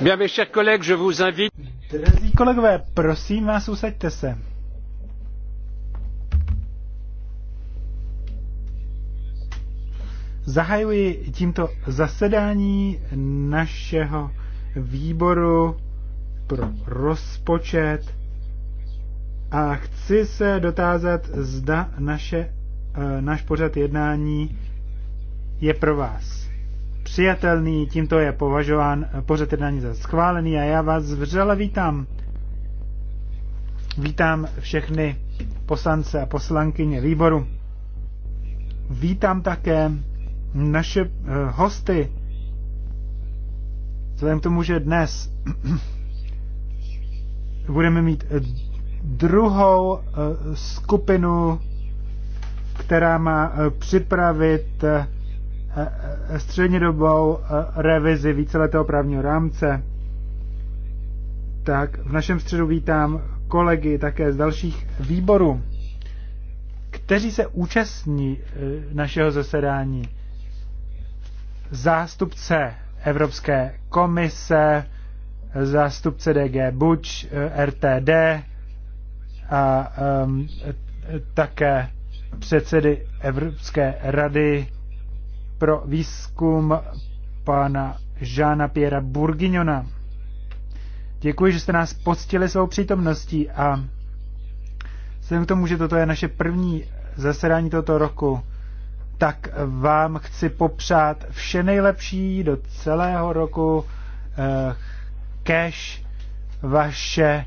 Drazí kolegové, prosím vás, usaďte se. Zahajuji tímto zasedání našeho výboru pro rozpočet a chci se dotázat, zda naše, eh, náš pořad jednání je pro vás přijatelný, tímto je považován pořad jednání za schválený a já vás vřele vítám. Vítám všechny poslance a poslankyně výboru. Vítám také naše eh, hosty. Vzhledem k tomu, že dnes budeme mít eh, druhou eh, skupinu, která má připravit Eh, střednědobou eh, revizi víceletého právního rámce, tak v našem středu vítám kolegy také z dalších výborů, kteří se účastní eh, našeho zasedání. Zástupce Evropské komise, zástupce DG Buč, RTD a um, také předsedy Evropské rady pro výzkum pana Žána Piera Burgignona. Děkuji, že jste nás poctili svou přítomností a jsem k tomu, že toto je naše první zasedání tohoto roku, tak vám chci popřát vše nejlepší do celého roku. Cash, eh, vaše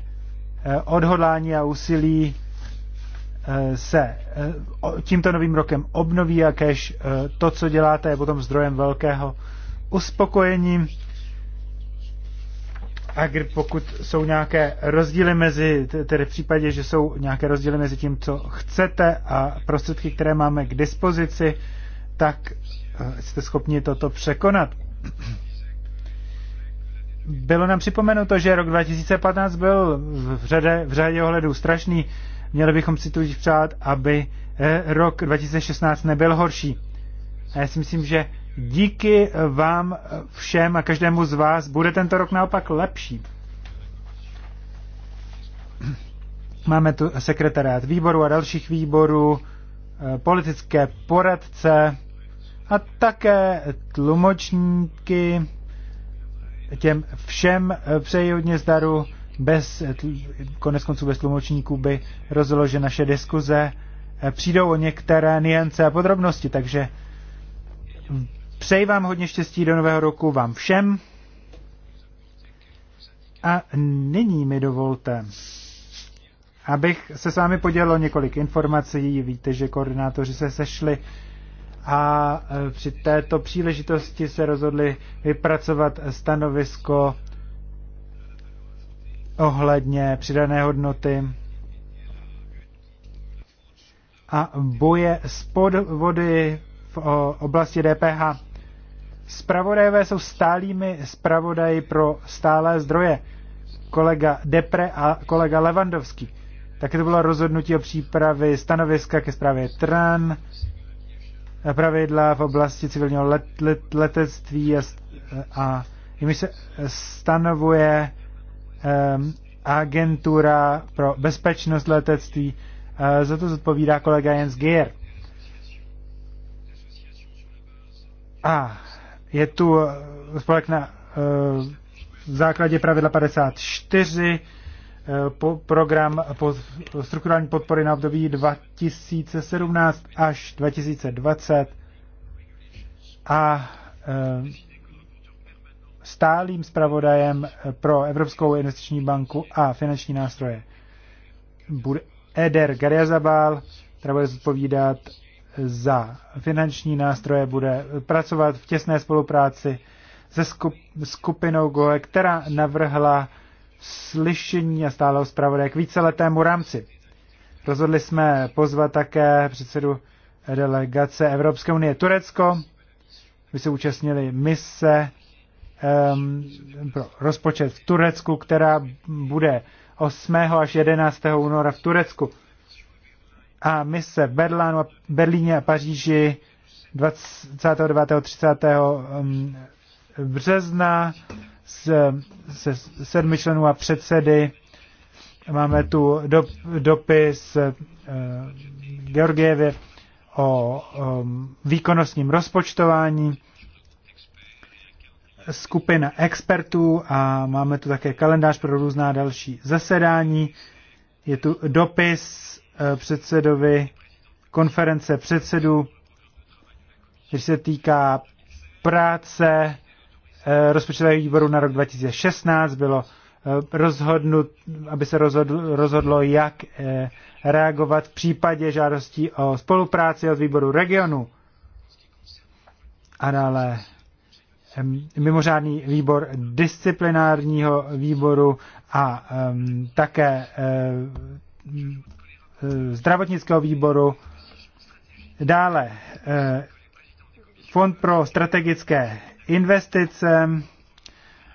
eh, odhodlání a úsilí se eh, tímto novým rokem obnoví a kež eh, to, co děláte, je potom zdrojem velkého uspokojení. A pokud jsou nějaké rozdíly mezi, tedy v případě, že jsou nějaké rozdíly mezi tím, co chcete a prostředky, které máme k dispozici, tak eh, jste schopni toto překonat. Bylo nám připomenuto, že rok 2015 byl v řadě, v řadě ohledů strašný Měli bychom si tudíž přát, aby eh, rok 2016 nebyl horší. A já si myslím, že díky vám všem a každému z vás bude tento rok naopak lepší. Máme tu sekretariát výboru a dalších výborů, eh, politické poradce a také tlumočníky. Těm všem eh, přeji hodně zdaru bez, konec konců bez tlumočníků by rozhodlo, že naše diskuze eh, přijdou o některé niance a podrobnosti, takže přeji vám hodně štěstí do nového roku vám všem. A nyní mi dovolte, abych se s vámi podělil několik informací. Víte, že koordinátoři se sešli a eh, při této příležitosti se rozhodli vypracovat stanovisko ohledně přidané hodnoty a boje spod podvody v oblasti DPH. Spravodajové jsou stálými spravodaji pro stálé zdroje. Kolega Depre a kolega Levandovský. Také to bylo rozhodnutí o přípravě stanoviska ke zprávě TRAN, pravidla v oblasti civilního let, let, letectví a, a jimi se stanovuje agentura pro bezpečnost letectví. Za to zodpovídá kolega Jens Geer. A je tu eh, spolek na uh, základě pravidla 54 eh, po, program po, strukturální podpory na období 2017 až 2020 a stálým zpravodajem pro Evropskou investiční banku a finanční nástroje. Bude Eder Gariazabal, která bude zodpovídat za finanční nástroje, bude pracovat v těsné spolupráci se skupinou GOE, která navrhla slyšení a stáleho zpravodaje k víceletému rámci. Rozhodli jsme pozvat také předsedu delegace Evropské unie Turecko, aby se účastnili mise pro rozpočet v Turecku, která bude 8. až 11. února v Turecku. A mise v Berlánu, Berlíně a Paříži 29. 30. března se, se sedmi členů a předsedy. Máme tu do, dopis uh, Georgievě o um, výkonnostním rozpočtování skupina expertů a máme tu také kalendář pro různá další zasedání. Je tu dopis eh, předsedovi konference předsedů, když se týká práce eh, rozpočtového výboru na rok 2016. Bylo eh, rozhodnut, aby se rozhodlo, rozhodlo, jak reagovat v případě žádostí o spolupráci od výboru regionu. A dále mimořádný výbor disciplinárního výboru a um, také um, zdravotnického výboru. Dále um, Fond pro strategické investice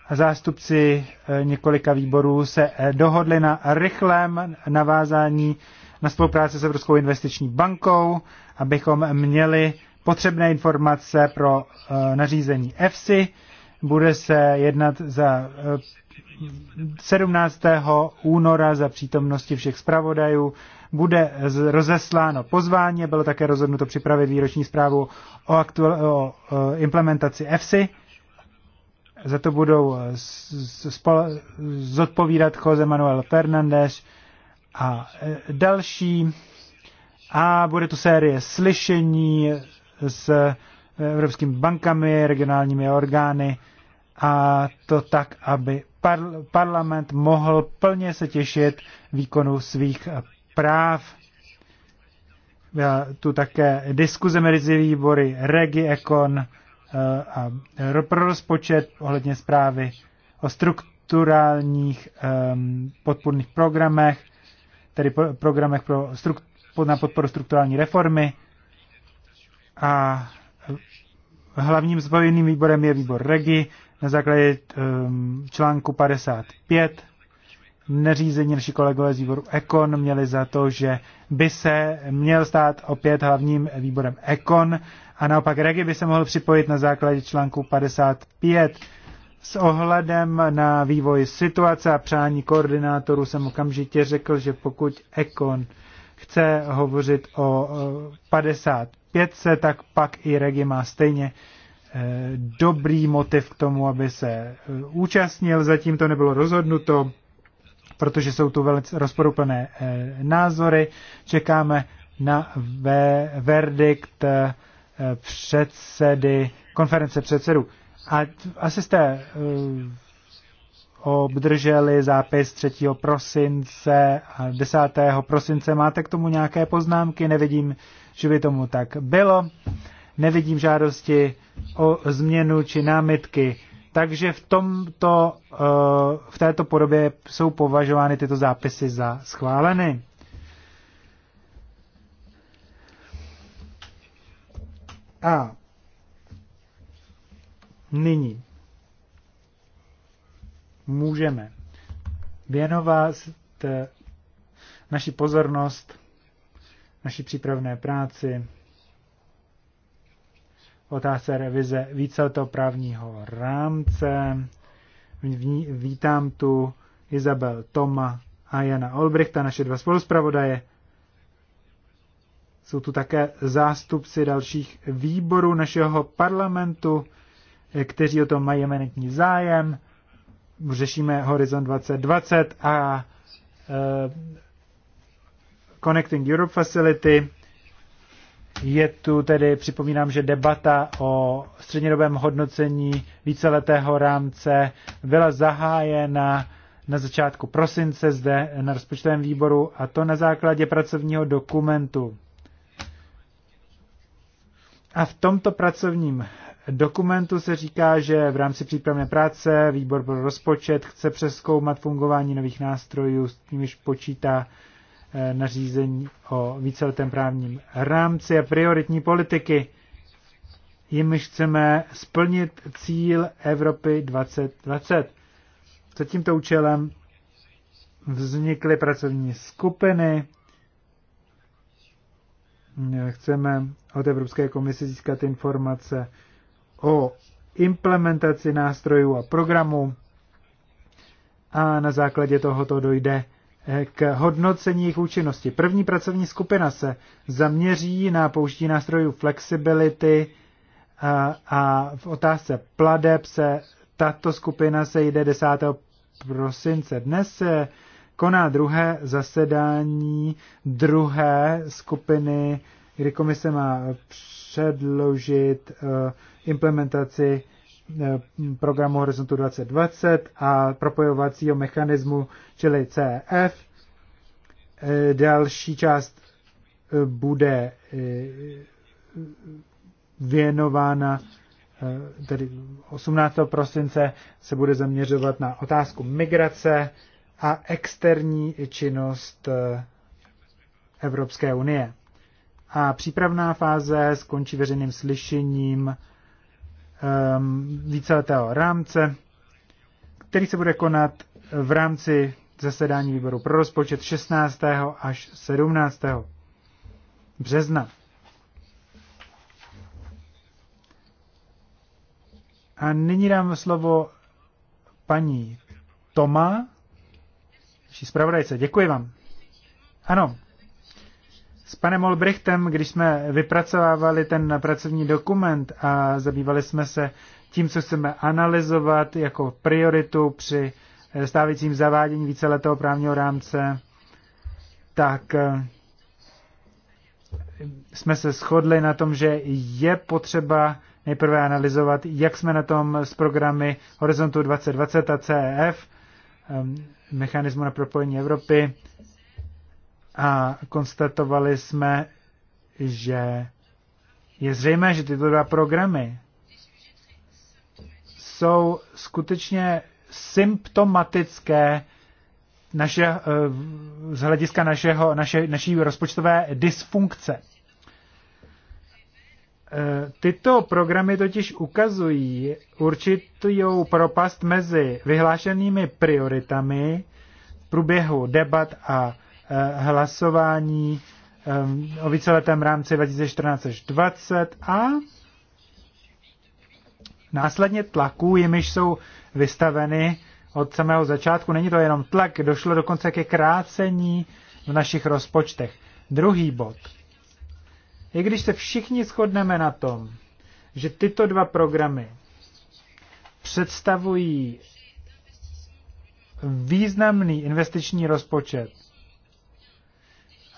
a zástupci několika výborů se dohodli na rychlém navázání na spolupráci s Evropskou investiční bankou, abychom měli potřebné informace pro eh, nařízení EFSI. Bude se jednat za 17. Eh, února za přítomnosti všech zpravodajů. Bude rozesláno pozvání, bylo také rozhodnuto připravit výroční zprávu o, aktuál, o eh, implementaci EFSI. Za to budou zodpovídat Jose Manuel Fernández a další. A bude tu série slyšení s evropskými bankami, regionálními orgány a to tak, aby parlament mohl plně se těšit výkonu svých práv. Byla tu také diskuze mezi výbory Regi, Econ eh, a pro rozpočet ohledně zprávy o strukturálních ehm, podpůrných programech, tedy programech pro struk- na podporu strukturální reformy a hlavním zbavěným výborem je výbor REGI na základě ehm, článku 55 neřízení naši kolegové z výboru Ekon měli za to, že by se měl stát opět hlavním výborem Ekon a naopak Regi by se mohl připojit na základě článku 55. S ohledem na vývoj situace a přání koordinátorů jsem okamžitě řekl, že pokud Ekon chce hovořit o 55, eh, pětce, tak pak i Regi má stejně eh, dobrý motiv k tomu, aby se eh, účastnil. Zatím to nebylo rozhodnuto, protože jsou tu velice rozporuplné eh, názory. Čekáme na verdikt předsedy, konference předsedů. A asi jste obdrželi zápis 3. prosince a 10. prosince. Máte k tomu nějaké poznámky? Nevidím, že by tomu tak bylo. Nevidím žádosti o změnu či námitky. Takže v, tomto, eh, v této podobě jsou považovány tyto zápisy za schváleny. A nyní můžeme věnovat naši pozornost, naší přípravné práci, otázce revize právního rámce. Vítám tu Izabel Toma a Jana Olbrichta, naše dva spoluspravodaje. Jsou tu také zástupci dalších výborů našeho parlamentu, kteří o tom mají eminentní zájem řešíme Horizon 2020 a e, Connecting Europe Facility. Je tu tedy, připomínám, že debata o střednědobém hodnocení víceletého rámce byla zahájena na začátku prosince zde na rozpočtovém výboru a to na základě pracovního dokumentu. A v tomto pracovním dokumentu se říká, že v rámci přípravné práce výbor pro rozpočet chce přeskoumat fungování nových nástrojů, s nimiž počítá eh, nařízení o víceletém právním rámci a prioritní politiky, jimž chceme splnit cíl Evropy 2020. Za tímto účelem vznikly pracovní skupiny. Chceme od Evropské komise získat informace o implementaci nástrojů a programů a na základě tohoto dojde eh, k hodnocení jejich účinnosti. První pracovní skupina se zaměří na použití nástrojů flexibility a, a v otázce pladeb se tato skupina se jde 10. prosince. Dnes se koná druhé zasedání druhé skupiny, kdy komise má předložit eh, implementaci eh, programu Horizontu 2020 a propojovacího mechanismu, čili CF. Eh, další část bude věnována, tedy 18. prosince se bude zaměřovat na otázku migrace a externí činnost Evropské unie. A přípravná fáze skončí veřejným slyšením um, víceletého rámce, který se bude konat v rámci zasedání výboru pro rozpočet 16. až 17. března. A nyní dám slovo paní Toma, naší zpravodajce. Děkuji vám. Ano, s panem Olbrichtem, když jsme vypracovávali ten pracovní dokument a zabývali jsme se tím, co chceme analyzovat jako prioritu při eh, stávajícím zavádění víceletého právního rámce, tak eh, jsme se shodli na tom, že je potřeba nejprve analyzovat, jak jsme na tom s programy Horizontu 2020 a CEF, eh, mechanismu na propojení Evropy, a konstatovali jsme, že je zřejmé, že tyto dva programy jsou skutečně symptomatické naše, eh, z hlediska našeho, naše, naší rozpočtové dysfunkce. Eh, tyto programy totiž ukazují určitou propast mezi vyhlášenými prioritami v průběhu debat a Eh, hlasování eh, o víceletém rámci 2014 2020 a následně tlaků, jimiž jsou vystaveny od samého začátku. Není to jenom tlak, došlo dokonce ke krácení v našich rozpočtech. Druhý bod. I když se všichni shodneme na tom, že tyto dva programy představují významný investiční rozpočet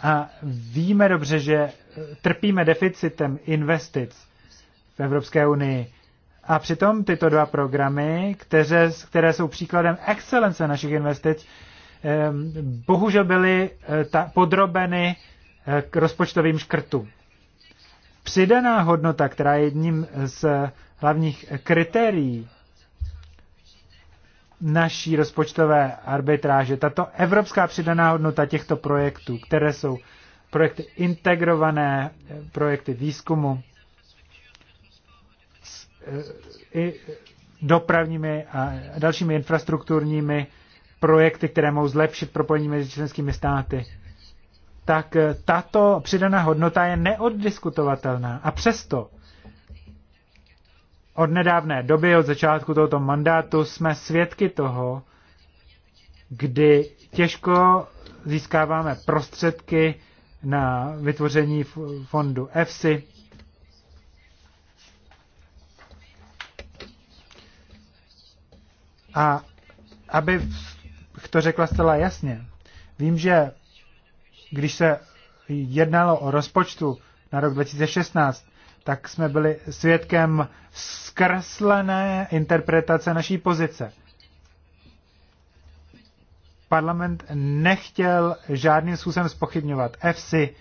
a víme dobře, že trpíme deficitem investic v Evropské unii. A přitom tyto dva programy, které, které jsou příkladem excelence našich investic, bohužel byly eh, podrobeny eh, k rozpočtovým škrtům. Přidaná hodnota, která je jedním z hlavních kritérií naší rozpočtové arbitráže. Tato evropská přidaná hodnota těchto projektů, které jsou projekty integrované, projekty výzkumu s e, i dopravními a dalšími infrastrukturními projekty, které mohou zlepšit propojení mezi členskými státy, tak tato přidaná hodnota je neoddiskutovatelná. A přesto od nedávné doby, od začátku tohoto mandátu, jsme svědky toho, kdy těžko získáváme prostředky na vytvoření fondu EFSI. A aby to řekla zcela jasně, vím, že když se jednalo o rozpočtu na rok 2016, tak jsme byli svědkem zkreslené interpretace naší pozice. Parlament nechtěl žádným způsobem spochybňovat EFSI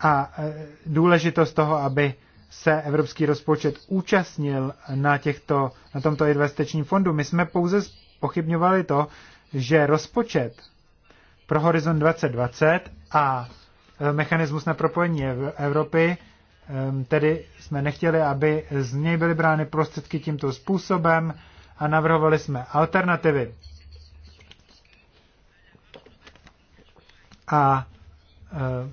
a e, důležitost toho, aby se evropský rozpočet účastnil na, těchto, na tomto investičním fondu. My jsme pouze spochybňovali to, že rozpočet pro Horizon 2020 a e, mechanismus na propojení Evropy Ehm, tedy jsme nechtěli, aby z něj byly brány prostředky tímto způsobem a navrhovali jsme alternativy. A ehm,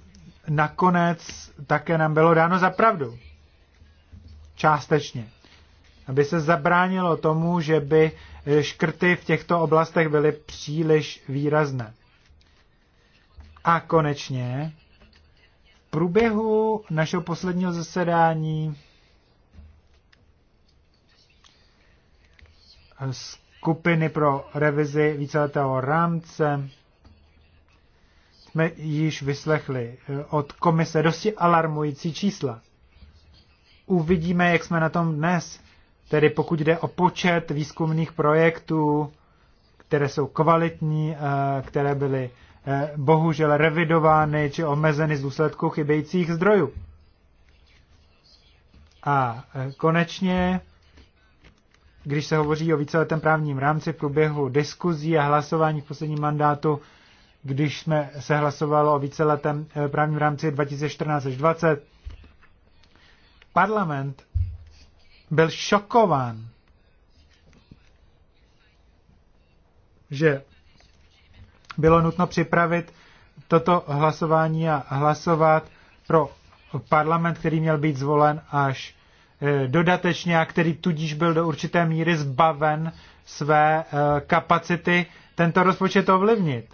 nakonec také nám bylo dáno za pravdu. Částečně. Aby se zabránilo tomu, že by eh, škrty v těchto oblastech byly příliš výrazné. A konečně průběhu našeho posledního zasedání skupiny pro revizi víceletého rámce jsme již vyslechli eh, od komise dosti alarmující čísla. Uvidíme, jak jsme na tom dnes, tedy pokud jde o počet výzkumných projektů, které jsou kvalitní, eh, které byly Eh, bohužel revidovány či omezeny z důsledku chybějících zdrojů. A eh, konečně, když se hovoří o víceletém právním rámci v průběhu diskuzí a hlasování v posledním mandátu, když jsme se hlasovalo o víceletém eh, právním rámci 2014 až 20, parlament byl šokován, že bylo nutno připravit toto hlasování a hlasovat pro parlament, který měl být zvolen až eh, dodatečně a který tudíž byl do určité míry zbaven své eh, kapacity tento rozpočet ovlivnit.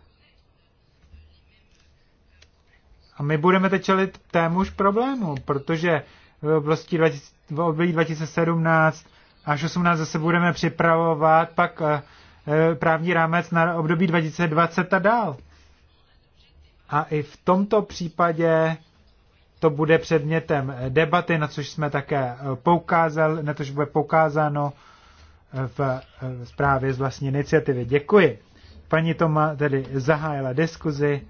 A my budeme teď čelit témuž problému, protože eh, v oblasti v období 2017 až 18 zase budeme připravovat pak Eh, právní rámec na období 2020 a dál. A i v tomto případě to bude předmětem debaty, na což jsme také eh, poukázali, na což bude poukázáno eh, v zprávě z vlastní iniciativy. Děkuji. Paní Toma tedy zahájila diskuzi,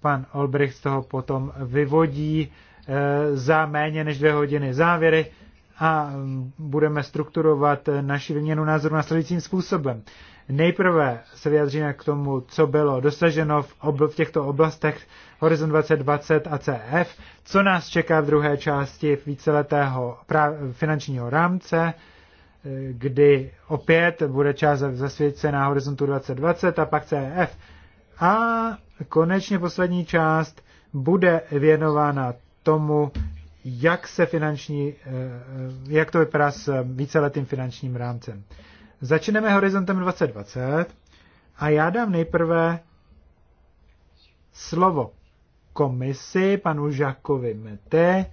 pan Olbrich z toho potom vyvodí za méně než dvě hodiny závěry a mm, budeme strukturovat naši výměnu názoru následujícím způsobem. Nejprve se vyjadříme k tomu, co bylo dosaženo v, obl- v těchto oblastech Horizon 2020 a CF, co nás čeká v druhé části víceletého finančního rámce, eh, kdy opět bude část zasvěcená Horizontu 2020 a pak CF. A konečně poslední část bude věnována tomu, jak se finanční, eh, eh, jak to vypadá s víceletým finančním rámcem. Začneme horizontem 2020 a já dám nejprve slovo komisi panu Žakovi Mete.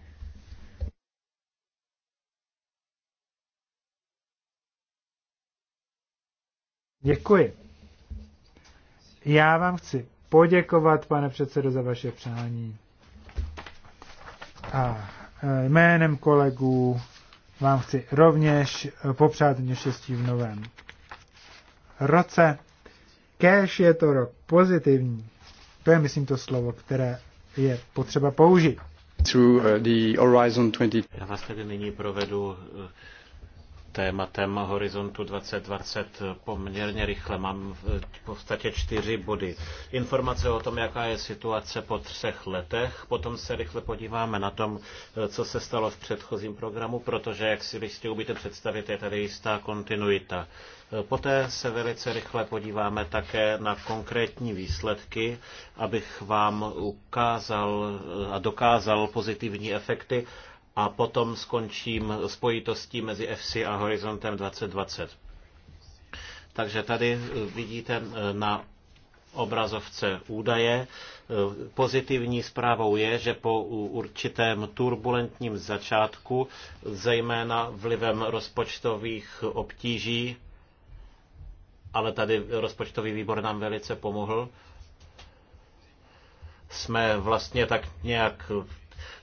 Děkuji. Já vám chci poděkovat, pane předsedo, za vaše přání. A e, jménem kolegů vám chci rovněž eh, popřát hodně štěstí v novém roce. Cash je to rok pozitivní. To je, myslím, to slovo, které je potřeba použít. Eh, Já vás tedy nyní provedu eh, tématem Horizontu 2020 poměrně rychle. Mám v podstatě čtyři body. Informace o tom, jaká je situace po třech letech. Potom se rychle podíváme na tom, co se stalo v předchozím programu, protože, jak si jistě umíte představit, je tady jistá kontinuita. Poté se velice rychle podíváme také na konkrétní výsledky, abych vám ukázal a dokázal pozitivní efekty a potom skončím spojitostí mezi EFSI a Horizontem 2020. Takže tady eh, vidíte eh, na obrazovce údaje. Eh, pozitivní zprávou je, že po určitém turbulentním začátku, zejména vlivem rozpočtových obtíží, ale tady rozpočtový výbor nám velice pomohl, jsme vlastně tak nějak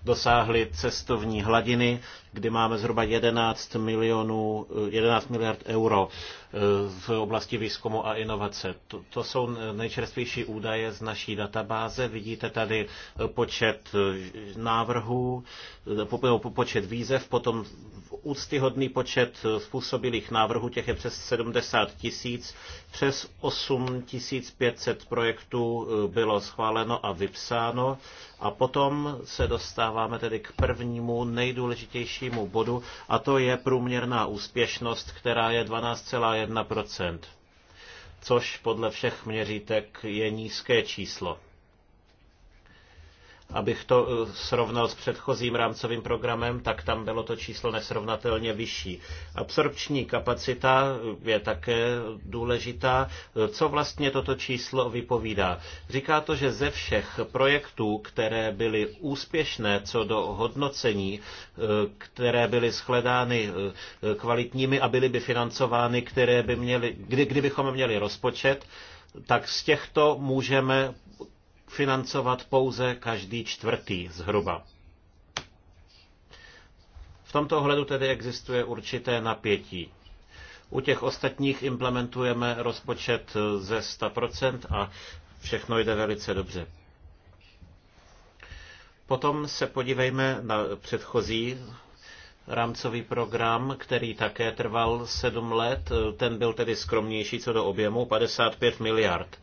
dosáhly cestovní hladiny, kdy máme zhruba 11, milionů, 11 miliard euro v oblasti výzkumu a inovace. To, to jsou nejčerstvější údaje z naší databáze. Vidíte tady počet návrhů, po, po, počet výzev, potom úctyhodný počet způsobilých návrhů, těch je přes 70 tisíc, přes 8 500 projektů bylo schváleno a vypsáno. A potom se dostáváme tedy k prvnímu nejdůležitějšímu bodu, a to je průměrná úspěšnost, která je 12,1 1,1%, což podle všech měřítek je nízké číslo. Abych to eh, srovnal s předchozím rámcovým programem, tak tam bylo to číslo nesrovnatelně vyšší. Absorpční kapacita eh, je také důležitá. Eh, co vlastně toto číslo vypovídá? Říká to, že ze všech projektů, které byly úspěšné co do hodnocení, které byly shledány kvalitními a byly by financovány, které by měly, kdy, kdybychom měli rozpočet, tak z těchto můžeme financovat pouze každý čtvrtý zhruba. V tomto ohledu tedy existuje určité napětí. U těch ostatních implementujeme rozpočet ze 100% a všechno jde velice dobře. Potom se podívejme na předchozí rámcový program, který také trval 7 let. Ten byl tedy skromnější co do objemu, 55 miliard.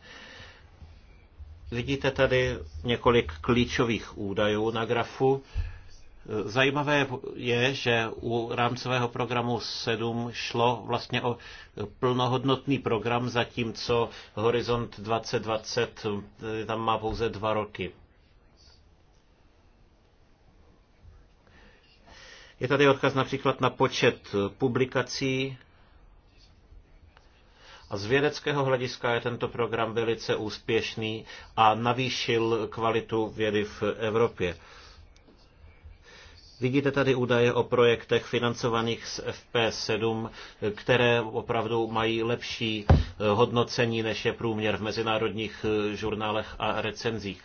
Vidíte tady několik klíčových údajů na grafu. Zajímavé je, že u rámcového programu 7 šlo vlastně o plnohodnotný program, zatímco Horizont 2020 eh, tam má pouze dva roky. Je tady odkaz například na počet publikací, a z vědeckého hlediska je tento program velice úspěšný a navýšil kvalitu vědy v Evropě. Vidíte tady údaje o projektech financovaných z FP7, které opravdu mají lepší eh, hodnocení, než je průměr v mezinárodních eh, žurnálech a recenzích.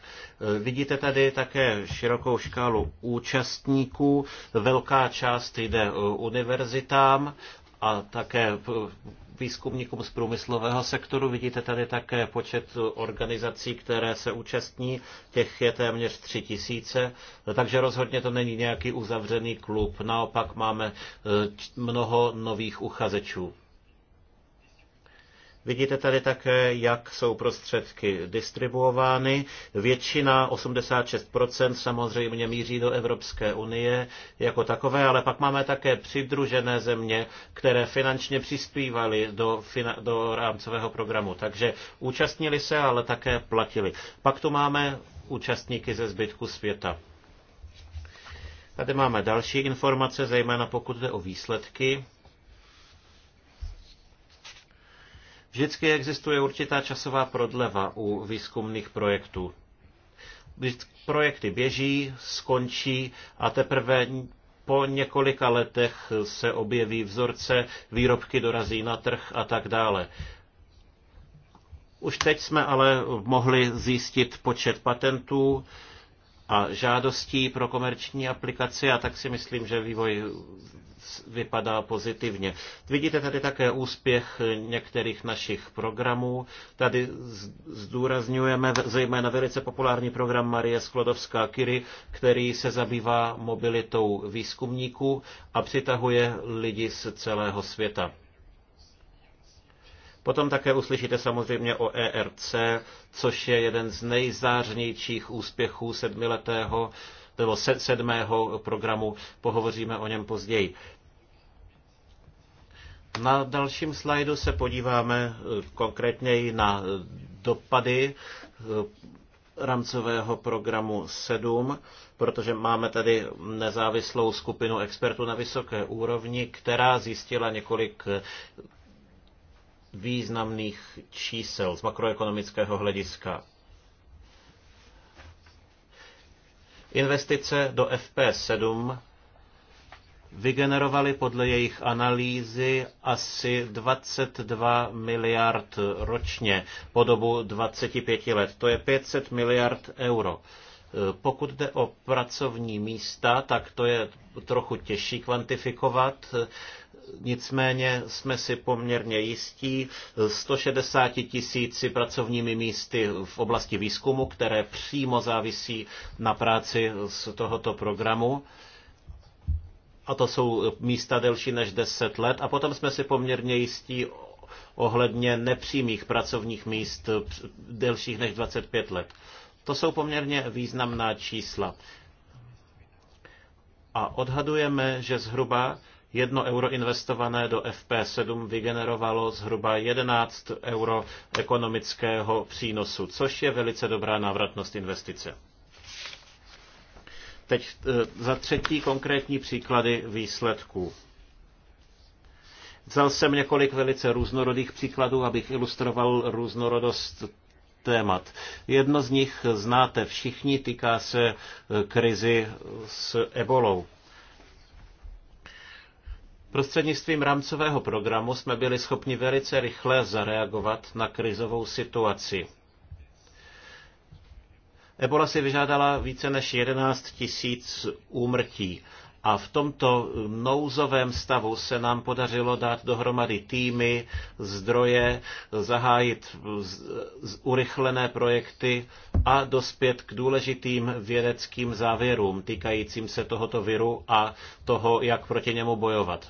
Eh, vidíte tady také širokou škálu účastníků. Velká část jde univerzitám a také výzkumníkům z průmyslového sektoru. Vidíte tady také počet organizací, které se účastní. Těch je téměř tři tisíce, takže rozhodně to není nějaký uzavřený klub. Naopak máme eh, mnoho nových uchazečů. Vidíte tady také, jak jsou prostředky distribuovány. Většina, 86%, samozřejmě míří do Evropské unie jako takové, ale pak máme také přidružené země, které finančně přispívaly do, do rámcového programu. Takže účastnili se, ale také platili. Pak tu máme účastníky ze zbytku světa. Tady máme další informace, zejména pokud jde o výsledky. Vždycky existuje určitá časová prodleva u výzkumných projektů. Projekty běží, skončí a teprve po několika letech se objeví vzorce, výrobky dorazí na trh a tak dále. Už teď jsme ale mohli zjistit počet patentů, a žádostí pro komerční aplikaci a tak si myslím, že vývoj vypadá pozitivně. Vidíte tady také úspěch některých našich programů. Tady zdůrazňujeme zejména velice populární program Marie sklodovská Kiry, který se zabývá mobilitou výzkumníků a přitahuje lidi z celého světa. Potom také uslyšíte samozřejmě o ERC, což je jeden z nejzářnějších úspěchů sedmiletého nebo sedmého programu. Pohovoříme o něm později. Na dalším slajdu se podíváme eh, konkrétněji na eh, dopady eh, rámcového programu 7, protože máme tady nezávislou skupinu expertů na vysoké úrovni, která zjistila několik významných čísel z makroekonomického hlediska. Investice do FP7 vygenerovaly podle jejich analýzy asi 22 miliard ročně po dobu 25 let. To je 500 miliard euro. Pokud jde o pracovní místa, tak to je trochu těžší kvantifikovat nicméně jsme si poměrně jistí 160 tisíci pracovními místy v oblasti výzkumu, které přímo závisí na práci z tohoto programu a to jsou místa delší než 10 let. A potom jsme si poměrně jistí ohledně nepřímých pracovních míst delších než 25 let. To jsou poměrně významná čísla. A odhadujeme, že zhruba Jedno euro investované do FP7 vygenerovalo zhruba 11 euro ekonomického přínosu, což je velice dobrá návratnost investice. Teď e, za třetí konkrétní příklady výsledků. Vzal jsem několik velice různorodých příkladů, abych ilustroval různorodost témat. Jedno z nich znáte všichni, týká se e, krizi s ebolou. Prostřednictvím rámcového programu jsme byli schopni velice rychle zareagovat na krizovou situaci. Ebola si vyžádala více než 11 tisíc úmrtí a v tomto nouzovém stavu se nám podařilo dát dohromady týmy, zdroje, zahájit urychlené projekty a dospět k důležitým vědeckým závěrům týkajícím se tohoto viru a toho, jak proti němu bojovat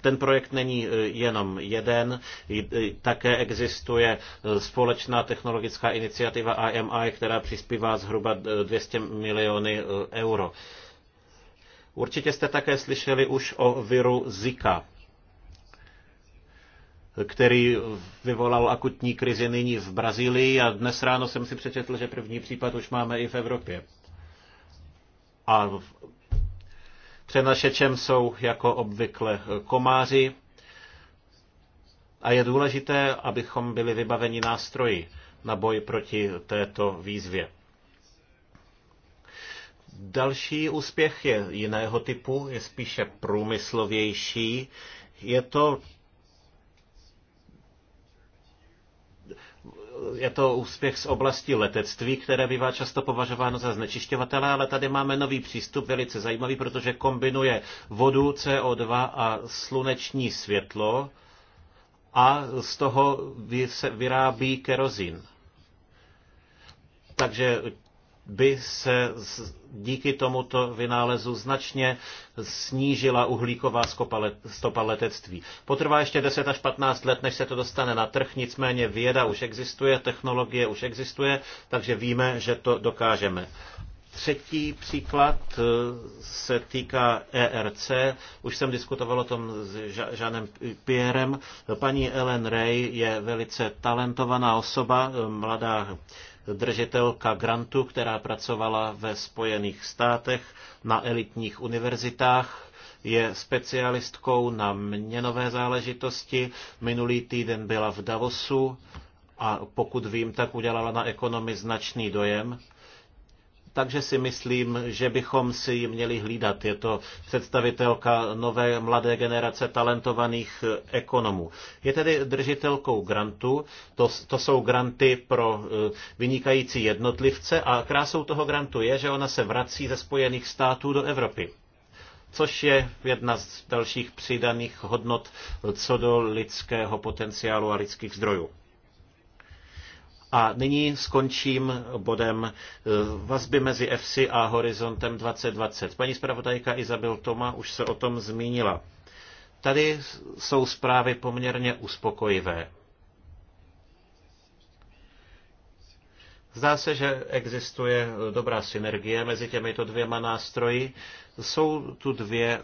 ten projekt není e, jenom jeden, také existuje e, společná technologická iniciativa AMI, která přispívá zhruba 200 e, miliony euro. Určitě jste také slyšeli už o viru Zika, který vyvolal akutní krizi nyní v Brazílii a dnes ráno jsem si přečetl, že první případ už máme i v Evropě. A Přenašečem jsou jako obvykle komáři a je důležité, abychom byli vybaveni nástroji na boj proti této výzvě. Další úspěch je jiného typu, je spíše průmyslovější. Je to je to úspěch z oblasti letectví, které bývá často považováno za znečišťovatele, ale tady máme nový přístup, velice zajímavý, protože kombinuje vodu, CO2 a sluneční světlo a z toho se vyrábí kerozin. Takže by se díky tomuto vynálezu značně snížila uhlíková stopa letectví. Potrvá ještě 10 až 15 let, než se to dostane na trh, nicméně věda už existuje, technologie už existuje, takže víme, že to dokážeme. Třetí příklad eh, se týká ERC. Už jsem diskutoval o tom s Žanem Pierrem. Paní Ellen Ray je velice talentovaná osoba, eh, mladá držitelka grantu, která pracovala ve Spojených státech na elitních univerzitách je specialistkou na měnové záležitosti. Minulý týden byla v Davosu a pokud vím, tak udělala na ekonomy značný dojem takže si myslím, že bychom si ji měli hlídat. Je to představitelka nové mladé generace talentovaných ekonomů. Je tedy držitelkou grantu, to, to jsou granty pro eh, vynikající jednotlivce a krásou toho grantu je, že ona se vrací ze Spojených států do Evropy což je jedna z dalších přidaných hodnot eh, co do lidského potenciálu a lidských zdrojů. A nyní skončím bodem eh, vazby mezi EFSI a Horizontem 2020. Paní zpravodajka Izabel Toma už se o tom zmínila. Tady jsou zprávy poměrně uspokojivé. Zdá se, že existuje dobrá synergie mezi těmito dvěma nástroji. Jsou tu dvě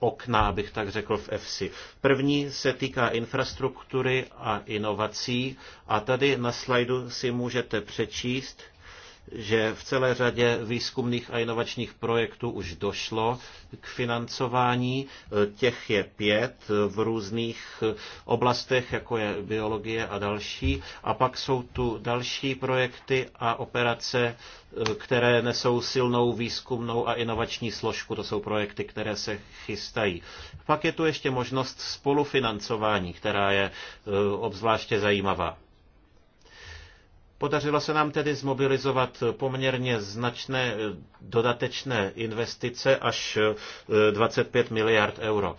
okna, abych tak řekl, v EFSI. První se týká infrastruktury a inovací a tady na slajdu si můžete přečíst, že v celé řadě výzkumných a inovačních projektů už došlo k financování. Těch je pět v různých oblastech, jako je biologie a další. A pak jsou tu další projekty a operace, které nesou silnou výzkumnou a inovační složku. To jsou projekty, které se chystají. Pak je tu ještě možnost spolufinancování, která je eh, obzvláště zajímavá. Podařilo se nám tedy zmobilizovat poměrně značné eh, dodatečné investice až 25 eh, miliard euro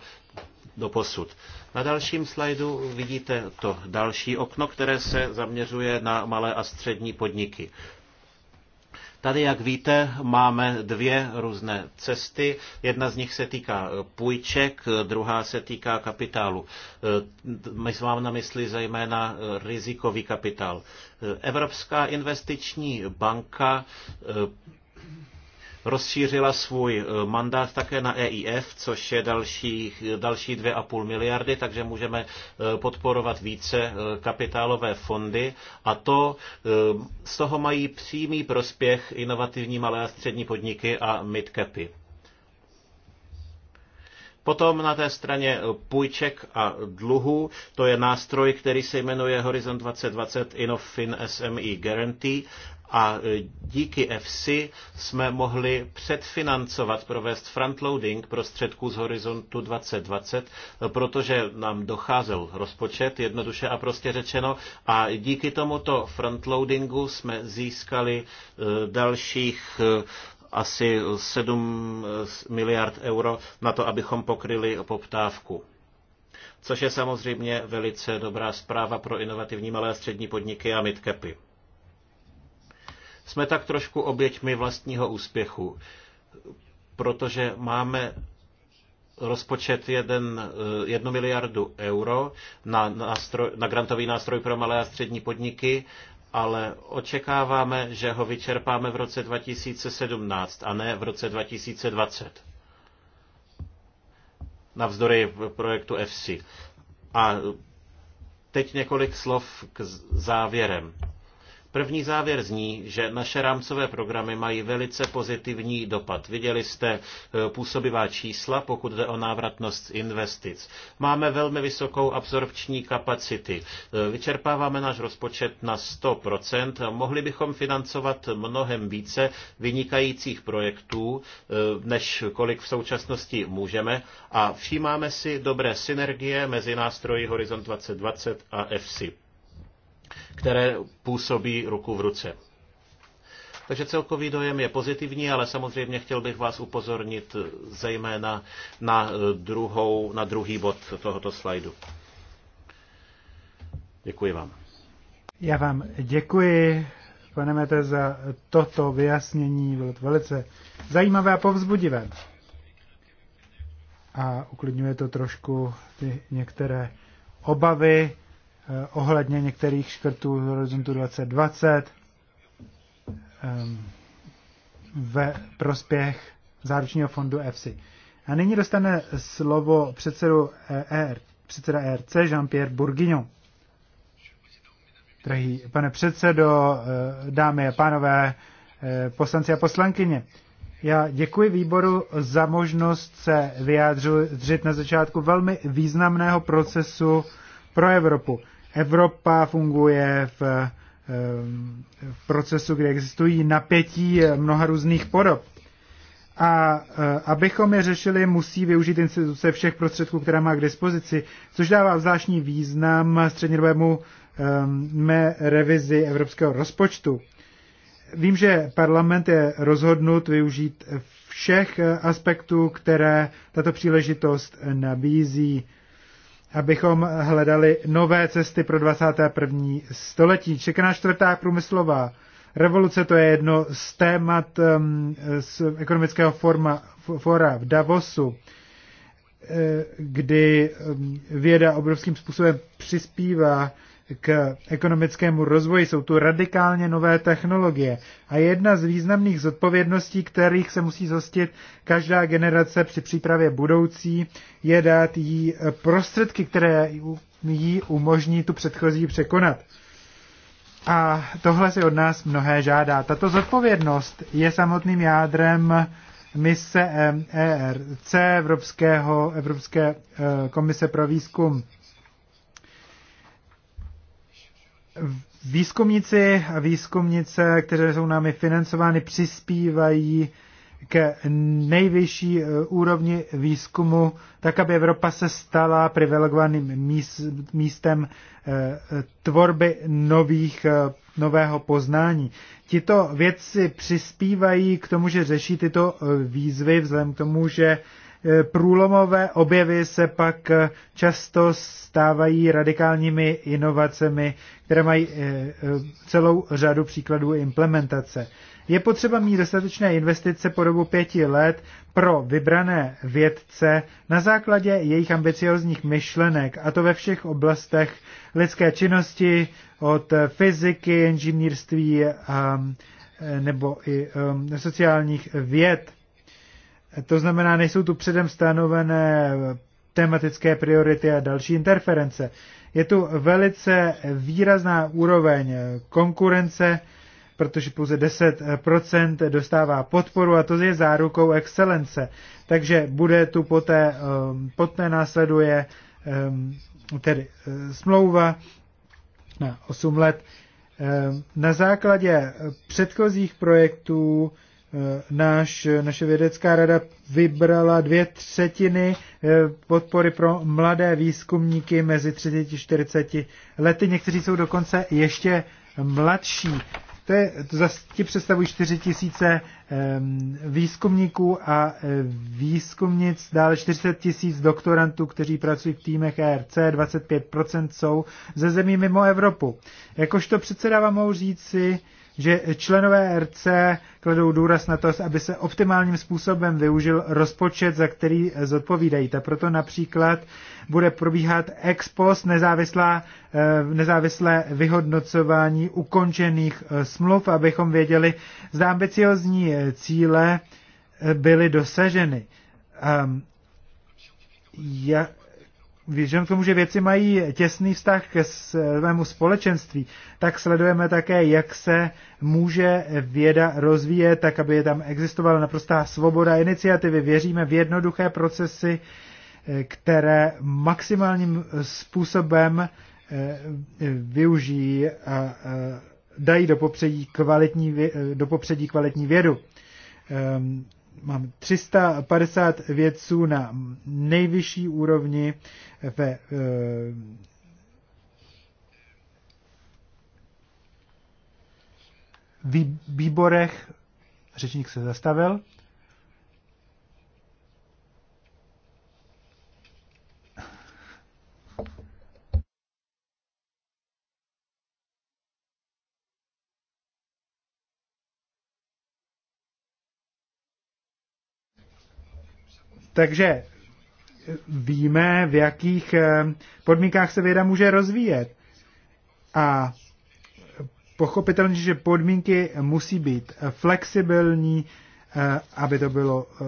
do posud. Na dalším slajdu vidíte to další okno, které se zaměřuje na malé a střední podniky. Tady, jak víte, máme dvě různé cesty. Jedna z nich se týká eh, půjček, druhá se týká kapitálu. Eh, my mám na mysli zejména eh, rizikový kapitál. Evropská investiční banka rozšířila svůj eh, mandát také na EIF, což je další, další 2,5 miliardy, takže můžeme eh, podporovat více eh, kapitálové fondy a to z toho mají přímý prospěch inovativní malé a střední podniky a midcapy. Potom na té straně půjček a dluhů, to je nástroj, který se jmenuje Horizon 2020 Innofin SME Guarantee a díky FC jsme mohli předfinancovat, provést frontloading prostředků z horizontu 2020, protože nám docházel rozpočet, jednoduše a prostě řečeno, a díky tomuto frontloadingu jsme získali eh, dalších eh, asi 7 eh, miliard euro na to, abychom pokryli poptávku což je samozřejmě velice dobrá zpráva pro inovativní malé a střední podniky a midcapy. Jsme tak trošku oběťmi vlastního úspěchu, protože máme rozpočet 1 eh, miliardu euro na, nástroj, na grantový nástroj pro malé a střední podniky ale očekáváme, že ho vyčerpáme v roce 2017 a ne v roce 2020. Navzdory projektu FC. A teď několik slov k závěrem. První závěr zní, že naše rámcové programy mají velice pozitivní dopad. Viděli jste e, působivá čísla, pokud jde o návratnost investic. Máme velmi vysokou absorpční kapacity. E, vyčerpáváme náš rozpočet na 100%. Mohli bychom financovat mnohem více vynikajících projektů, e, než kolik v současnosti můžeme. A všímáme si dobré synergie mezi nástroji Horizon 2020 a FSIP které působí ruku v ruce. Takže celkový dojem je pozitivní, ale samozřejmě chtěl bych vás upozornit zejména na, eh, druhou, na druhý bod tohoto slajdu. Děkuji vám. Já vám děkuji, pane Mete, za toto vyjasnění. Bylo to velice zajímavé a povzbudivé. A uklidňuje to trošku ty některé obavy, Eh, ohledně některých škrtů z horizontu 2020 ehm, ve prospěch záručního fondu EFSI. A nyní dostane slovo předsedu ER, předseda ERC Jean-Pierre Bourguignon. Drahý pane předsedo, eh, dámy a pánové, poslanci a poslankyně, já děkuji výboru za možnost se vyjádřit na začátku velmi významného procesu pro Evropu. Evropa funguje v, v procesu, kde existují napětí mnoha různých podob. A eh, abychom je řešili, musí využít instituce všech prostředků, které má k dispozici, což dává zvláštní význam střednědobému mé revizi evropského rozpočtu. Vím, že parlament je rozhodnut využít všech aspektů, které tato příležitost nabízí abychom hledali nové cesty pro 21. století. Čeká na čtvrtá průmyslová revoluce, to je jedno z témat um, z ekonomického forma, fora v Davosu, eh, kdy um, věda obrovským způsobem přispívá k ekonomickému rozvoji. Jsou tu radikálně nové technologie a jedna z významných zodpovědností, kterých se musí zhostit každá generace při přípravě budoucí, je dát jí prostředky, které jí umožní tu předchozí překonat. A tohle si od nás mnohé žádá. Tato zodpovědnost je samotným jádrem mise ERC Evropského, Evropské eh, komise pro výzkum Výzkumníci a výzkumnice, které jsou námi financovány, přispívají k nejvyšší eh, úrovni výzkumu, tak aby Evropa se stala privilegovaným místem eh, tvorby nových, eh, nového poznání. Tito vědci přispívají k tomu, že řeší tyto výzvy vzhledem k tomu, že Eh, průlomové objevy se pak eh, často stávají radikálními inovacemi, které mají eh, celou řadu příkladů implementace. Je potřeba mít dostatečné investice po dobu pěti let pro vybrané vědce na základě jejich ambiciozních myšlenek, a to ve všech oblastech lidské činnosti, od fyziky, inženýrství nebo i sociálních věd. To znamená, nejsou tu předem stanovené tematické priority a další interference. Je tu velice výrazná úroveň konkurence, protože pouze 10% dostává podporu a to je zárukou excelence. Takže bude tu poté, um, poté následuje um, tedy eh, smlouva na 8 let. Eh, na základě předchozích projektů Eh, náš, eh, naše vědecká rada vybrala dvě třetiny eh, podpory pro mladé výzkumníky mezi 30 a 40 lety. Někteří jsou dokonce ještě mladší. To je, to zase ti představují 4 tisíce ehm, výzkumníků a výzkumnic, dále 40 tisíc doktorantů, kteří pracují v týmech ERC, 25% jsou ze zemí mimo Evropu. Jakožto předseda vám mohu říci, si, že členové RC kladou důraz na to, aby se optimálním způsobem využil rozpočet, za který zodpovídají. A proto například bude probíhat ex post nezávislá, eh, nezávislé vyhodnocování ukončených eh, smluv, abychom věděli, zda ambiciozní eh, cíle byly dosaženy. Um, ehm, ja, vzhledem k tomu, že věci mají těsný vztah ke svému společenství, tak sledujeme také, jak se může věda rozvíjet, tak aby tam existovala naprostá svoboda iniciativy. Věříme v jednoduché procesy, eh, které maximálním způsobem eh, využijí a eh, dají do popředí kvalitní, do popředí kvalitní vědu. Ehm, Mám 350 vědců na nejvyšší úrovni ve eh, výborech, řečník se zastavil, Takže víme, v jakých eh, podmínkách se věda může rozvíjet. A pochopitelně, že podmínky musí být flexibilní, eh, aby to bylo eh,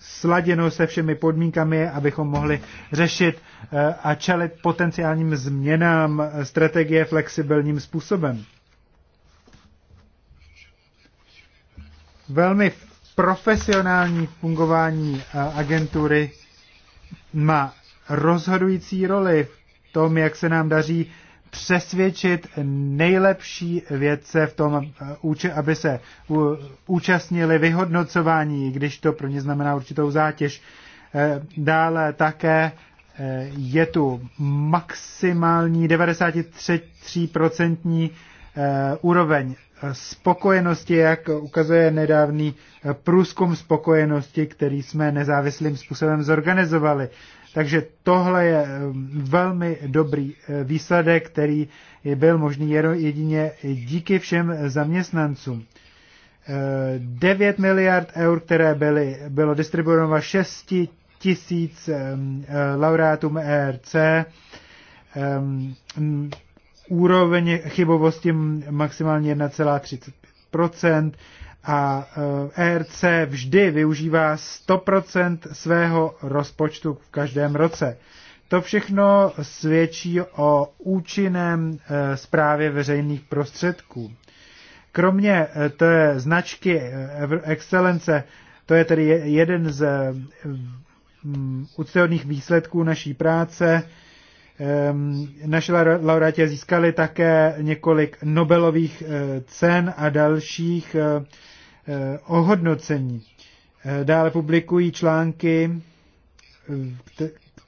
sladěno se všemi podmínkami, abychom mohli řešit a čelit potenciálním změnám strategie flexibilním způsobem. Velmi profesionální fungování eh, agentury má rozhodující roli v tom, jak se nám daří přesvědčit nejlepší vědce v tom, eh, aby se účastnili vyhodnocování, když to pro ně znamená určitou zátěž. Eh, dále také je tu maximální 93% úroveň spokojenosti, jak ukazuje nedávný průzkum spokojenosti, který jsme nezávislým způsobem zorganizovali. Takže tohle je um, velmi dobrý uh, výsledek, který byl možný jedině díky všem zaměstnancům. 9 uh, miliard eur, které byly, bylo distribuováno 6 tisíc um, laureátům ERC. Um, úroveň chybovosti maximálně 1,35 a ERC eh, e vždy využívá 100% svého rozpočtu v každém roce. To všechno svědčí o účinném zprávě eh, veřejných prostředků. Kromě eh, té značky excelence, to je tedy jeden z mm, úctyhodných výsledků naší práce, Ehm, naši laureáti získali také několik Nobelových eh, cen a dalších eh, eh, ohodnocení. Dále publikují články,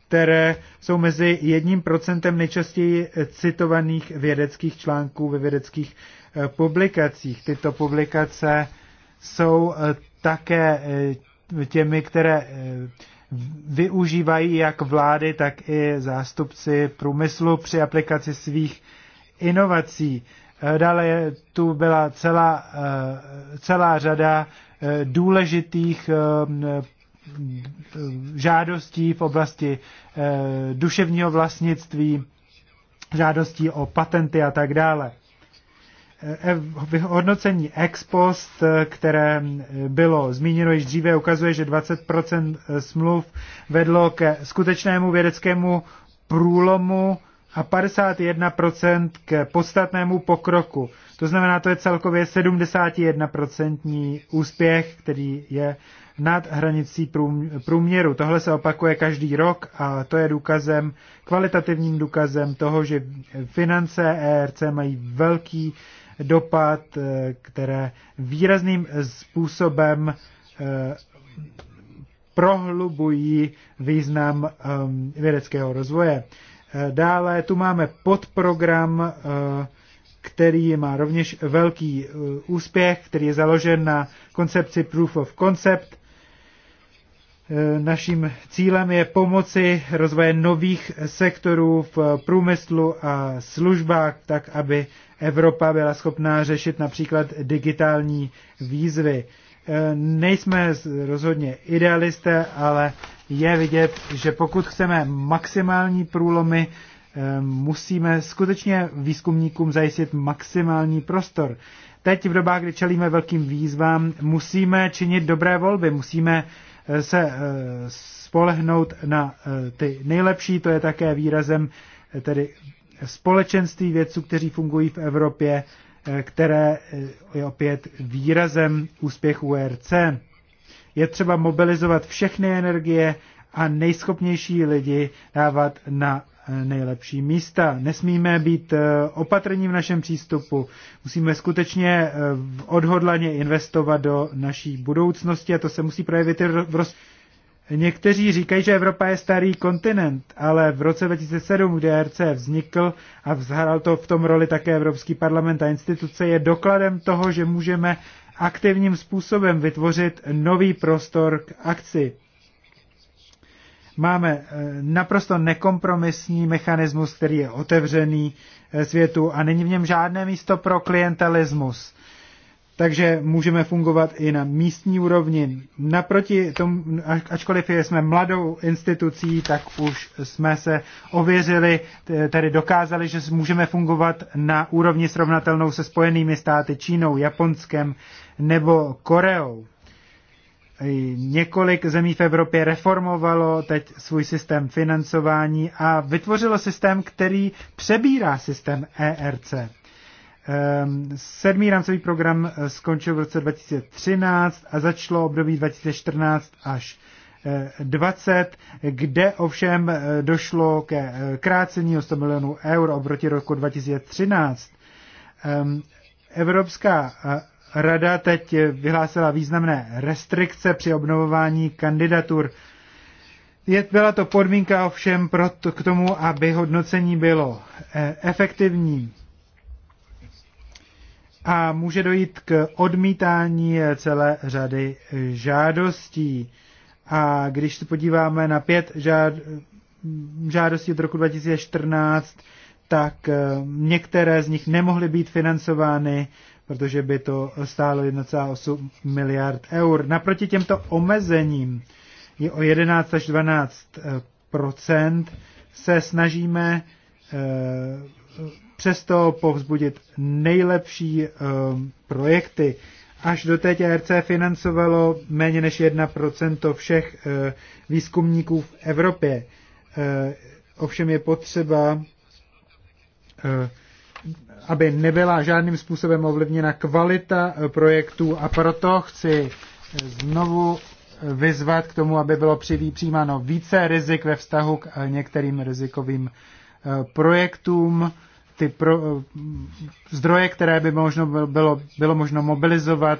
které jsou mezi jedním procentem nejčastěji citovaných vědeckých článků ve vědeckých publikacích. Tyto publikace jsou také těmi, které využívají jak vlády, tak i zástupci průmyslu při aplikaci svých inovací. Eh, dále tu byla celá, eh, celá řada eh, důležitých žádostí v oblasti duševního vlastnictví, žádostí o patenty a tak dále. Eh, eh, vyhodnocení ex post, eh, které bylo zmíněno již dříve, ukazuje, že 20% smluv vedlo ke skutečnému vědeckému průlomu a 51% k podstatnému pokroku. To znamená, to je celkově 71% úspěch, který je nad hranicí průměru. Tohle se opakuje každý rok a to je důkazem, kvalitativním důkazem toho, že finance ERC mají velký dopad, eh, které výrazným způsobem eh, prohlubují význam ehm, vědeckého rozvoje. Eh, dále tu máme podprogram, který má rovněž velký úspěch, který je založen na koncepci Proof of Concept. Naším cílem je pomoci rozvoje nových sektorů v průmyslu a službách, tak aby Evropa byla schopná řešit například digitální výzvy. E, nejsme rozhodně idealisté, ale je vidět, že pokud chceme maximální průlomy, e, musíme skutečně výzkumníkům zajistit maximální prostor. Teď v dobách, kdy čelíme velkým výzvám, musíme činit dobré volby, musíme e, se spolehnout na ty nejlepší, to je také výrazem tedy společenství vědců, kteří fungují v Evropě, eh, které eh, je opět výrazem úspěchu URC. Je třeba mobilizovat všechny energie a nejschopnější lidi dávat na eh, nejlepší místa. Nesmíme být opatrní v našem přístupu. Musíme skutečně odhodlaně investovat do naší budoucnosti a to se musí projevit v roz... Někteří říkají, že Evropa je starý kontinent, ale v roce 2007, kdy RC vznikl a vzhral to v tom roli také Evropský parlament a instituce, je dokladem toho, že můžeme aktivním způsobem vytvořit nový prostor k akci. Máme eh, naprosto nekompromisní mechanismus, který je otevřený eh, světu a není v něm žádné místo pro klientelismus takže můžeme fungovat i na místní úrovni. Naproti tomu, ačkoliv jsme mladou institucí, tak už jsme se ověřili, tedy dokázali, že můžeme fungovat na úrovni srovnatelnou se spojenými státy Čínou, Japonskem nebo Koreou. Několik zemí v Evropě reformovalo teď svůj systém financování a vytvořilo systém, který přebírá systém ERC. Ehm, sedmý rámcový program eh, skončil v roce 2013 a začalo období 2014 až 20, eh, kde ovšem eh, došlo ke krácení o 100 milionů eur oproti roku 2013. Ehm, Evropská rada teď vyhlásila významné restrikce při obnovování kandidatur. Je, byla to podmínka ovšem pro to, k tomu, aby hodnocení bylo efektivní a může dojít k odmítání celé řady žádostí. A když se podíváme na pět žád, žádostí od roku 2014, tak eh, některé z nich nemohly být financovány, protože by to stálo 1,8 miliard eur. Naproti těmto omezením je o 11 až 12 eh, se snažíme eh, přesto povzbudit nejlepší um, projekty. Až do teď RC financovalo méně než 1% všech uh, výzkumníků v Evropě. Uh, ovšem je potřeba, uh, aby nebyla žádným způsobem ovlivněna kvalita uh, projektů a proto chci znovu vyzvat k tomu, aby bylo přijímáno více rizik ve vztahu k některým rizikovým projektům ty pro, zdroje, které by možno bylo, bylo možno mobilizovat,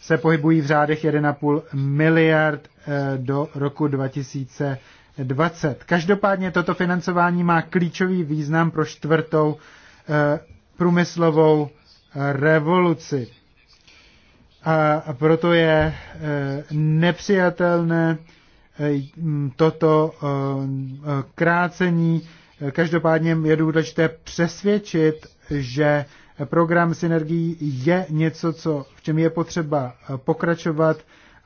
se pohybují v řádech 1,5 miliard eh, do roku 2020. Každopádně toto financování má klíčový význam pro čtvrtou eh, průmyslovou eh, revoluci. A proto je nepřijatelné toto krácení Každopádně je důležité přesvědčit, že program synergií je něco, co, v čem je potřeba pokračovat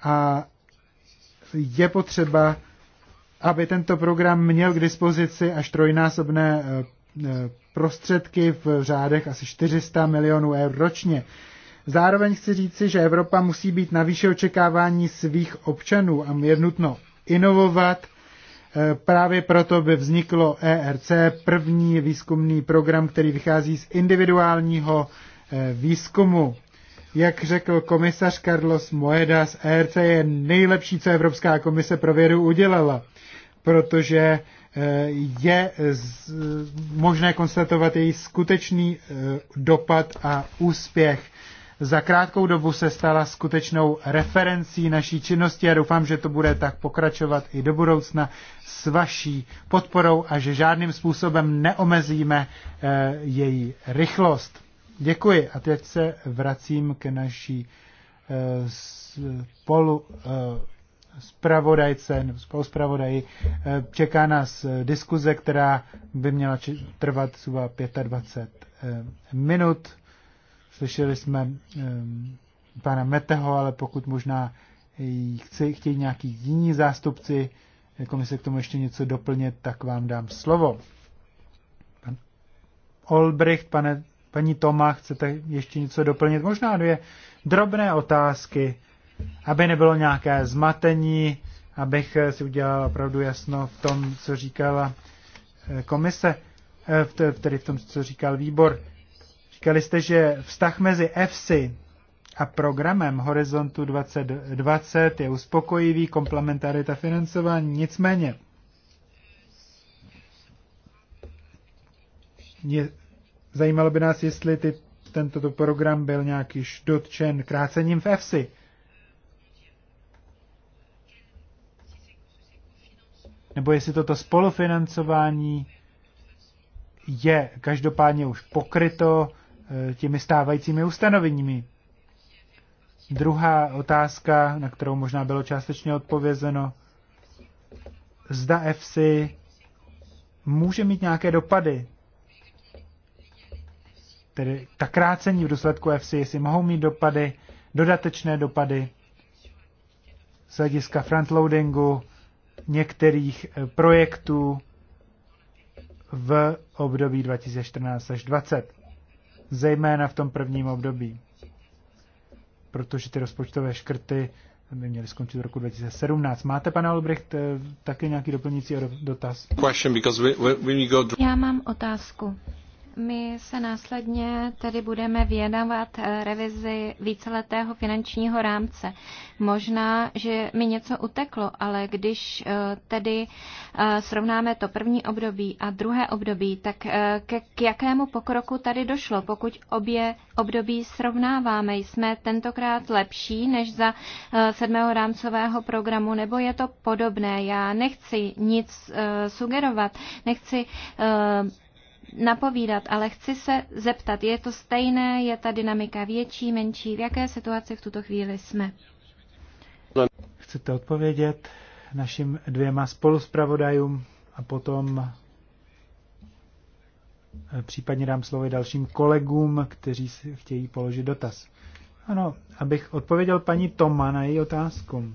a je potřeba, aby tento program měl k dispozici až trojnásobné eh, eh, prostředky v řádech asi 400 milionů eur ročně. Zároveň chci říci, že Evropa musí být na výše očekávání svých občanů a je nutno inovovat Právě proto by vzniklo ERC, první výzkumný program, který vychází z individuálního eh, výzkumu. Jak řekl komisař Carlos Moedas, ERC je nejlepší, co Evropská komise pro vědu udělala, protože eh, je možné konstatovat její skutečný eh, dopad a úspěch za krátkou dobu se stala skutečnou referencí naší činnosti a doufám, že to bude tak pokračovat i do budoucna s vaší podporou a že žádným způsobem neomezíme eh, její rychlost. Děkuji a teď se vracím k naší eh, spolu spravodajce eh, nebo spoluspravodaji. Čeká nás diskuze, která by měla trvat zhruba 25 minut. Slyšeli jsme um, pana Meteho, ale pokud možná chce, chtějí nějaký jiní zástupci komise jako k tomu ještě něco doplnit, tak vám dám slovo. Pan Olbricht, pane, paní Toma, chcete ještě něco doplnit? Možná dvě drobné otázky, aby nebylo nějaké zmatení, abych si udělal opravdu jasno v tom, co říkala eh, komise, eh, v tedy v tom, co říkal výbor. Říkali jste, že vztah mezi FC a programem Horizontu 2020 je uspokojivý, komplementarita financování, nicméně je, zajímalo by nás, jestli ty, tento program byl nějak již dotčen krácením v FC. Nebo jestli toto spolufinancování je každopádně už pokryto Eh, těmi stávajícími ustanoveními. Druhá otázka, na kterou možná bylo částečně odpovězeno, zda FC může mít nějaké dopady. Tedy ta krácení v důsledku FC, jestli mohou mít dopady, dodatečné dopady z hlediska frontloadingu některých eh, projektů v období 2014 až 2020 zejména v tom prvním období, protože ty rozpočtové škrty by měly skončit v roku 2017. Máte, pane Albrecht, eh, taky nějaký doplňující dotaz? Já mám otázku. My se následně tedy budeme věnovat eh, revizi víceletého finančního rámce. Možná, že mi něco uteklo, ale když eh, tedy eh, srovnáme to první období a druhé období, tak k jakému pokroku tady došlo? Pokud obě období srovnáváme, jsme tentokrát lepší než za sedmého rámcového programu, nebo je to podobné? Já nechci nic sugerovat, nechci napovídat, ale chci se zeptat, je to stejné, je ta dynamika větší, menší, v jaké situaci v tuto chvíli jsme? Chcete odpovědět našim dvěma spoluspravodajům a potom eh, případně dám slovo dalším kolegům, kteří si chtějí položit dotaz. Ano, abych odpověděl paní Toma na její otázku.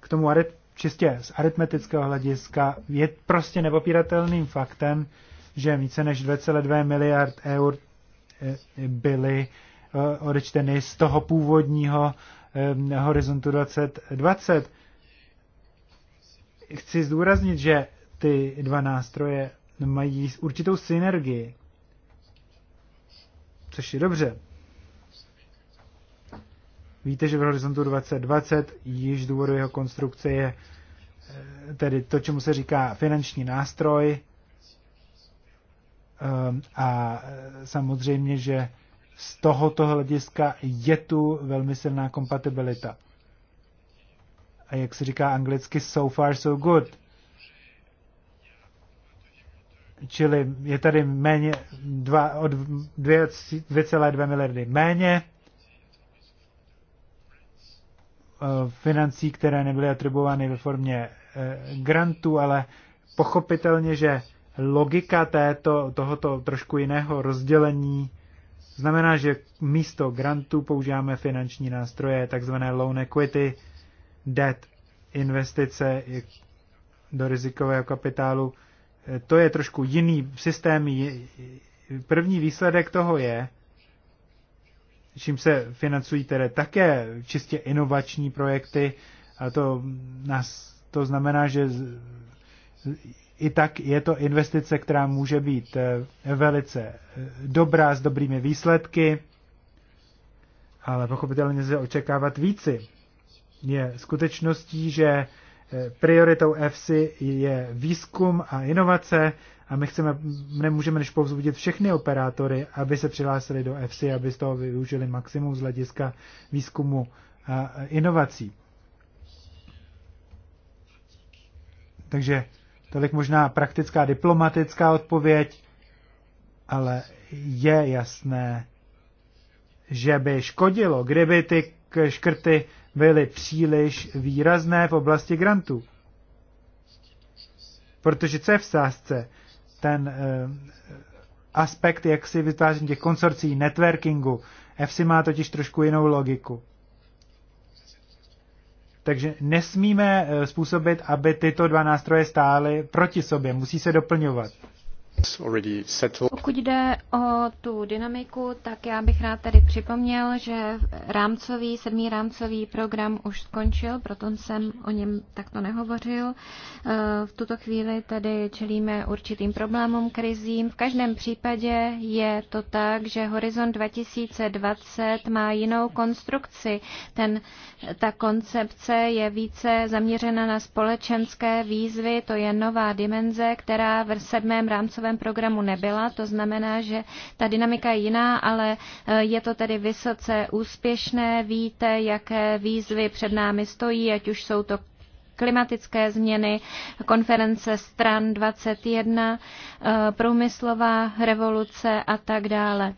K tomu čistě z aritmetického hlediska je prostě nepopíratelným faktem, že více než 2,2 miliard eur eh, byly eh, odečteny z toho původního eh, horizontu 2020. Chci zdůraznit, že ty dva nástroje mají určitou synergii, což je dobře. Víte, že v horizontu 2020 již důvodu jeho konstrukce je tedy to, čemu se říká finanční nástroj, Ehm, a eh, samozřejmě, že z tohoto hlediska je tu velmi silná kompatibilita. A jak se říká anglicky, so far so good. Čili je tady méně dva, od 2,2 miliardy méně eh, financí, které nebyly atribuovány ve formě eh, grantů, ale pochopitelně, že logika této, tohoto trošku jiného rozdělení znamená, že místo grantů používáme finanční nástroje, takzvané loan equity, debt, investice do rizikového kapitálu. To je trošku jiný systém. První výsledek toho je, čím se financují tedy také čistě inovační projekty, a to, nás, to znamená, že i tak je to investice, která může být eh, velice eh, dobrá, s dobrými výsledky, ale pochopitelně se očekávat víci. Je skutečností, že eh, prioritou EFSI je výzkum a inovace a my chceme, nemůžeme než povzbudit všechny operátory, aby se přihlásili do EFSI, aby z toho využili maximum z hlediska výzkumu a inovací. Takže Tolik možná praktická diplomatická odpověď, ale je jasné, že by škodilo, kdyby ty škrty byly příliš výrazné v oblasti grantů. Protože co je v sázce? Ten eh, aspekt, jak si vytváření těch konsorcí, networkingu. FC má totiž trošku jinou logiku. Takže nesmíme eh, způsobit, aby tyto dva nástroje stály proti sobě, musí se doplňovat. Pokud jde o tu dynamiku, tak já bych rád tady připomněl, že rámcový, sedmý rámcový program už skončil, proto jsem o něm takto nehovořil. Eh, v tuto chvíli tady čelíme určitým problémům, krizím. V každém případě je to tak, že Horizon 2020 má jinou konstrukci. Ten, ta koncepce je více zaměřena na společenské výzvy, to je nová dimenze, která v sedmém rámcovém takovém programu nebyla. To znamená, že ta dynamika je jiná, ale eh, je to tedy vysoce úspěšné. Víte, jaké výzvy před námi stojí, ať už jsou to klimatické změny, konference stran 21, eh, průmyslová revoluce a tak dále.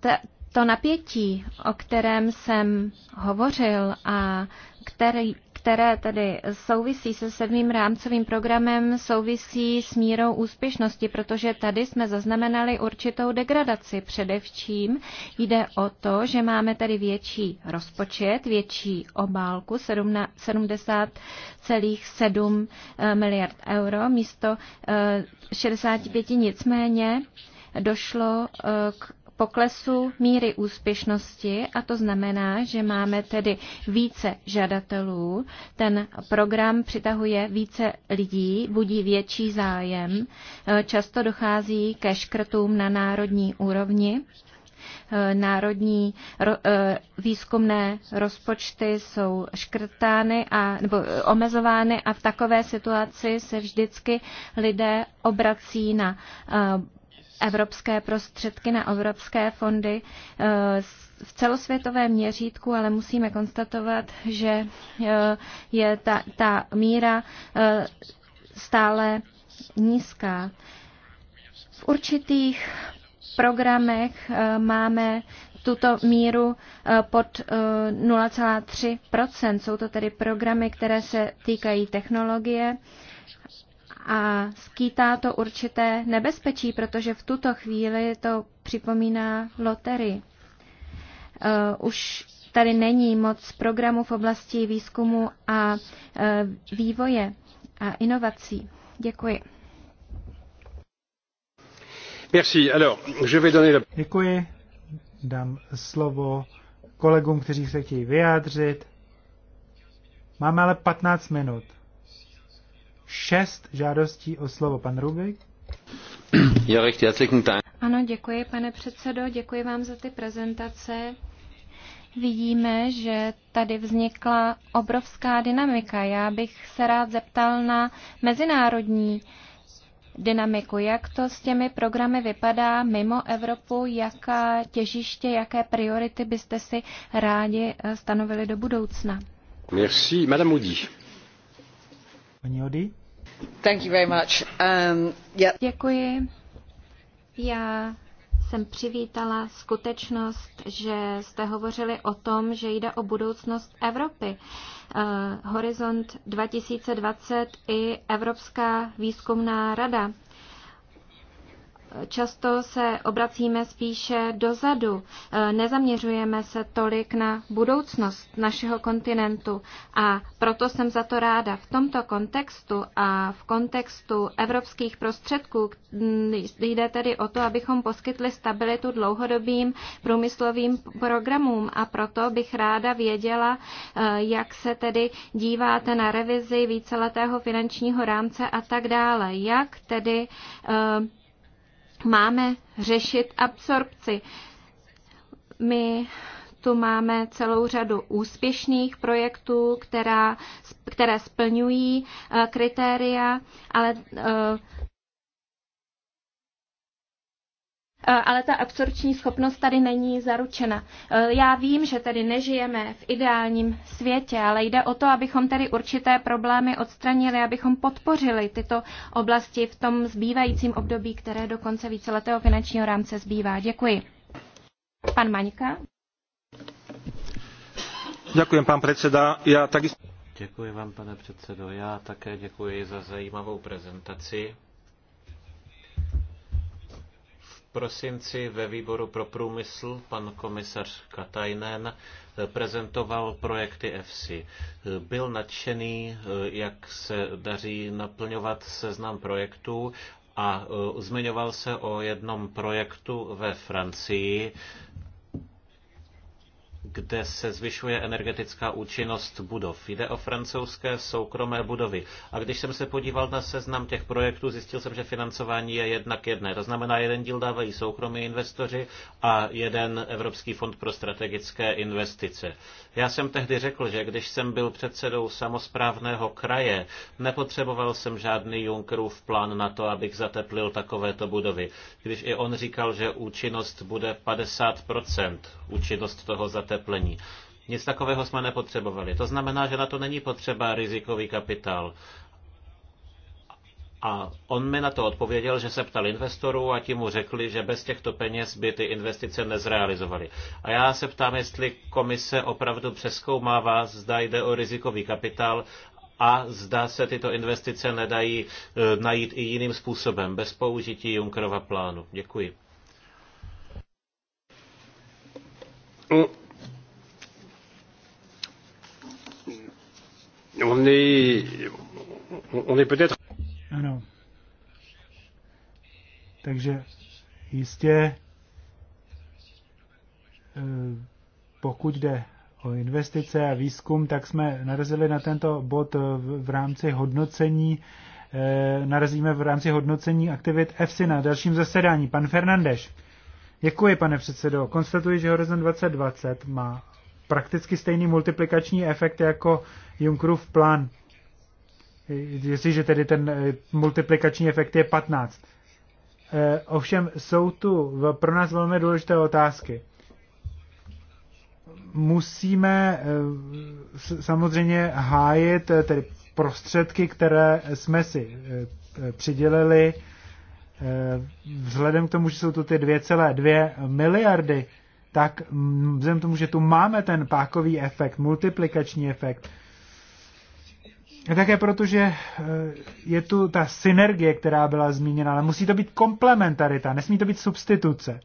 Ta, to napětí, o kterém jsem hovořil a který, které tedy souvisí se sedmým rámcovým programem, souvisí s mírou úspěšnosti, protože tady jsme zaznamenali určitou degradaci. Především jde o to, že máme tady větší rozpočet, větší obálku 70,7 eh, miliard euro místo 65 eh, nicméně došlo eh, k poklesu míry úspěšnosti a to znamená, že máme tedy více žadatelů. Ten program přitahuje více lidí, budí větší zájem. Eh, často dochází ke škrtům na národní úrovni eh, národní eh, výzkumné rozpočty jsou škrtány a, nebo omezovány a v takové situaci se vždycky lidé obrací na evropské prostředky na evropské fondy eh, v celosvětovém měřítku, ale musíme konstatovat, že eh, je ta, ta míra eh, stále nízká. V určitých programech máme tuto míru pod 0,3 Jsou to tedy programy, které se týkají technologie a skýtá to určité nebezpečí, protože v tuto chvíli to připomíná lotery. E, už tady není moc programů v oblasti výzkumu a e, vývoje a inovací. Děkuji. Merci. Alors, je vais donner Děkuji. Dám slovo kolegům, kteří se chtějí vyjádřit. Máme ale 15 minut šest žádostí o slovo. Pan Rubik? Ja, recht Ano, děkuji, pane předsedo, děkuji vám za ty prezentace. Vidíme, že tady vznikla obrovská dynamika. Já bych se rád zeptal na mezinárodní dynamiku. Jak to s těmi programy vypadá mimo Evropu? Jaká těžiště, jaké priority byste si rádi eh, stanovili do budoucna? Merci, Madame Audi. Um, Děkuji. Já jsem přivítala skutečnost, že jste hovořili o tom, že jde o budoucnost Evropy. Uh, Horizont 2020 i Evropská výzkumná rada často se obracíme spíše dozadu, e, nezaměřujeme se tolik na budoucnost našeho kontinentu a proto jsem za to ráda. V tomto kontextu a v kontextu evropských prostředků jde tedy o to, abychom poskytli stabilitu dlouhodobým průmyslovým programům a proto bych ráda věděla, e, jak se tedy díváte na revizi víceletého finančního rámce a tak dále. Jak tedy uh, máme řešit absorpci. My tu máme celou řadu úspěšných projektů, která, které splňují eh, kritéria, ale eh, Eh, ale ta absorpční schopnost tady není zaručena. Eh, já vím, že tady nežijeme v ideálním světě, ale jde o to, abychom tady určité problémy odstranili, abychom podpořili tyto oblasti v tom zbývajícím období, které do konce víceletého finančního rámce zbývá. Děkuji. Pan Maňka. Děkuji, pan předseda. Já taky... Děkuji vám, pane předsedo. Já také děkuji za zajímavou prezentaci. prosinci ve výboru pro průmysl pan komisař Katajnen prezentoval projekty EFSI. Byl nadšený, jak se daří naplňovat seznam projektů a e, zmiňoval se o jednom projektu ve Francii, kde se zvyšuje energetická účinnost budov. Jde o francouzské soukromé budovy. A když jsem se podíval na seznam těch projektů, zjistil jsem, že financování je jednak jedné. To znamená, jeden díl dávají soukromí investoři a jeden Evropský fond pro strategické investice. Já jsem tehdy řekl, že když jsem byl předsedou samozprávného kraje, nepotřeboval jsem žádný Junckerův plán na to, abych zateplil takovéto budovy. Když i on říkal, že účinnost bude 50%, účinnost toho zateplení oteplení. Nic takového jsme nepotřebovali. To znamená, že na to není potřeba rizikový kapitál. A on mi na to odpověděl, že se ptal investorů a ti mu řekli, že bez těchto peněz by ty investice nezrealizovaly. A já se ptám, jestli komise opravdu přeskoumává, zda jde o rizikový kapitál a zda se tyto investice nedají e, najít i jiným způsobem, bez použití Junckerova plánu. Děkuji. Mm. on est, on est peut-être... Ano. Takže jistě, eh, pokud jde o investice a výzkum, tak jsme narazili na tento bod eh, v rámci hodnocení, eh, narazíme v rámci hodnocení aktivit EFSI na dalším zasedání. Pan Fernandeš. Děkuji, pane předsedo. Konstatuji, že Horizon 2020 má prakticky stejný multiplikační efekt jako Junckerův plán. Jestliže tedy ten eh, multiplikační efekt je 15. Eh, ovšem jsou tu pro nás velmi důležité otázky. Musíme eh, samozřejmě hájit tedy prostředky, které jsme si přidělili, vzhledem k tomu, že jsou tu ty 2,2 miliardy tak vzhledem tomu, že tu máme ten pákový efekt, multiplikační efekt, a také protože e, je tu ta synergie, která byla zmíněna, ale musí to být komplementarita, nesmí to být substituce.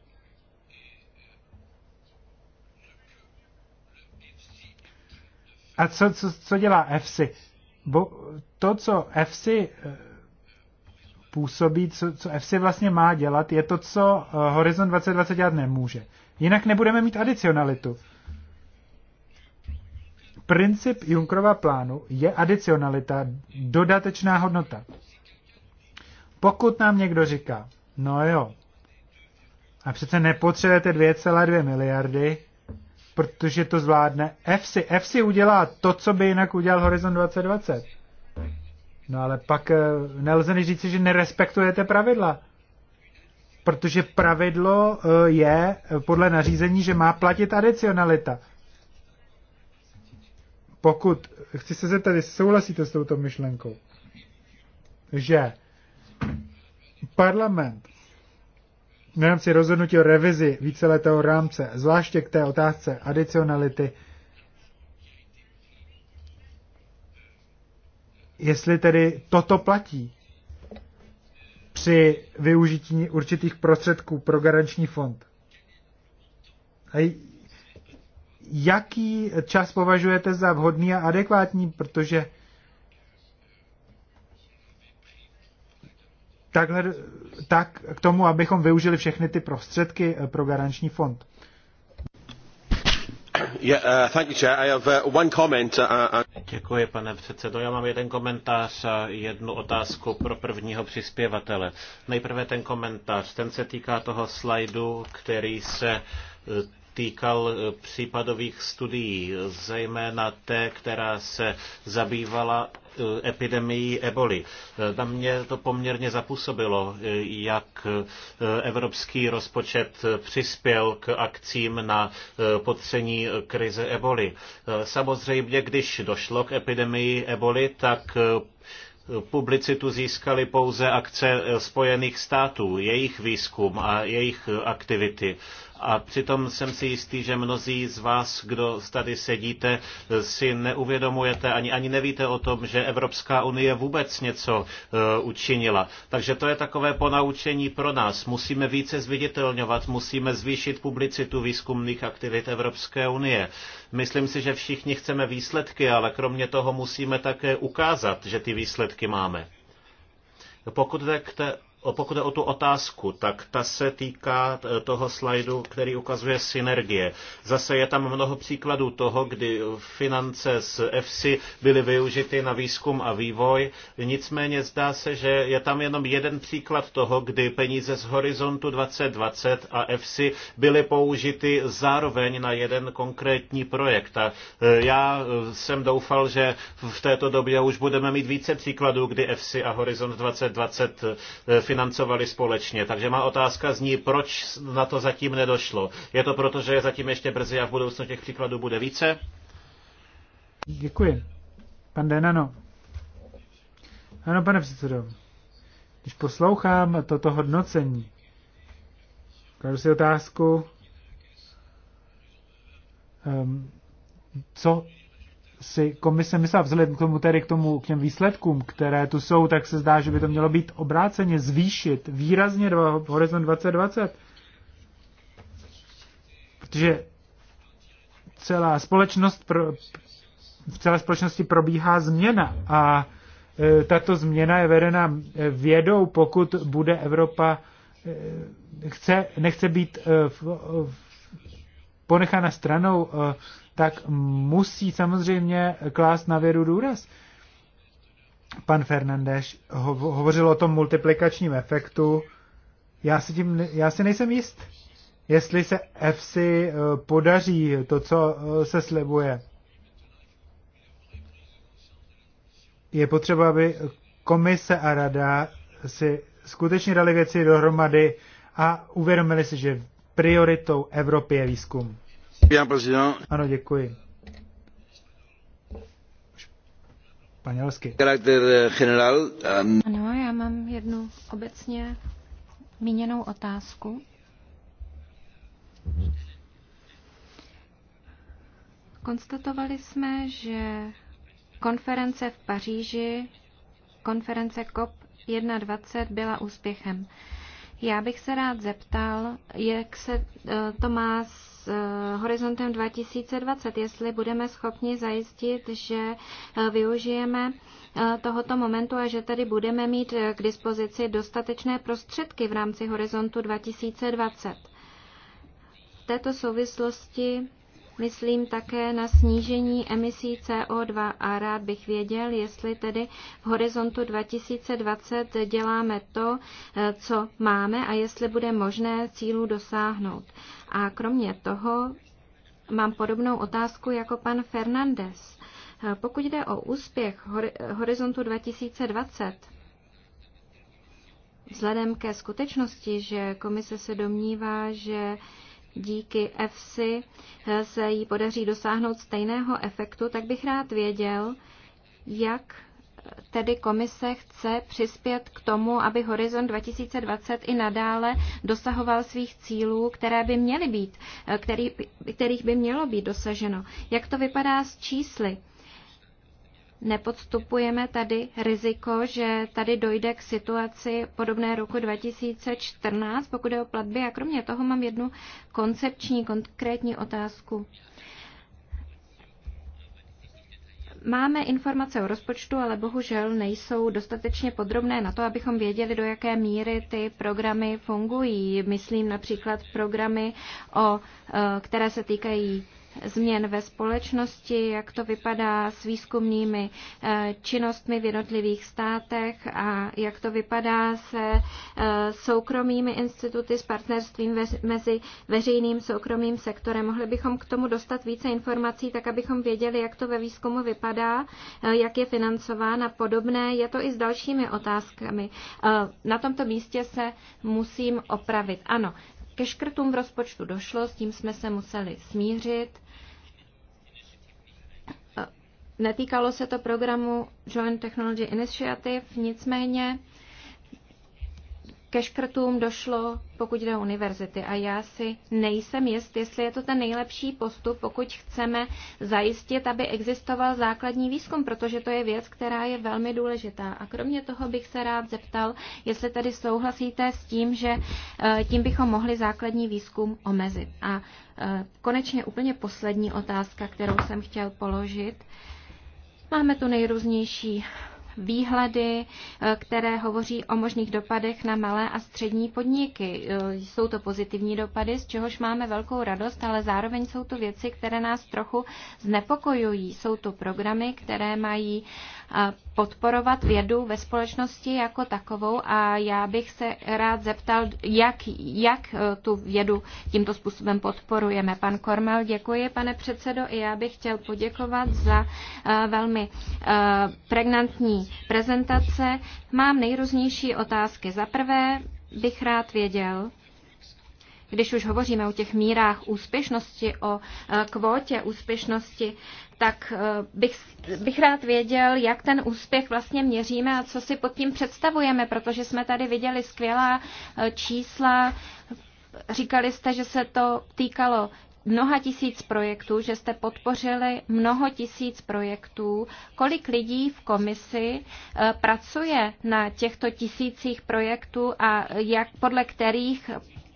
A co, co, co dělá EFSI? Bo to, co EFSI působí, co, co EFSI vlastně má dělat, je to, co e, Horizon 2020 dělat nemůže. Jinak nebudeme mít adicionalitu. Princip Junkrova plánu je adicionalita, dodatečná hodnota. Pokud nám někdo říká, no jo, a přece nepotřebujete 2,2 miliardy, protože to zvládne FC FC udělá to, co by jinak udělal Horizon 2020. No ale pak eh, nelze než říci, že nerespektujete pravidla protože pravidlo eh, je eh, podle nařízení, že má platit adicionalita. Pokud, chci se zeptat, jestli souhlasíte s touto myšlenkou, že parlament v rámci rozhodnutí o revizi víceletého rámce, zvláště k té otázce adicionality, jestli tedy toto platí, při využití určitých prostředků pro garanční fond. A jaký čas považujete za vhodný a adekvátní, protože takhle, tak k tomu, abychom využili všechny ty prostředky eh, pro garanční fond. Děkuji, pane předsedající. Já mám jeden komentář a jednu otázku pro prvního přispěvatele. Nejprve ten komentář. Ten se týká toho slajdu, který se e, týkal e, případových studií, zejména té, která se zabývala Eh, epidemii eboli. Eh, na mě to poměrně zapůsobilo, eh, jak evropský rozpočet přispěl k akcím na potření krize eboli. Samozřejmě, když došlo k epidemii eboli, tak publicitu získaly pouze akce Spojených států, jejich výzkum a jejich aktivity. A přitom jsem si jistý, že mnozí z vás, kdo tady sedíte, si neuvědomujete ani, ani nevíte o tom, že Evropská unie vůbec něco e, učinila. Takže to je takové ponaučení pro nás. Musíme více zviditelňovat, musíme zvýšit publicitu výzkumných aktivit Evropské unie. Myslím si, že všichni chceme výsledky, ale kromě toho musíme také ukázat, že ty výsledky máme. Pokud jde k té pokud je o tu otázku, tak ta se týká eh, toho slajdu, který ukazuje synergie. Zase je tam mnoho příkladů toho, kdy finance z EFSI byly využity na výzkum a vývoj. Nicméně zdá se, že je tam jenom jeden příklad toho, kdy peníze z Horizontu 2020 a EFSI byly použity zároveň na jeden konkrétní projekt. A eh, já eh, jsem doufal, že v této době už budeme mít více příkladů, kdy EFSI a Horizont 2020 financovali společně. Takže má otázka zní, proč na to zatím nedošlo. Je to proto, že je zatím ještě brzy a v budoucnu těch příkladů bude více? Děkuji. Pan Denano. Ano, pane předsedo. Když poslouchám toto hodnocení, kladu si otázku, um, co si komise myslela, vzhledem k tomu tedy k tomu, k těm výsledkům, které tu jsou, tak se zdá, že by to mělo být obráceně, zvýšit výrazně do horizont 2020. Protože celá společnost pro, v celé společnosti probíhá změna a e, tato změna je vedena e, vědou, pokud bude Evropa e, chce, nechce být ponechána stranou tak musí samozřejmě klást na věru důraz. Pan Fernandeš hovořil o tom multiplikačním efektu. Já si, tím, já si nejsem jist, jestli se FC eh, podaří to, co eh, se slibuje. Je potřeba, aby komise a rada si skutečně dali věci dohromady a uvědomili si, že prioritou Evropy je výzkum. Ano, děkuji. Španělsky. Charakter eh, eh, Ano, já mám jednu obecně míněnou otázku. Konstatovali jsme, že konference v Paříži, konference COP21 byla úspěchem. Já bych se rád zeptal, jak se eh, to má s s eh, horizontem 2020, jestli budeme schopni zajistit, že eh, využijeme eh, tohoto momentu a že tady budeme mít k dispozici dostatečné prostředky v rámci horizontu 2020. V této souvislosti Myslím také na snížení emisí CO2 a rád bych věděl, jestli tedy v horizontu 2020 děláme to, eh, co máme a jestli bude možné cílu dosáhnout. A kromě toho mám podobnou otázku jako pan Fernandez. Eh, pokud jde o úspěch Horizontu 2020, vzhledem ke skutečnosti, že komise se domnívá, že díky EFSI se jí podaří dosáhnout stejného efektu, tak bych rád věděl, jak tedy komise chce přispět k tomu, aby Horizon 2020 i nadále dosahoval svých cílů, které by měly být, který, kterých by mělo být dosaženo. Jak to vypadá s čísly? nepodstupujeme tady riziko, že tady dojde k situaci podobné roku 2014, pokud je o platby. A kromě toho mám jednu koncepční, konkrétní otázku. Máme informace o rozpočtu, ale bohužel nejsou dostatečně podrobné na to, abychom věděli, do jaké míry ty programy fungují. Myslím například programy, o, e, které se týkají změn ve společnosti, jak to vypadá s výzkumnými eh, činnostmi v jednotlivých státech a jak to vypadá se eh, soukromými instituty s partnerstvím mezi veřejným soukromým sektorem. Mohli bychom k tomu dostat více informací, tak abychom věděli, jak to ve výzkumu vypadá, eh, jak je financován a podobné. Je to i s dalšími otázkami. Na tomto místě se musím opravit. Ano, ke škrtům v rozpočtu došlo, s tím jsme se museli smířit. Netýkalo se to programu Joint Technology Initiative, nicméně ke škrtům došlo, pokud jde o univerzity. A já si nejsem jist, jestli je to ten nejlepší postup, pokud chceme zajistit, aby existoval základní výzkum, protože to je věc, která je velmi důležitá. A kromě toho bych se rád zeptal, jestli tady souhlasíte s tím, že eh, tím bychom mohli základní výzkum omezit. A eh, konečně úplně poslední otázka, kterou jsem chtěl položit. Máme tu nejrůznější výhledy, eh, které hovoří o možných dopadech na malé a střední podniky. Eh, jsou to pozitivní dopady, z čehož máme velkou radost, ale zároveň jsou to věci, které nás trochu znepokojují. Jsou to programy, které mají eh, podporovat vědu ve společnosti jako takovou a já bych se rád zeptal, jak, jak tu vědu tímto způsobem podporujeme. Pan Kormel, děkuji, pane předsedo, i já bych chtěl poděkovat za velmi pregnantní prezentace. Mám nejrůznější otázky. Za prvé bych rád věděl, když už hovoříme o těch mírách úspěšnosti, o e, kvótě úspěšnosti, tak e, bych, bych rád věděl, jak ten úspěch vlastně měříme a co si pod tím představujeme, protože jsme tady viděli skvělá e, čísla. Říkali jste, že se to týkalo mnoha tisíc projektů, že jste podpořili mnoho tisíc projektů. Kolik lidí v komisi eh, pracuje na těchto tisících projektů a jak podle kterých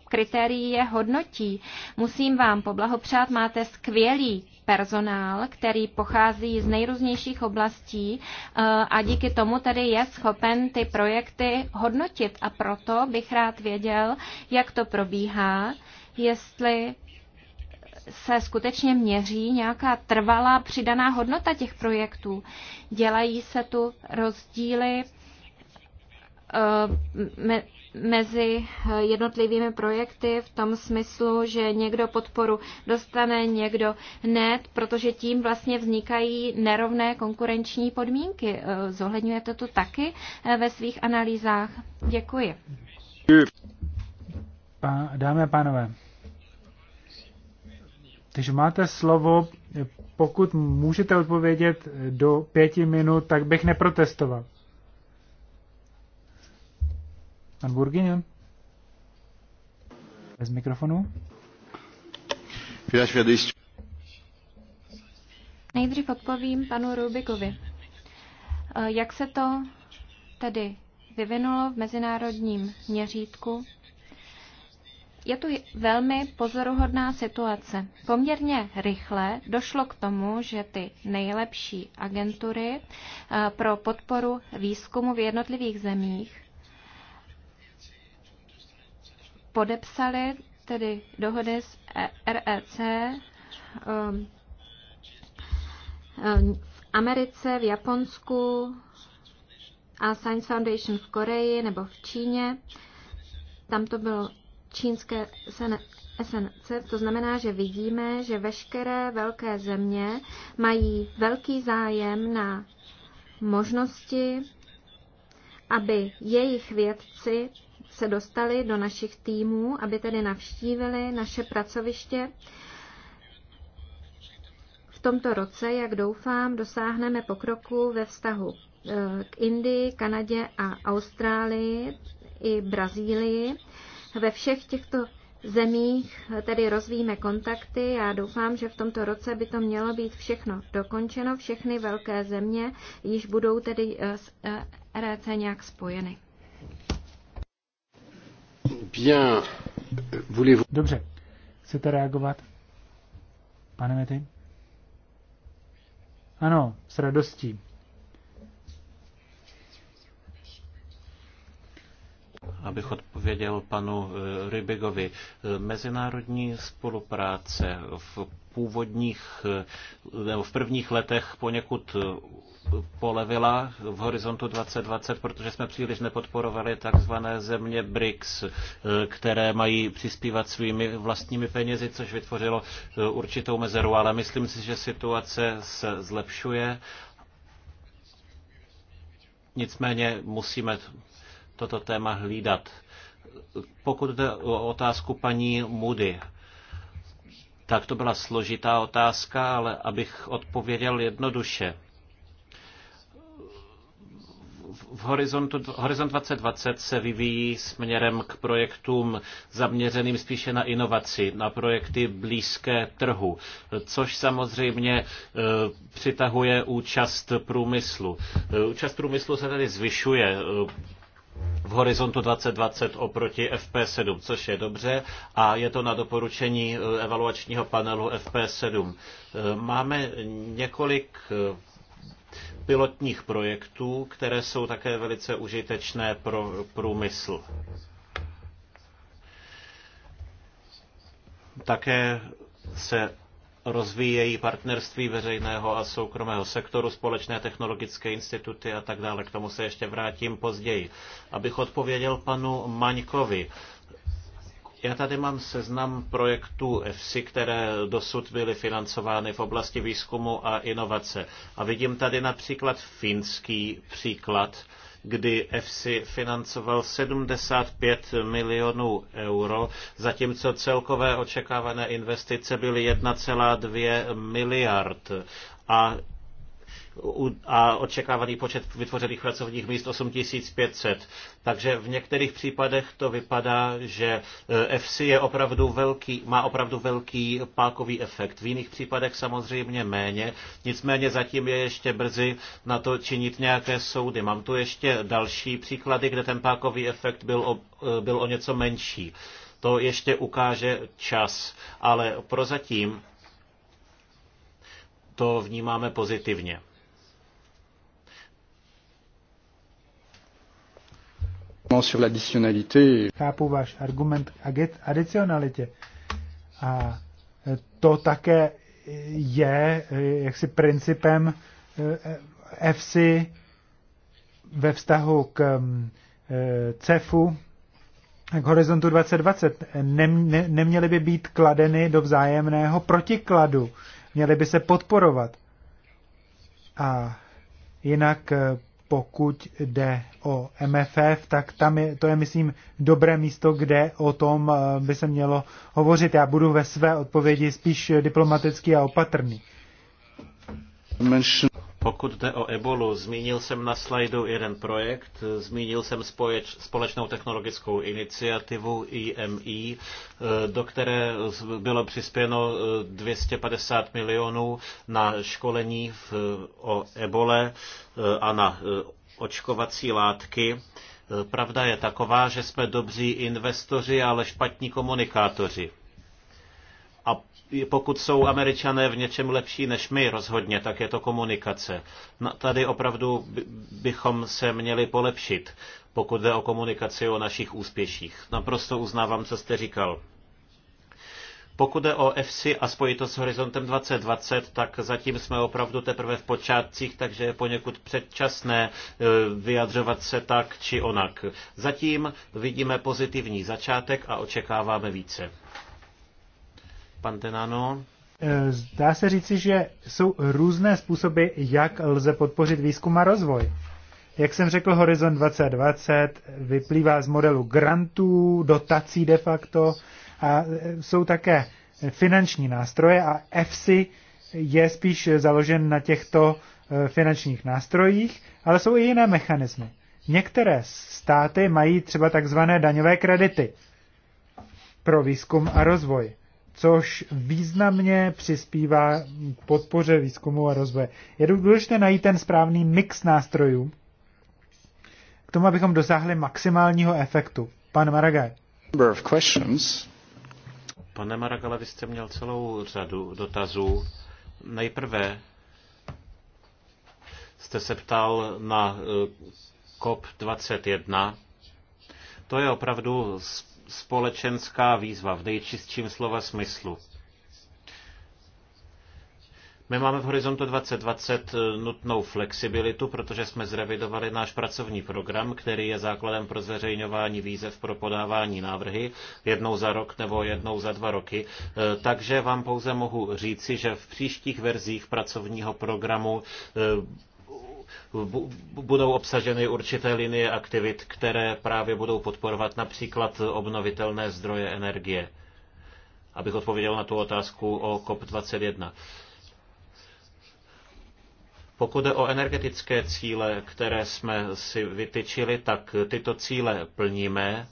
kritérií je hodnotí. Musím vám poblahopřát, máte skvělý personál, který pochází z nejrůznějších oblastí eh, a díky tomu tedy je schopen ty projekty hodnotit. A proto bych rád věděl, jak to probíhá, jestli se skutečně měří nějaká trvalá přidaná hodnota těch projektů. Dělají se tu rozdíly eh, mezi jednotlivými projekty v tom smyslu, že někdo podporu dostane, někdo ne, protože tím vlastně vznikají nerovné konkurenční podmínky. Eh, zohledňujete to taky eh, ve svých analýzách? Děkuji. Dámy a pánové, takže máte slovo, pokud můžete odpovědět do pěti minut, tak bych neprotestoval. Pan Burginian? Bez mikrofonu? Nejdřív odpovím panu Rubikovi. Eh, jak se to tedy vyvinulo v mezinárodním měřítku? Je tu velmi pozoruhodná situace. Poměrně rychle došlo k tomu, že ty nejlepší agentury eh, pro podporu výzkumu v jednotlivých zemích podepsaly tedy dohody s REC ehm, ehm, v Americe, v Japonsku a Science Foundation v Koreji nebo v Číně. Tam to bylo čínské SNC, to znamená, že vidíme, že veškeré velké země mají velký zájem na možnosti, aby jejich vědci se dostali do našich týmů, aby tedy navštívili naše pracoviště. V tomto roce, jak doufám, dosáhneme pokroku ve vztahu eh, k Indii, Kanadě a Austrálii i Brazílii. Ve všech těchto zemích tedy rozvíjíme kontakty. Já doufám, že v tomto roce by to mělo být všechno dokončeno. Všechny velké země již budou tedy eh, s eh, RC nějak spojeny. Bien. Dobře. Chcete reagovat? Pane Mety? Ano, s radostí. abych odpověděl panu eh, Rybigovi. Eh, mezinárodní spolupráce v původních, eh, nebo v prvních letech poněkud polevila v horizontu 2020, protože jsme příliš nepodporovali takzvané země BRICS, které mají přispívat svými vlastními penězi, což vytvořilo určitou mezeru, ale myslím si, že situace se zlepšuje. Nicméně musíme toto téma hlídat. Pokud jde o otázku paní Moody, tak to byla složitá otázka, ale abych odpověděl jednoduše. V horizontu, Horizont 2020 se vyvíjí směrem k projektům zaměřeným spíše na inovaci, na projekty blízké trhu, což samozřejmě e, přitahuje účast průmyslu. E, účast průmyslu se tedy zvyšuje e, v horizontu 2020 oproti FP7, což je dobře a je to na doporučení eh, evaluačního panelu FP7. Eh, máme několik eh, pilotních projektů, které jsou také velice užitečné pro průmysl. Také se rozvíjejí partnerství veřejného a soukromého sektoru, společné technologické instituty a tak dále. K tomu se ještě vrátím později. Abych odpověděl panu Maňkovi. Já tady mám seznam projektů EFSI, které dosud byly financovány v oblasti výzkumu a inovace. A vidím tady například finský příklad, kdy EFSI financoval 75 milionů euro, zatímco celkové očekávané investice byly 1,2 miliard a a očekávaný počet vytvořených pracovních míst 8500. Takže v některých případech to vypadá, že eh, FC je opravdu velký, má opravdu velký pákový efekt. V jiných případech samozřejmě méně, nicméně zatím je ještě brzy na to činit nějaké soudy. Mám tu ještě další příklady, kde ten pákový efekt byl o, eh, byl o něco menší. To ještě ukáže čas, ale prozatím to vnímáme pozitivně. sur l'additionnalité. Chápu váš argument k adicionalitě. A e, to také je e, jaksi principem e, FC ve vztahu k CEFu, k horizontu 2020. Nem, ne, neměly by být kladeny do vzájemného protikladu. Měly by se podporovat. A jinak pokud jde o MFF, tak tam je, to je, myslím, dobré místo, kde o tom eh, by se mělo hovořit. Já budu ve své odpovědi spíš diplomatický a opatrný. Mention. Pokud jde o ebolu, zmínil jsem na slajdu jeden projekt, zmínil jsem spoječ, společnou technologickou iniciativu IMI, eh, do které bylo přispěno 250 eh, milionů na školení v, eh, o ebole a na očkovací látky. Pravda je taková, že jsme dobří investoři, ale špatní komunikátoři. A pokud jsou američané v něčem lepší než my rozhodně, tak je to komunikace. Tady opravdu bychom se měli polepšit, pokud jde o komunikaci o našich úspěších. Naprosto uznávám, co jste říkal. Pokud jde o FC a spojitost s Horizontem 2020, tak zatím jsme opravdu teprve v počátcích, takže je poněkud předčasné e, vyjadřovat se tak či onak. Zatím vidíme pozitivní začátek a očekáváme více. Pantenano. Eh, zdá se říci, že jsou různé způsoby, jak lze podpořit výzkum a rozvoj. Jak jsem řekl, Horizon 2020 vyplývá z modelu grantů, dotací de facto a eh, jsou také finanční nástroje a EFSI je spíš založen na těchto eh, finančních nástrojích, ale jsou i jiné mechanismy. Některé státy mají třeba takzvané daňové kredity pro výzkum a rozvoj což významně přispívá k podpoře výzkumu a rozvoje. Je důležité najít ten správný mix nástrojů k tomu, abychom dosáhli maximálního efektu. Pan Maragaj. Pane Maragale, vy jste měl celou řadu dotazů. Nejprve jste se ptal na eh, COP21. To je opravdu společenská výzva v nejčistším slova smyslu. My máme v Horizontu 2020 eh, nutnou flexibilitu, protože jsme zrevidovali náš pracovní program, který je základem pro zveřejňování výzev pro podávání návrhy jednou za rok nebo jednou za dva roky. Eh, takže vám pouze mohu říci, že v příštích verzích pracovního programu eh, budou obsaženy určité linie aktivit, které právě budou podporovat například obnovitelné zdroje energie. Abych odpověděl na tu otázku o COP21. Pokud je o energetické cíle, které jsme si vytyčili, tak tyto cíle plníme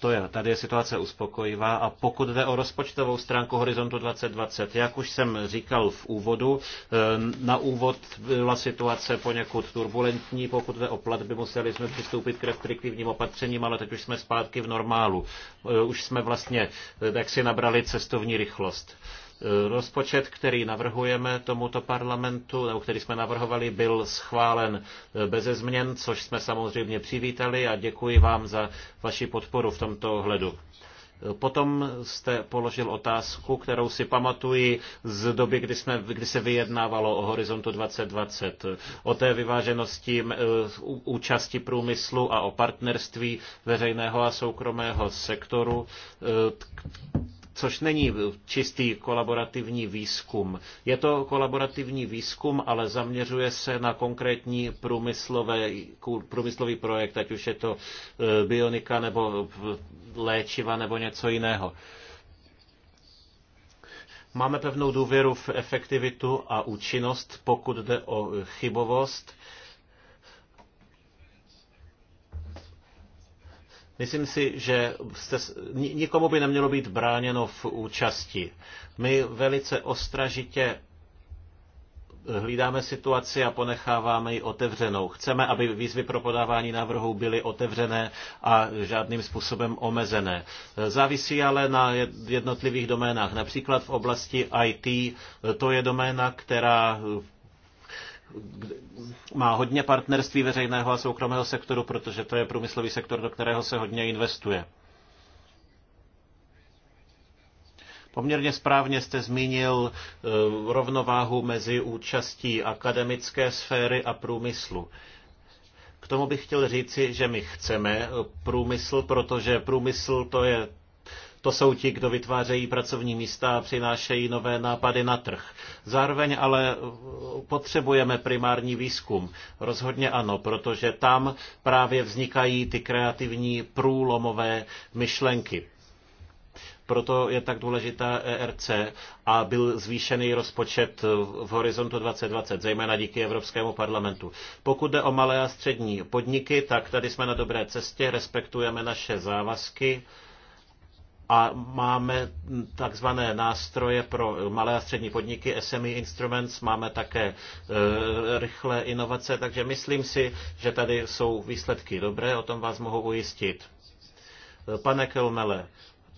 to je, tady je situace uspokojivá a pokud jde o rozpočtovou stránku Horizontu 2020, jak už jsem říkal v úvodu, eh, na úvod byla situace poněkud turbulentní, pokud jde o platby, museli jsme přistoupit k restriktivním opatřením, ale teď už jsme zpátky v normálu. Eh, už jsme vlastně eh, jaksi nabrali cestovní rychlost. Eh, rozpočet, který navrhujeme tomuto parlamentu, nebo který jsme navrhovali, byl schválen eh, beze změn, což jsme samozřejmě přivítali a děkuji vám za vaši podporu v tomto ohledu. Eh, potom jste položil otázku, kterou si pamatuji z doby, kdy, jsme, kdy se vyjednávalo o horizontu 2020, o té vyváženosti účasti průmyslu a o partnerství veřejného a soukromého sektoru, což není čistý kolaborativní výzkum. Je to kolaborativní výzkum, ale zaměřuje se na konkrétní průmyslové, průmyslový projekt, ať už je to e, bionika nebo léčiva nebo něco jiného. Máme pevnou důvěru v efektivitu a účinnost, pokud jde o chybovost Myslím si, že jste, nikomu by nemělo být bráněno v účasti. My velice ostražitě hlídáme situaci a ponecháváme ji otevřenou. Chceme, aby výzvy pro podávání návrhů byly otevřené a žádným způsobem omezené. Závisí ale na jednotlivých doménách. Například v oblasti IT to je doména, která má hodně partnerství veřejného a soukromého sektoru, protože to je průmyslový sektor, do kterého se hodně investuje. Poměrně správně jste zmínil e, rovnováhu mezi účastí akademické sféry a průmyslu. K tomu bych chtěl říci, že my chceme průmysl, protože průmysl to je to jsou ti, kdo vytvářejí pracovní místa a přinášejí nové nápady na trh. Zároveň ale eh, potřebujeme primární výzkum. Rozhodně ano, protože tam právě vznikají ty kreativní průlomové myšlenky. Proto je tak důležitá ERC a byl zvýšený rozpočet eh, v horizontu 2020, zejména díky Evropskému parlamentu. Pokud jde o malé a střední podniky, tak tady jsme na dobré cestě, respektujeme naše závazky a máme takzvané nástroje pro malé a střední podniky, SME Instruments, máme také e, rychlé inovace, takže myslím si, že tady jsou výsledky dobré, o tom vás mohu ujistit. Pane Kelmele,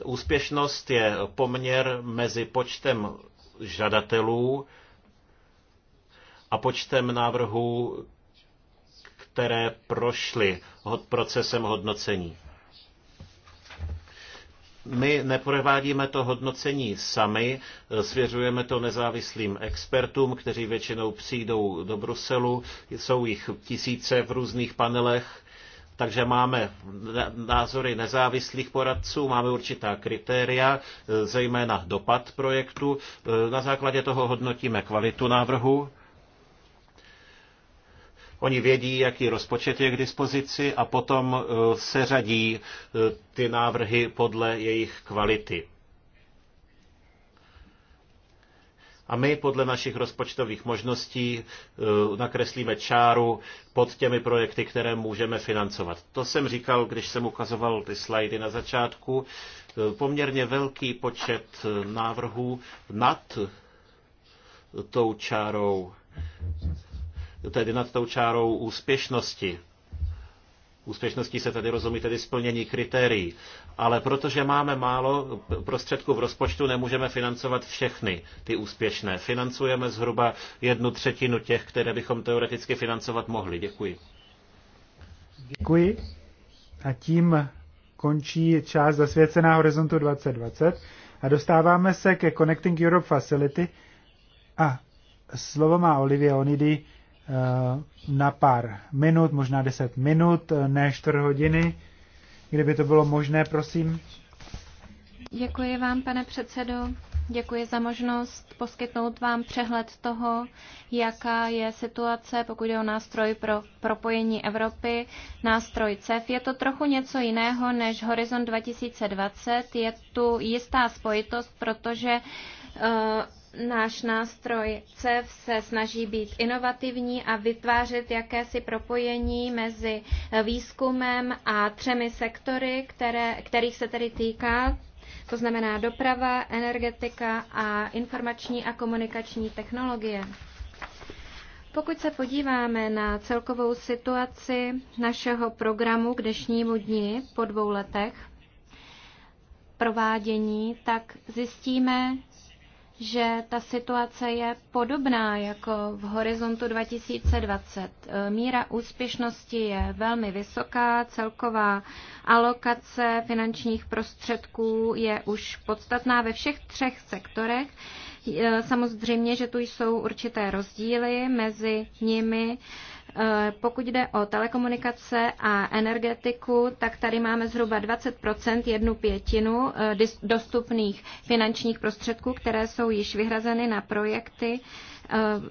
úspěšnost je poměr mezi počtem žadatelů a počtem návrhů, které prošly procesem hodnocení. My neprovádíme to hodnocení sami, svěřujeme to nezávislým expertům, kteří většinou přijdou do Bruselu, jsou jich tisíce v různých panelech, takže máme názory nezávislých poradců, máme určitá kritéria, e, zejména dopad projektu. E, na základě toho hodnotíme kvalitu návrhu Oni vědí, jaký rozpočet je k dispozici a potom eh, se řadí eh, ty návrhy podle jejich kvality. A my podle našich rozpočtových možností eh, nakreslíme čáru pod těmi projekty, které můžeme financovat. To jsem říkal, když jsem ukazoval ty slajdy na začátku. Poměrně velký počet návrhů nad tou čárou tedy nad tou čárou úspěšnosti. Úspěšností se tedy rozumí tedy splnění kritérií. Ale protože máme málo prostředků v rozpočtu, nemůžeme financovat všechny ty úspěšné. Financujeme zhruba jednu třetinu těch, které bychom teoreticky financovat mohli. Děkuji. Děkuji. A tím končí část zasvěcená Horizontu 2020 a dostáváme se ke Connecting Europe Facility a slovo má Olivia Onidy, Eh, na pár minut, možná 10 minut, eh, ne 4 hodiny. Kdyby to bylo možné, prosím. Děkuji vám, pane předsedo. Děkuji za možnost poskytnout vám přehled toho, jaká je situace, pokud je o nástroj pro propojení Evropy, nástroj CEF. Je to trochu něco jiného než Horizon 2020. Je tu jistá spojitost, protože uh, Náš nástroj CEF se snaží být inovativní a vytvářet jakési propojení mezi výzkumem a třemi sektory, které, kterých se tedy týká. To znamená doprava, energetika a informační a komunikační technologie. Pokud se podíváme na celkovou situaci našeho programu k dnešnímu dni po dvou letech provádění, tak zjistíme, že ta situace je podobná jako v horizontu 2020. Míra úspěšnosti je velmi vysoká, celková alokace finančních prostředků je už podstatná ve všech třech sektorech. Samozřejmě, že tu jsou určité rozdíly mezi nimi. Eh, pokud jde o telekomunikace a energetiku, tak tady máme zhruba 20 jednu pětinu eh, dostupných finančních prostředků, které jsou již vyhrazeny na projekty.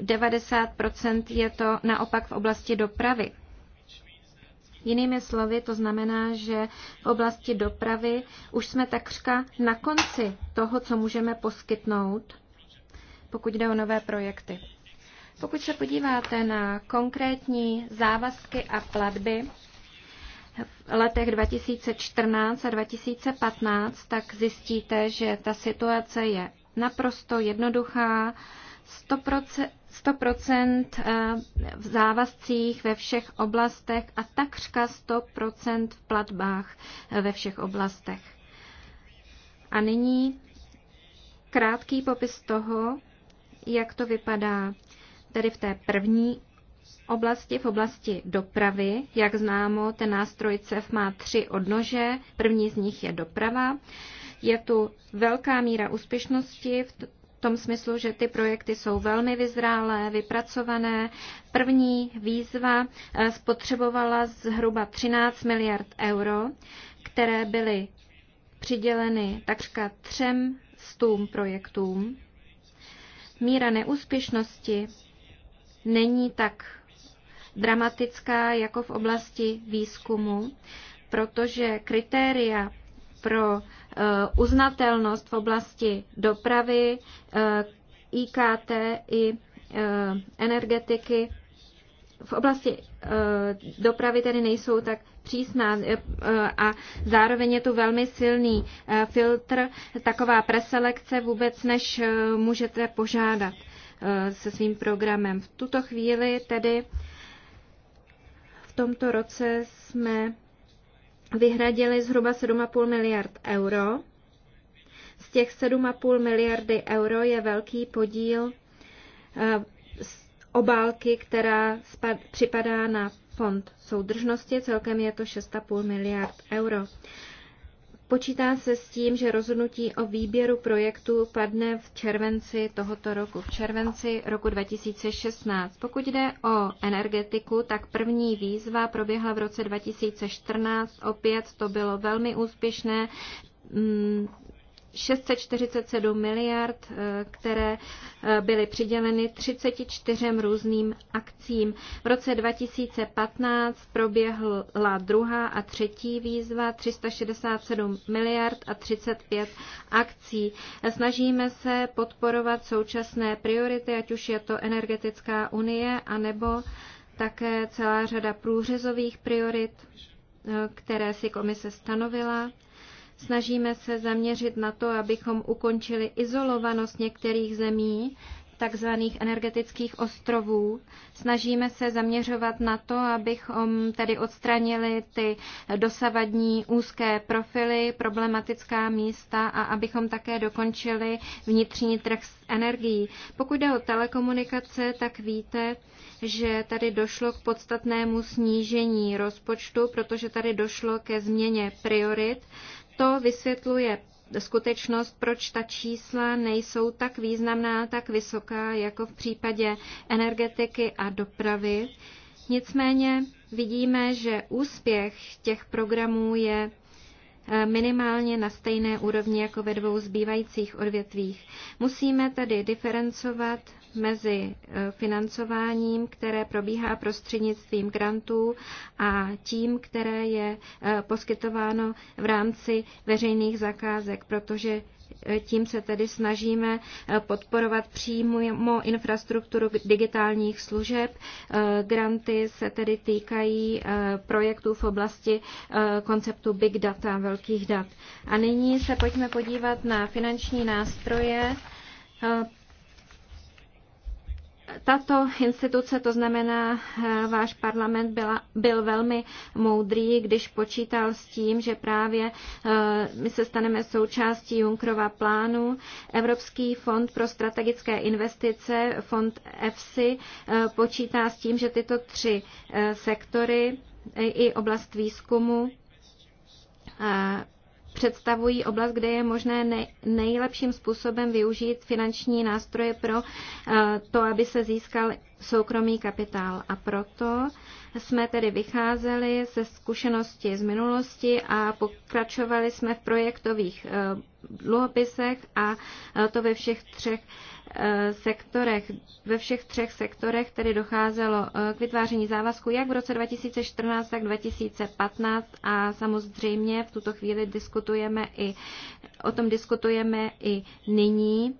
90 eh, je to naopak v oblasti dopravy. Jinými slovy, to znamená, že v oblasti dopravy už jsme takřka na konci toho, co můžeme poskytnout, pokud jde o nové projekty. Pokud se podíváte na konkrétní závazky a platby v letech 2014 a 2015, tak zjistíte, že ta situace je naprosto jednoduchá. 100%, 100% eh, v závazcích ve všech oblastech a takřka 100% v platbách eh, ve všech oblastech. A nyní krátký popis toho, jak to vypadá tedy v té první oblasti, v oblasti dopravy. Jak známo, ten nástroj CEF má tři odnože. První z nich je doprava. Je tu velká míra úspěšnosti v tom smyslu, že ty projekty jsou velmi vyzrálé, vypracované. První výzva eh, spotřebovala zhruba 13 miliard euro, které byly přiděleny takřka třem stům projektům. Míra neúspěšnosti není tak dramatická jako v oblasti výzkumu, protože kritéria pro eh, uznatelnost v oblasti dopravy, IKT eh, i eh, energetiky v oblasti dopravy tedy nejsou tak přísná a zároveň je tu velmi silný filtr, taková preselekce vůbec, než můžete požádat. Eh, se svým programem. V tuto chvíli tedy v tomto roce jsme vyhradili zhruba 7,5 miliard euro. Z těch 7,5 miliardy euro je velký podíl eh, obálky, která připadá na fond soudržnosti, celkem je to 6,5 miliard euro. Počítá se s tím, že rozhodnutí o výběru projektu padne v červenci tohoto roku, v červenci roku 2016. Pokud jde o energetiku, tak první výzva proběhla v roce 2014. Opět to bylo velmi úspěšné mm, 647 miliard, eh, které eh, byly přiděleny 34 různým akcím. V roce 2015 proběhla druhá a třetí výzva 367 miliard a 35 akcí. Snažíme se podporovat současné priority, ať už je to energetická unie, anebo také celá řada průřezových priorit, eh, které si komise stanovila Snažíme se zaměřit na to, abychom ukončili izolovanost některých zemí, takzvaných energetických ostrovů. Snažíme se zaměřovat na to, abychom tedy odstranili ty dosavadní úzké profily, problematická místa a abychom také dokončili vnitřní trh s energií. Pokud jde o telekomunikace, tak víte, že tady došlo k podstatnému snížení rozpočtu, protože tady došlo ke změně priorit. To vysvětluje skutečnost, proč ta čísla nejsou tak významná, tak vysoká, jako v případě energetiky a dopravy. Nicméně vidíme, že úspěch těch programů je eh, minimálně na stejné úrovni jako ve dvou zbývajících odvětvích. Musíme tedy diferencovat mezi eh, financováním, které probíhá prostřednictvím grantů a tím, které je eh, poskytováno v rámci veřejných zakázek, protože eh, tím se tedy snažíme podporovat přímo infrastrukturu digitálních služeb. Granty se tedy týkají projektů v oblasti konceptu big data, velkých dat. A nyní se pojďme podívat na finanční nástroje tato instituce, to znamená eh, váš parlament, byla, byl velmi moudrý, když počítal s tím, že právě eh, my se staneme součástí Junkrova plánu. Evropský fond pro strategické investice, fond EFSI, eh, počítá s tím, že tyto tři sektory i oblast výzkumu představují oblast, kde je možné nejlepším způsobem využít finanční nástroje pro eh, to, aby se získal soukromý kapitál. A proto jsme tedy vycházeli ze zkušenosti z minulosti a pokračovali jsme v projektových eh, dluhopisech a eh, to ve všech třech eh, sektorech. Ve všech třech sektorech tedy docházelo k vytváření závazku jak v roce 2014, tak 2015 a samozřejmě v tuto chvíli diskutujeme i, o tom diskutujeme i nyní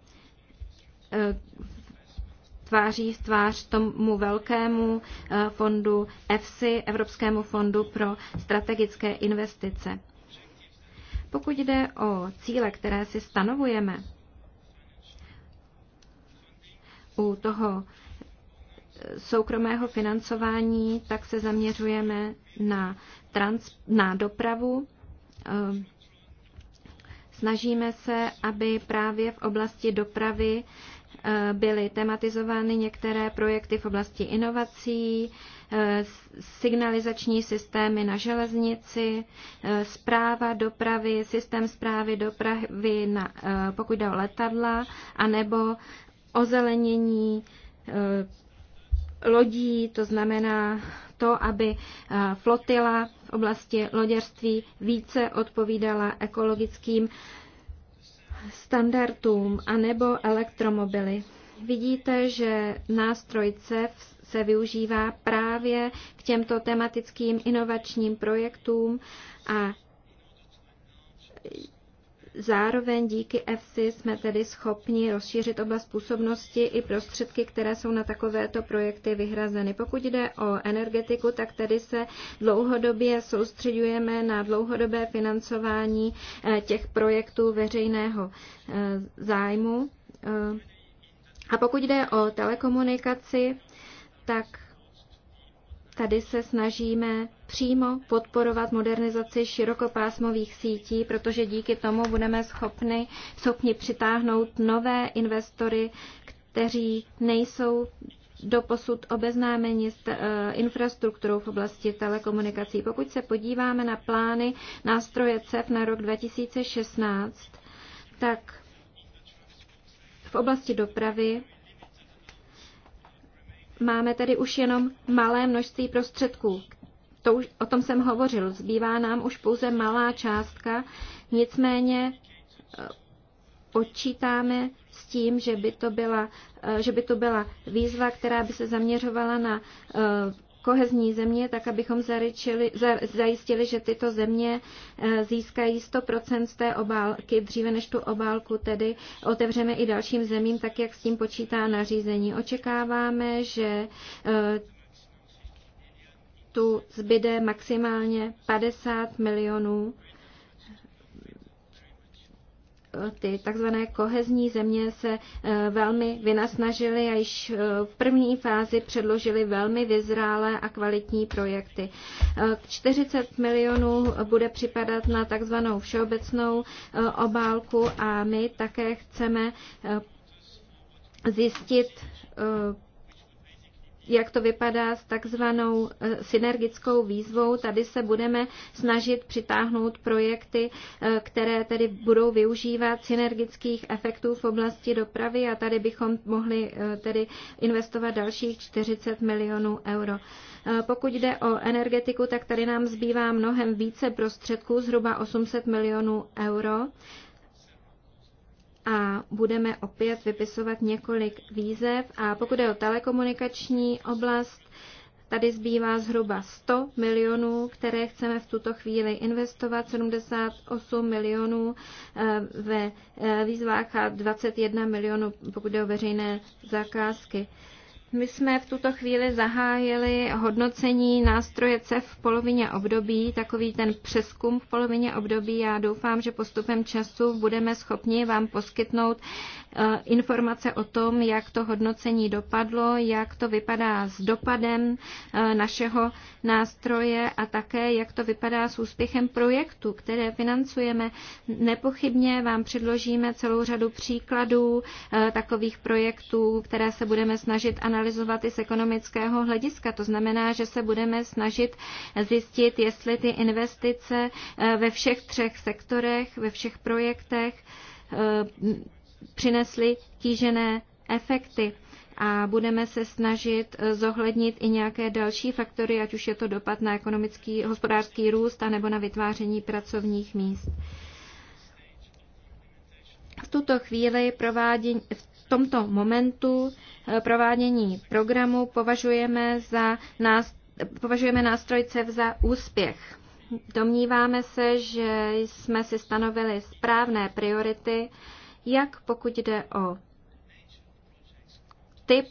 tváří v tvář tomu velkému eh, fondu EFSI, Evropskému fondu pro strategické investice. Pokud jde o cíle, které si stanovujeme u toho eh, soukromého financování, tak se zaměřujeme na, trans, na dopravu. Eh, snažíme se, aby právě v oblasti dopravy Eh, byly tematizovány některé projekty v oblasti inovací, eh, signalizační systémy na železnici, zpráva eh, dopravy, systém zprávy dopravy, na, pokud jde o letadla, anebo ozelenění lodí, to znamená to, aby flotila v oblasti loděrství více odpovídala ekologickým standardům anebo elektromobily. Vidíte, že nástroj CEF se využívá právě k těmto tematickým inovačním projektům a Zároveň díky EFSI jsme tedy schopni rozšířit oblast působnosti i prostředky, které jsou na takovéto projekty vyhrazeny. Pokud jde o energetiku, tak tedy se dlouhodobě soustředujeme na dlouhodobé financování eh, těch projektů veřejného eh, zájmu. Eh, a pokud jde o telekomunikaci, tak Tady se snažíme přímo podporovat modernizaci širokopásmových sítí, protože díky tomu budeme schopni, schopni přitáhnout nové investory, kteří nejsou doposud obeznámeni s eh, infrastrukturou v oblasti telekomunikací. Pokud se podíváme na plány nástroje CEF na rok 2016, tak v oblasti dopravy máme tedy už jenom malé množství prostředků. To už, o tom jsem hovořil. Zbývá nám už pouze malá částka, nicméně eh, počítáme s tím, že by to byla, eh, že by to byla výzva, která by se zaměřovala na eh, kohezní země, tak abychom za, zajistili, že tyto země eh, získají 100% z té obálky. Dříve než tu obálku tedy otevřeme i dalším zemím, tak jak s tím počítá nařízení. Očekáváme, že eh, tu zbyde maximálně 50 milionů ty takzvané kohezní země se eh, velmi vynasnažily a již eh, v první fázi předložili velmi vyzrálé a kvalitní projekty. 40 eh, milionů bude připadat na takzvanou všeobecnou obálku a my také chceme zjistit jak to vypadá s takzvanou eh, synergickou výzvou. Tady se budeme snažit přitáhnout projekty, eh, které tedy budou využívat synergických efektů v oblasti dopravy a tady bychom mohli eh, tedy investovat dalších 40 milionů euro. Pokud jde o energetiku, tak tady nám zbývá mnohem více prostředků, zhruba 800 milionů euro a budeme opět vypisovat několik výzev. A pokud je o telekomunikační oblast, Tady zbývá zhruba 100 milionů, které chceme v tuto chvíli investovat, 78 milionů eh, ve eh, výzvách a 21 milionů, pokud je o veřejné zakázky. My jsme v tuto chvíli zahájili hodnocení nástroje CEF v polovině období, takový ten přeskum v polovině období. Já doufám, že postupem času budeme schopni vám poskytnout eh, informace o tom, jak to hodnocení dopadlo, jak to vypadá s dopadem eh, našeho nástroje a také, jak to vypadá s úspěchem projektu, které financujeme. Nepochybně vám předložíme celou řadu příkladů eh, takových projektů, které se budeme snažit analyzovat analyzovat i z ekonomického hlediska. To znamená, že se budeme snažit zjistit, jestli ty investice eh, ve všech třech sektorech, ve všech projektech eh, přinesly tížené efekty a budeme se snažit eh, zohlednit i nějaké další faktory, ať už je to dopad na ekonomický, hospodářský růst anebo na vytváření pracovních míst. V tuto chvíli provádění, tomto momentu eh, provádění programu považujeme, za nás, považujeme nástroj za úspěch. Domníváme se, že jsme si stanovili správné priority, jak pokud jde o typ,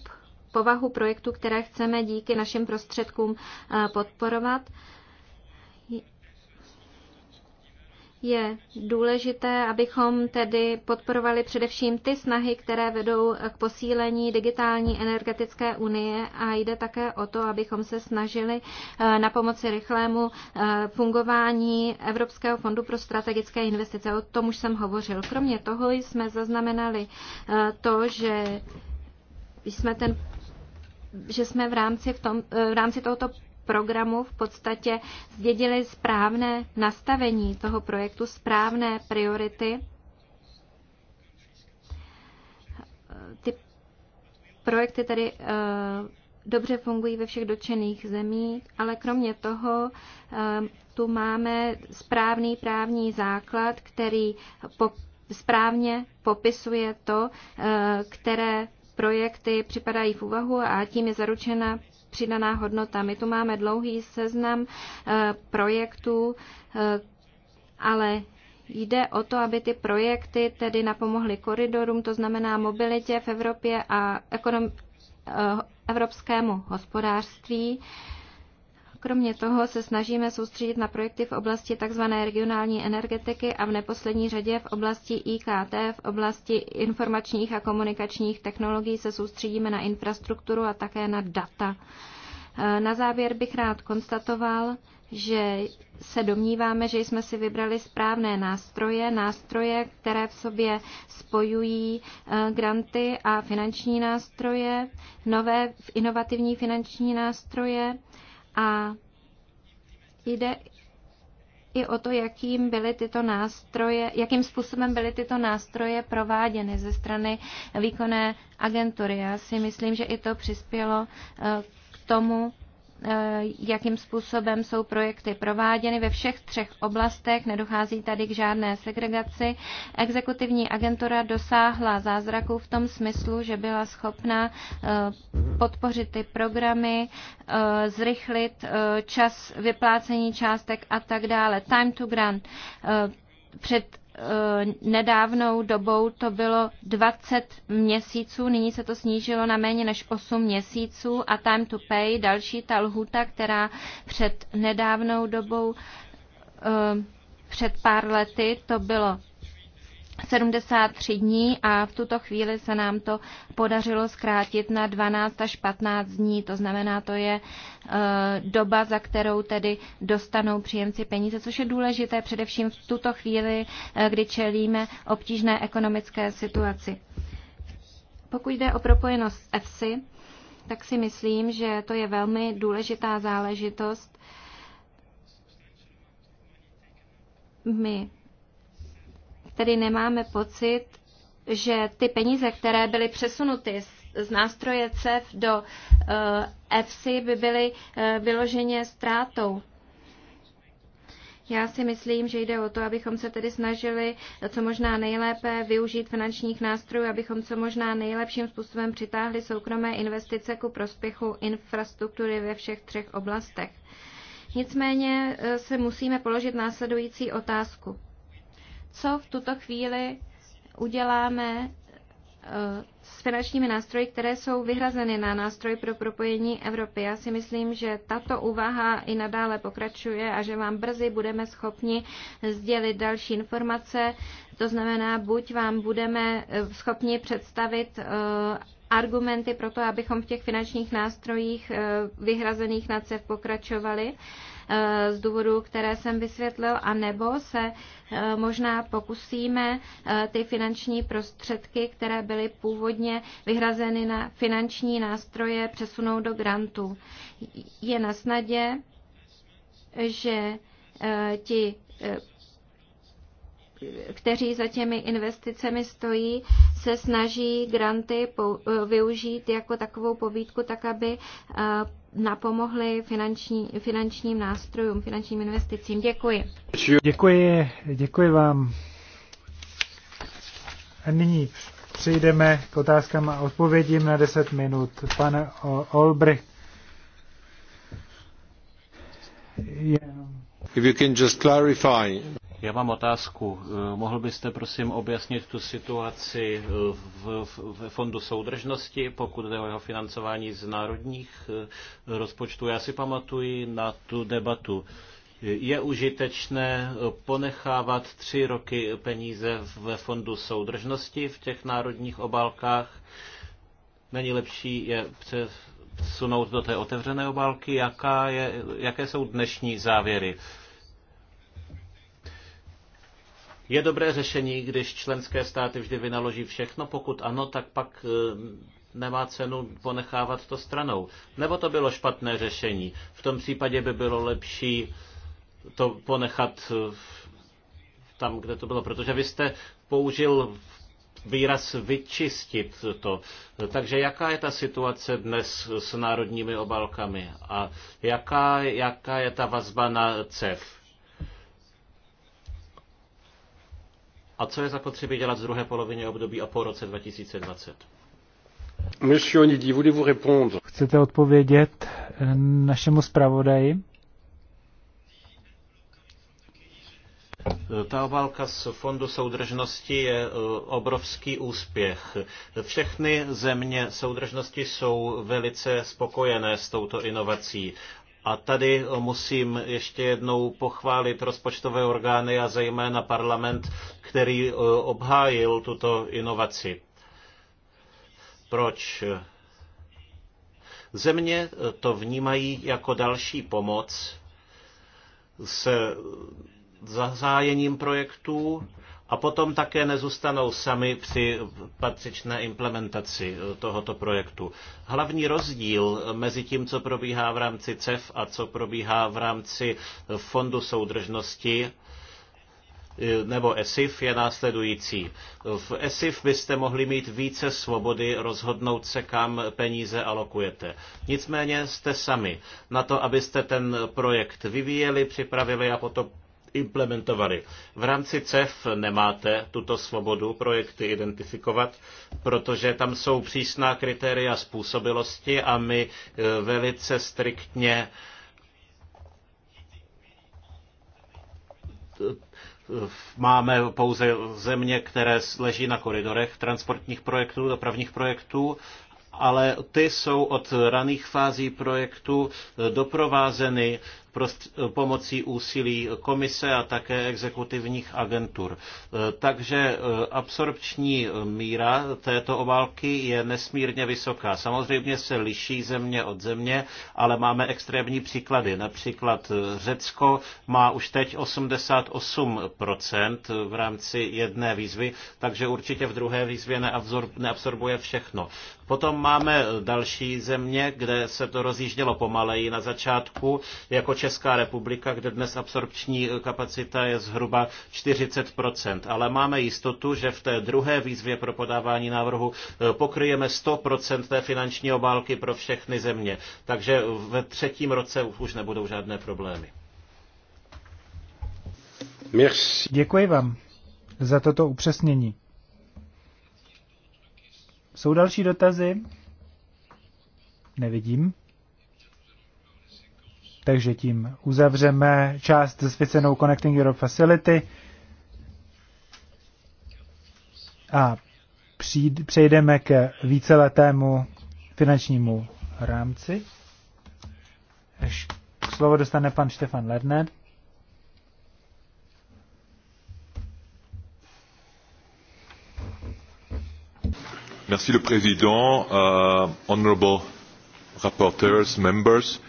povahu projektu, které chceme díky našim prostředkům eh, podporovat, Je důležité, abychom tedy podporovali především ty snahy, které vedou k posílení digitální energetické unie a jde také o to, abychom se snažili eh, na pomoci rychlému eh, fungování Evropského fondu pro strategické investice. O tom už jsem hovořil. Kromě toho jsme zaznamenali eh, to, že jsme ten že jsme v rámci, v, tom, v rámci tohoto programu v podstatě zdědili správné nastavení toho projektu, správné priority. Ty projekty tedy eh, dobře fungují ve všech dotčených zemích, ale kromě toho eh, tu máme správný právní základ, který po, správně popisuje to, eh, které projekty připadají v úvahu a tím je zaručena přidaná hodnota. My tu máme dlouhý seznam eh, projektů, eh, ale Jde o to, aby ty projekty tedy napomohly koridorům, to znamená mobilitě v Evropě a ekonom, eh, evropskému hospodářství. Kromě toho se snažíme soustředit na projekty v oblasti tzv. regionální energetiky a v neposlední řadě v oblasti IKT, v oblasti informačních a komunikačních technologií se soustředíme na infrastrukturu a také na data. Eh, na závěr bych rád konstatoval, že se domníváme, že jsme si vybrali správné nástroje, nástroje, které v sobě spojují eh, granty a finanční nástroje, nové inovativní finanční nástroje, a jde i o to, jakým byly tyto nástroje, jakým způsobem byly tyto nástroje prováděny ze strany výkonné agentury. Já si myslím, že i to přispělo eh, k tomu, Eh, jakým způsobem jsou projekty prováděny ve všech třech oblastech. Nedochází tady k žádné segregaci. Exekutivní agentura dosáhla zázraku v tom smyslu, že byla schopna eh, podpořit ty programy, eh, zrychlit čas vyplácení částek a tak dále. Time to grant. Před Eh, nedávnou dobou to bylo 20 měsíců, nyní se to snížilo na méně než 8 měsíců a time to pay, další ta lhuta, která před nedávnou dobou, eh, před pár lety, to bylo 73 dní a v tuto chvíli se nám to podařilo zkrátit na 12 až 15 dní, to znamená, to je eh, doba, za kterou tedy dostanou příjemci peníze, což je důležité především v tuto chvíli, eh, kdy čelíme obtížné ekonomické situaci. Pokud jde o propojenost s EFSI, tak si myslím, že to je velmi důležitá záležitost. My tedy nemáme pocit, že ty peníze, které byly přesunuty z nástroje CEF do EFSI, eh, by byly eh, vyloženě ztrátou. Já si myslím, že jde o to, abychom se tedy snažili co možná nejlépe využít finančních nástrojů, abychom co možná nejlepším způsobem přitáhli soukromé investice ku prospěchu infrastruktury ve všech třech oblastech. Nicméně eh, se musíme položit následující otázku co v tuto chvíli uděláme eh, s finančními nástroji, které jsou vyhrazeny na nástroj pro propojení Evropy. Já si myslím, že tato úvaha i nadále pokračuje a že vám brzy budeme schopni sdělit další informace. To znamená, buď vám budeme eh, schopni představit eh, argumenty pro to, abychom v těch finančních nástrojích vyhrazených na CEF pokračovali, Eh, z důvodu, které jsem vysvětlil, anebo se eh, možná pokusíme eh, ty finanční prostředky, které byly původně vyhrazeny na finanční nástroje, přesunout do grantů. Je na snadě, že ti kteří za těmi investicemi stojí, se snaží granty využít jako takovou povídku, tak aby napomohli finanční, finančním nástrojům, finančním investicím. Děkuji. Děkuji, děkuji vám. A nyní přejdeme k otázkám a odpovědím na 10 minut. Pan Olbrich. If you can just clarify. Já mám otázku. Eh, mohl byste prosím objasnit tu situaci eh, ve Fondu soudržnosti, pokud jde o jeho financování z národních eh, rozpočtů? Já si pamatuji na tu debatu. Je užitečné ponechávat tři roky peníze ve Fondu soudržnosti v těch národních obálkách? Není lepší je přes sunout do té otevřené obálky, jaká je, jaké jsou dnešní závěry je dobré řešení, když členské státy vždy vynaloží všechno? Pokud ano, tak pak e, nemá cenu ponechávat to stranou. Nebo to bylo špatné řešení? V tom případě by bylo lepší to ponechat e, tam, kde to bylo, protože vy jste použil výraz vyčistit to. Takže jaká je ta situace dnes s národními obálkami a jaká, jaká je ta vazba na CEF? A co je zapotřebí dělat v druhé polovině období a po roce 2020? Monsieur Onidi, voulez-vous répondre? Chcete odpovědět eh, našemu zpravodaji? Eh, ta obálka z Fondu soudržnosti je eh, obrovský úspěch. Všechny země soudržnosti jsou velice spokojené s touto inovací a tady eh, musím ještě jednou pochválit rozpočtové orgány a zejména parlament, který eh, obhájil tuto inovaci. Proč? Země eh, to vnímají jako další pomoc se zahájením projektů a potom také nezůstanou sami při patřičné implementaci eh, tohoto projektu. Hlavní rozdíl mezi tím, co probíhá v rámci CEF a co probíhá v rámci eh, Fondu soudržnosti eh, nebo ESIF je následující. V ESIF byste mohli mít více svobody rozhodnout se, kam peníze alokujete. Nicméně jste sami na to, abyste ten projekt vyvíjeli, připravili a potom implementovaly. V rámci CEF nemáte tuto svobodu projekty identifikovat, protože tam jsou přísná kritéria způsobilosti a my eh, velice striktně eh, máme pouze země, které leží na koridorech transportních projektů, dopravních projektů, ale ty jsou od raných fází projektu eh, doprovázeny pomocí úsilí komise a také exekutivních agentur. E, takže e, absorpční míra této obálky je nesmírně vysoká. Samozřejmě se liší země od země, ale máme extrémní příklady. Například e, Řecko má už teď 88% v rámci jedné výzvy, takže určitě v druhé výzvě neabsorbuje všechno. Potom máme další země, kde se to rozjíždělo pomaleji na začátku, jako Česká Česká republika, kde dnes absorpční kapacita je zhruba 40 ale máme jistotu, že v té druhé výzvě pro podávání návrhu eh, pokryjeme 100 té finanční obálky pro všechny země. Takže ve třetím roce už nebudou žádné problémy. Merci. Děkuji vám za toto upřesnění. Jsou další dotazy? Nevidím. Takže tím uzavřeme část zasvěcenou Connecting Europe Facility a přejdeme k víceletému finančnímu rámci. Slovo dostane pan Štefan Lerner. Merci le président, uh, honorable rapporteurs, members.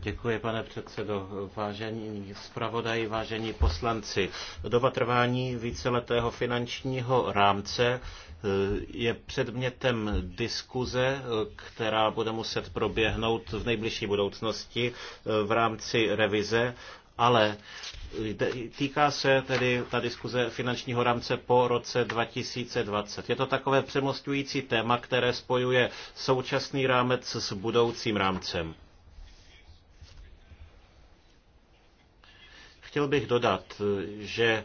Děkuji, pane předsedo. Vážení zpravodaji, vážení poslanci, doba trvání víceletého finančního rámce eh, je předmětem diskuze, která bude muset proběhnout v nejbližší budoucnosti eh, v rámci revize, ale Týká se tedy ta diskuze finančního rámce po roce 2020. Je to takové přemostňující téma, které spojuje současný rámec s budoucím rámcem. Chtěl bych dodat, že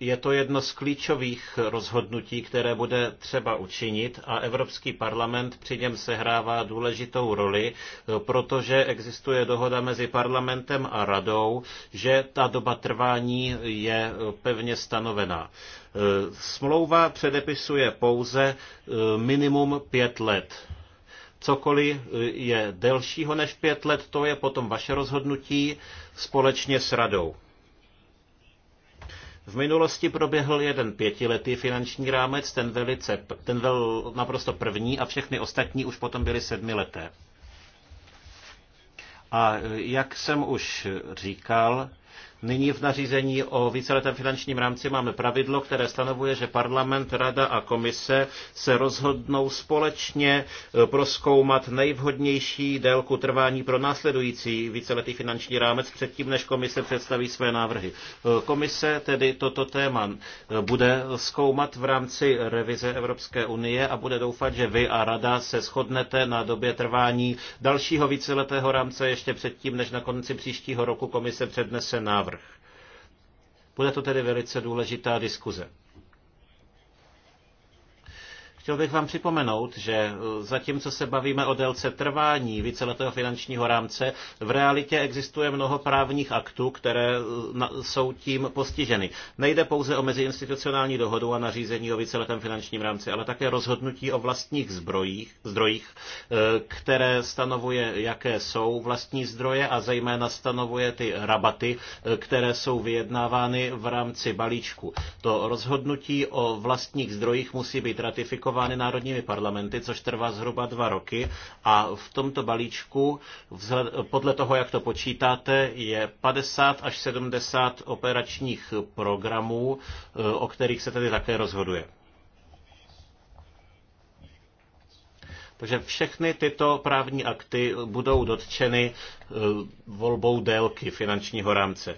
je to jedno z klíčových rozhodnutí, které bude třeba učinit a Evropský parlament při něm sehrává důležitou roli, protože existuje dohoda mezi parlamentem a radou, že ta doba trvání je pevně stanovená. Smlouva předepisuje pouze e, minimum pět let. Cokoliv e, je delšího než pět let, to je potom vaše rozhodnutí společně s radou. V minulosti proběhl jeden pětiletý finanční rámec, ten, velice, ten byl naprosto první a všechny ostatní už potom byly sedmileté. A jak jsem už říkal, Nyní v nařízení o víceletém finančním rámci máme pravidlo, které stanovuje, že parlament, rada a komise se rozhodnou společně eh, proskoumat nejvhodnější délku trvání pro následující víceletý finanční rámec předtím, než komise představí své návrhy. Eh, komise tedy toto téma eh, bude zkoumat v rámci revize Evropské unie a bude doufat, že vy a rada se shodnete na době trvání dalšího víceletého rámce ještě předtím, než na konci příštího roku komise přednese návrh návrh. Bude to tedy velice důležitá diskuze. Chtěl bych vám připomenout, že e, zatímco se bavíme o délce trvání víceletého finančního rámce, v realitě existuje mnoho právních aktů, které e, jsou tím postiženy. Nejde pouze o meziinstitucionální dohodu a nařízení o víceletém finančním rámci, ale také rozhodnutí o vlastních zbrojích, zdrojích, e, které stanovuje, jaké jsou vlastní zdroje a zejména stanovuje ty rabaty, které jsou vyjednávány v rámci balíčku. To rozhodnutí o vlastních zdrojích musí být ratifikováno schvalovány národními parlamenty, což trvá zhruba dva roky. A v tomto balíčku, vzhled, podle toho, jak to počítáte, je 50 až 70 operačních programů, eh, o kterých se tedy také rozhoduje. Takže všechny tyto právní akty budou dotčeny eh, volbou délky finančního rámce.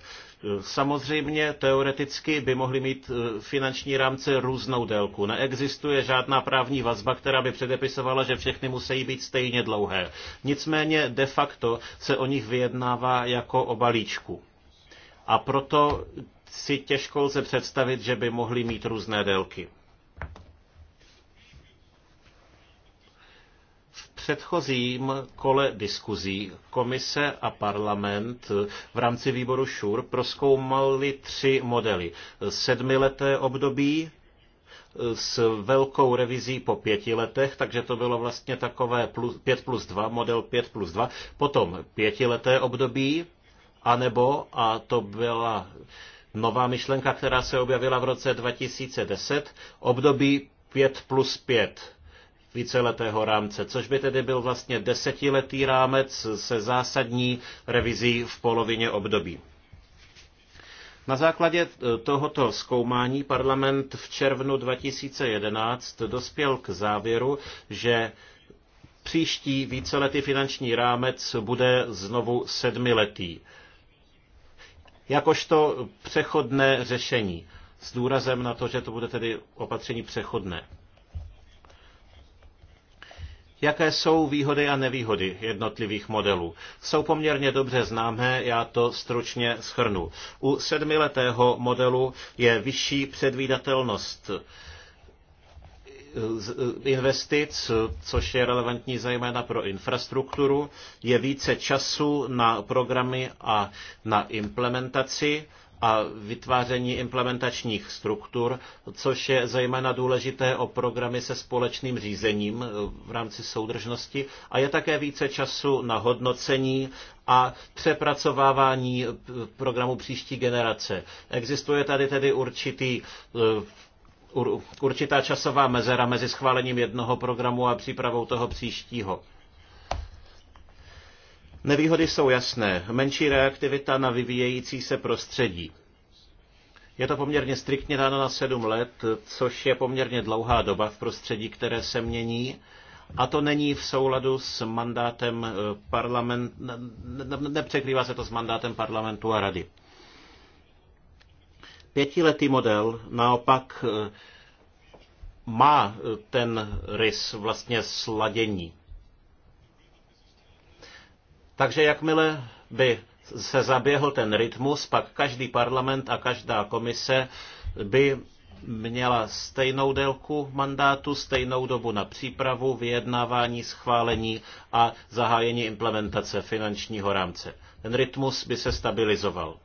Samozřejmě teoreticky by mohly mít e, finanční rámce různou délku. Neexistuje žádná právní vazba, která by předepisovala, že všechny musí být stejně dlouhé. Nicméně de facto se o nich vyjednává jako o balíčku. A proto si těžko lze představit, že by mohly mít různé délky. předchozím kole diskuzí komise a parlament v rámci výboru ŠUR proskoumali tři modely. Sedmileté období, s velkou revizí po pěti letech, takže to bylo vlastně takové plus, 5 plus 2, model 5 plus 2, potom pětileté období, anebo, a to byla nová myšlenka, která se objevila v roce 2010, období 5 plus 5 víceletého rámce, což by tedy byl vlastně desetiletý rámec se zásadní revizí v polovině období. Na základě eh, tohoto zkoumání parlament v červnu 2011 dospěl k závěru, že příští víceletý finanční rámec bude znovu sedmiletý. Jakožto přechodné řešení. S důrazem na to, že to bude tedy opatření přechodné. Jaké jsou výhody a nevýhody jednotlivých modelů? Jsou poměrně dobře známé, já to stručně schrnu. U sedmiletého modelu je vyšší předvídatelnost eh, eh, investic, což je relevantní zejména pro infrastrukturu, je více času na programy a na implementaci a vytváření implementačních struktur, což je zejména důležité o programy se společným řízením eh, v rámci soudržnosti a je také více času na hodnocení a přepracovávání eh, programu příští generace. Existuje tady tedy určitý eh, určitá časová mezera mezi schválením jednoho programu a přípravou toho příštího. Nevýhody jsou jasné. Menší reaktivita na vyvíjející se prostředí. Je to poměrně striktně dáno na sedm let, což je poměrně dlouhá doba v prostředí, které se mění. A to není v souladu s mandátem eh, parlamentu. nepřekrývá se to s mandátem parlamentu a rady. Pětiletý model naopak eh, má eh, ten rys vlastně sladění takže jakmile by se zaběhl ten rytmus, pak každý parlament a každá komise by měla stejnou délku mandátu, stejnou dobu na přípravu, vyjednávání, schválení a zahájení implementace finančního rámce. Ten rytmus by se stabilizoval.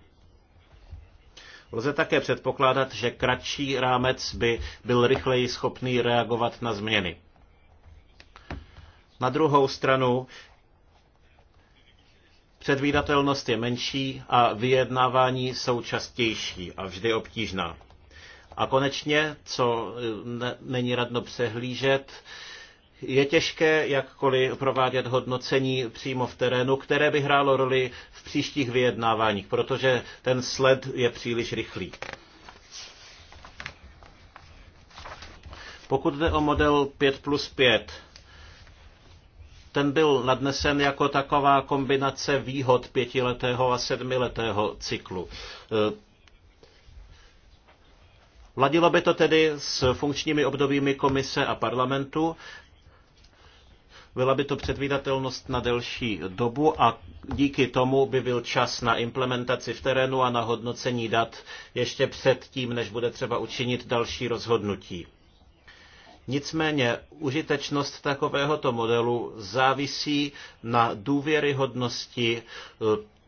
Lze také předpokládat, že kratší rámec by byl rychleji schopný reagovat na změny. Na druhou stranu Předvídatelnost je menší a vyjednávání jsou častější a vždy obtížná. A konečně, co eh, ne, není radno přehlížet, je těžké jakkoliv provádět hodnocení přímo v terénu, které by hrálo roli v příštích vyjednáváních, protože ten sled je příliš rychlý. Pokud jde o model 5 plus 5, ten byl nadnesen jako taková kombinace výhod pětiletého a sedmiletého cyklu. E, ladilo by to tedy s funkčními obdobími komise a parlamentu, byla by to předvídatelnost na delší dobu a díky tomu by byl čas na implementaci v terénu a na hodnocení dat ještě předtím, než bude třeba učinit další rozhodnutí. Nicméně užitečnost takovéhoto modelu závisí na důvěryhodnosti e,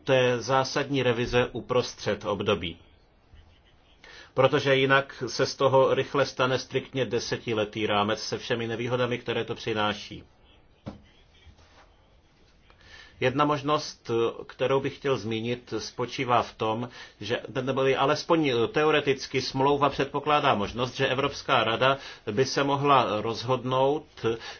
té zásadní revize uprostřed období. Protože jinak se z toho rychle stane striktně desetiletý rámec se všemi nevýhodami, které to přináší. Jedna možnost, kterou bych chtěl zmínit, spočívá v tom, že nebo alespoň teoreticky smlouva předpokládá možnost, že Evropská rada by se mohla rozhodnout,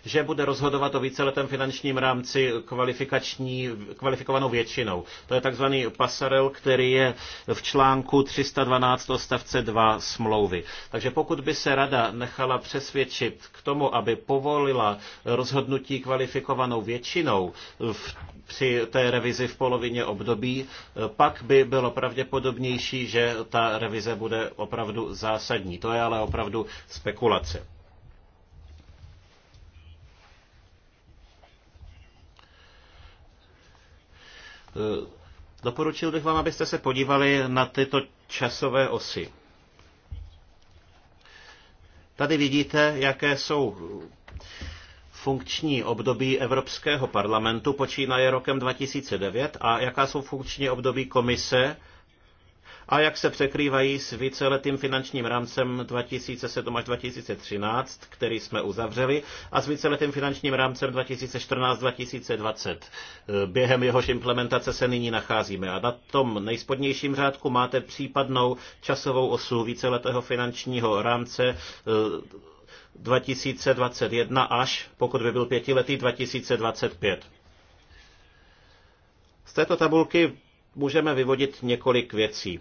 že bude rozhodovat o víceletém finančním rámci kvalifikační, kvalifikovanou většinou. To je takzvaný pasarel, který je v článku 312 odstavce 2 smlouvy. Takže pokud by se rada nechala přesvědčit k tomu, aby povolila rozhodnutí kvalifikovanou většinou v při té revizi v polovině období, pak by bylo pravděpodobnější, že ta revize bude opravdu zásadní. To je ale opravdu spekulace. Doporučil bych vám, abyste se podívali na tyto časové osy. Tady vidíte, jaké jsou funkční období Evropského parlamentu počínaje rokem 2009 a jaká jsou funkční období komise a jak se překrývají s víceletým finančním rámcem 2007 až 2013, který jsme uzavřeli, a s víceletým finančním rámcem 2014-2020. Během jehož implementace se nyní nacházíme. A na tom nejspodnějším řádku máte případnou časovou osu víceletého finančního rámce 2021 až, pokud by byl pětiletý, 2025. Z této tabulky můžeme vyvodit několik věcí.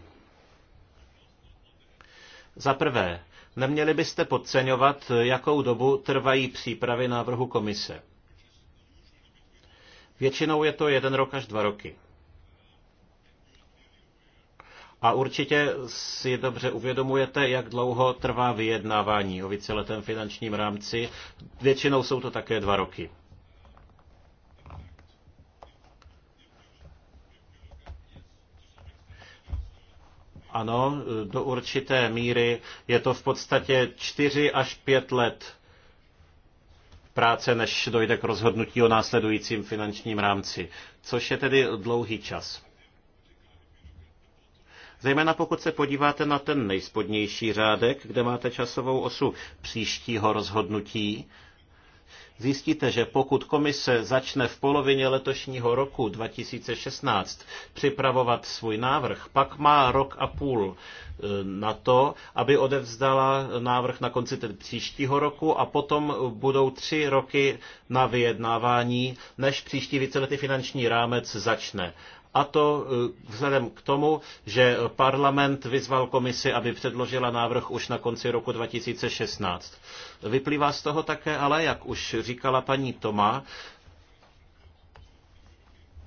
Za prvé, neměli byste podceňovat, jakou dobu trvají přípravy návrhu komise. Většinou je to jeden rok až dva roky. A určitě si dobře uvědomujete, jak dlouho trvá vyjednávání o víceletém finančním rámci. Většinou jsou to také dva roky. Ano, do určité míry je to v podstatě 4 až 5 let práce, než dojde k rozhodnutí o následujícím finančním rámci, což je tedy dlouhý čas. Zejména pokud se podíváte na ten nejspodnější řádek, kde máte časovou osu příštího rozhodnutí, zjistíte, že pokud komise začne v polovině letošního roku 2016 připravovat svůj návrh, pak má rok a půl e, na to, aby odevzdala návrh na konci příštího roku a potom budou tři roky na vyjednávání, než příští víceletý finanční rámec začne. A to eh, vzhledem k tomu, že parlament vyzval komisi, aby předložila návrh už na konci roku 2016. Vyplývá z toho také ale, jak už říkala paní Toma,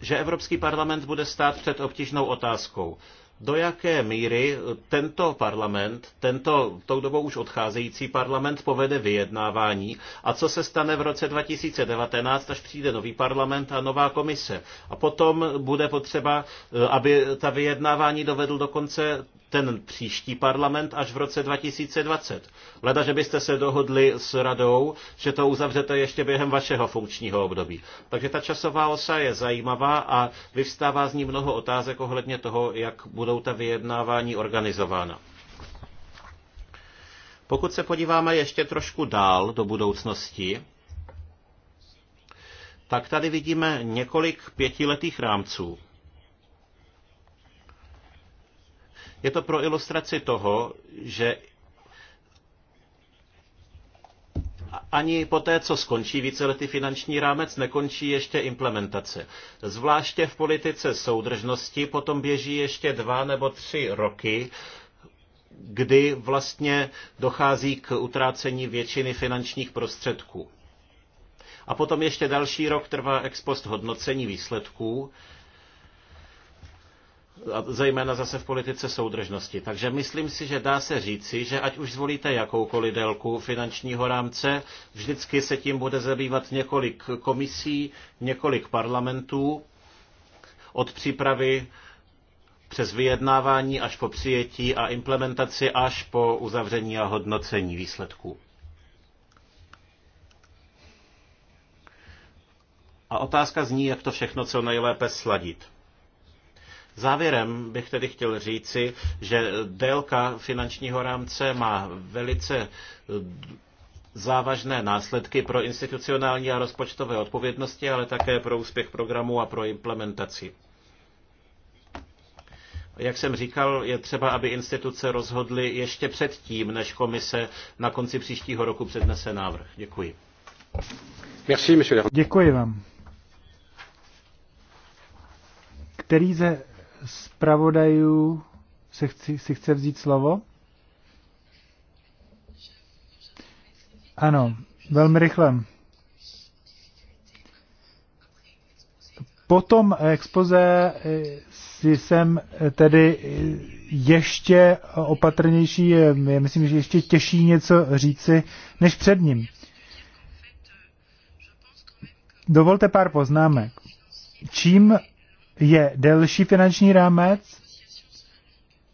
že Evropský parlament bude stát před obtížnou otázkou do jaké míry tento parlament, tento tou dobou už odcházející parlament povede vyjednávání a co se stane v roce 2019, až přijde nový parlament a nová komise. A potom bude potřeba, eh, aby ta vyjednávání dovedl do konce ten příští parlament až v roce 2020. Leda, že byste se dohodli s radou, že to uzavřete ještě během vašeho funkčního období. Takže ta časová osa je zajímavá a vyvstává z ní mnoho otázek ohledně toho, jak budou ta vyjednávání organizována. Pokud se podíváme ještě trošku dál do budoucnosti, tak tady vidíme několik pětiletých rámců. Je to pro ilustraci toho, že ani po té, co skončí víceletý finanční rámec, nekončí ještě implementace. Zvláště v politice soudržnosti potom běží ještě dva nebo tři roky, kdy vlastně dochází k utrácení většiny finančních prostředků. A potom ještě další rok trvá ex post hodnocení výsledků zejména zase v politice soudržnosti. Takže myslím si, že dá se říci, že ať už zvolíte jakoukoliv délku finančního rámce, vždycky se tím bude zabývat několik komisí, několik parlamentů od přípravy přes vyjednávání až po přijetí a implementaci až po uzavření a hodnocení výsledků. A otázka zní, jak to všechno co nejlépe sladit. Závěrem bych tedy chtěl říci, že délka finančního rámce má velice závažné následky pro institucionální a rozpočtové odpovědnosti, ale také pro úspěch programu a pro implementaci. Jak jsem říkal, je třeba, aby instituce rozhodly ještě předtím, než komise na konci příštího roku přednese návrh. Děkuji. Děkuji vám. Který ze zpravodajů se chci, si chce vzít slovo? Ano, velmi rychle. Po tom expoze eh, jsem eh, tedy eh, ještě opatrnější, já myslím, že ještě těžší něco říci, než před ním. Dovolte pár poznámek. Čím je delší finanční rámec,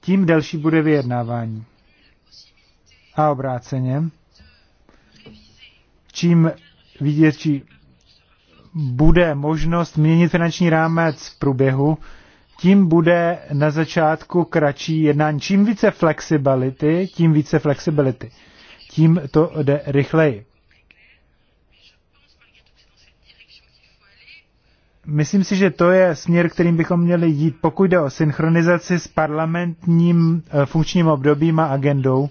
tím delší bude vyjednávání. A obráceně, čím výdětší bude možnost měnit finanční rámec v průběhu, tím bude na začátku kratší jednání. Čím více flexibility, tím více flexibility. Tím to jde rychleji. myslím si, že to je směr, kterým bychom měli jít, pokud jde o synchronizaci s parlamentním eh, funkčním obdobím a agendou,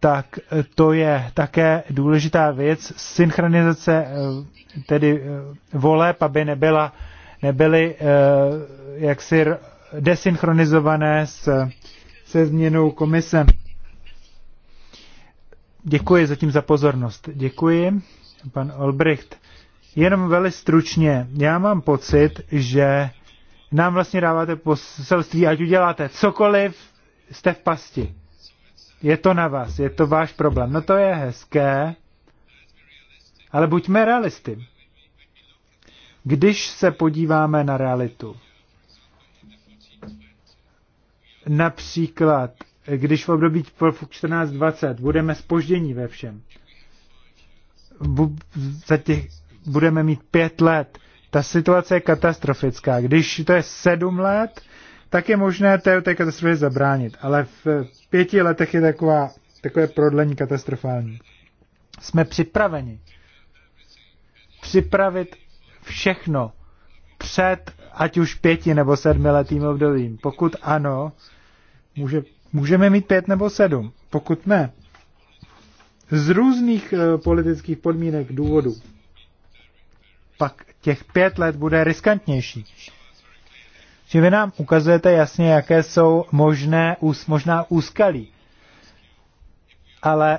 tak eh, to je také důležitá věc. Synchronizace eh, tedy voleb, aby nebyla, nebyly jaksi desynchronizované s, se změnou komise. Děkuji zatím za pozornost. Děkuji, pan Olbricht. Jenom velmi stručně, já mám pocit, že nám vlastně dáváte poselství, ať uděláte cokoliv, jste v pasti. Je to na vás, je to váš problém. No to je hezké, ale buďme realisty. Když se podíváme na realitu, například, když v období 14-20 budeme spoždění ve všem, za těch budeme mít pět let. Ta situace je katastrofická. Když to je sedm let, tak je možné té, té katastrofě zabránit. Ale v pěti letech je taková, takové prodlení katastrofální. Jsme připraveni připravit všechno před ať už pěti nebo sedmi letým obdobím. Pokud ano, může, můžeme mít pět nebo sedm. Pokud ne, z různých uh, politických podmínek důvodů pak těch pět let bude riskantnější. Že vy nám ukazujete jasně, jaké jsou možné, možná úskalí. Ale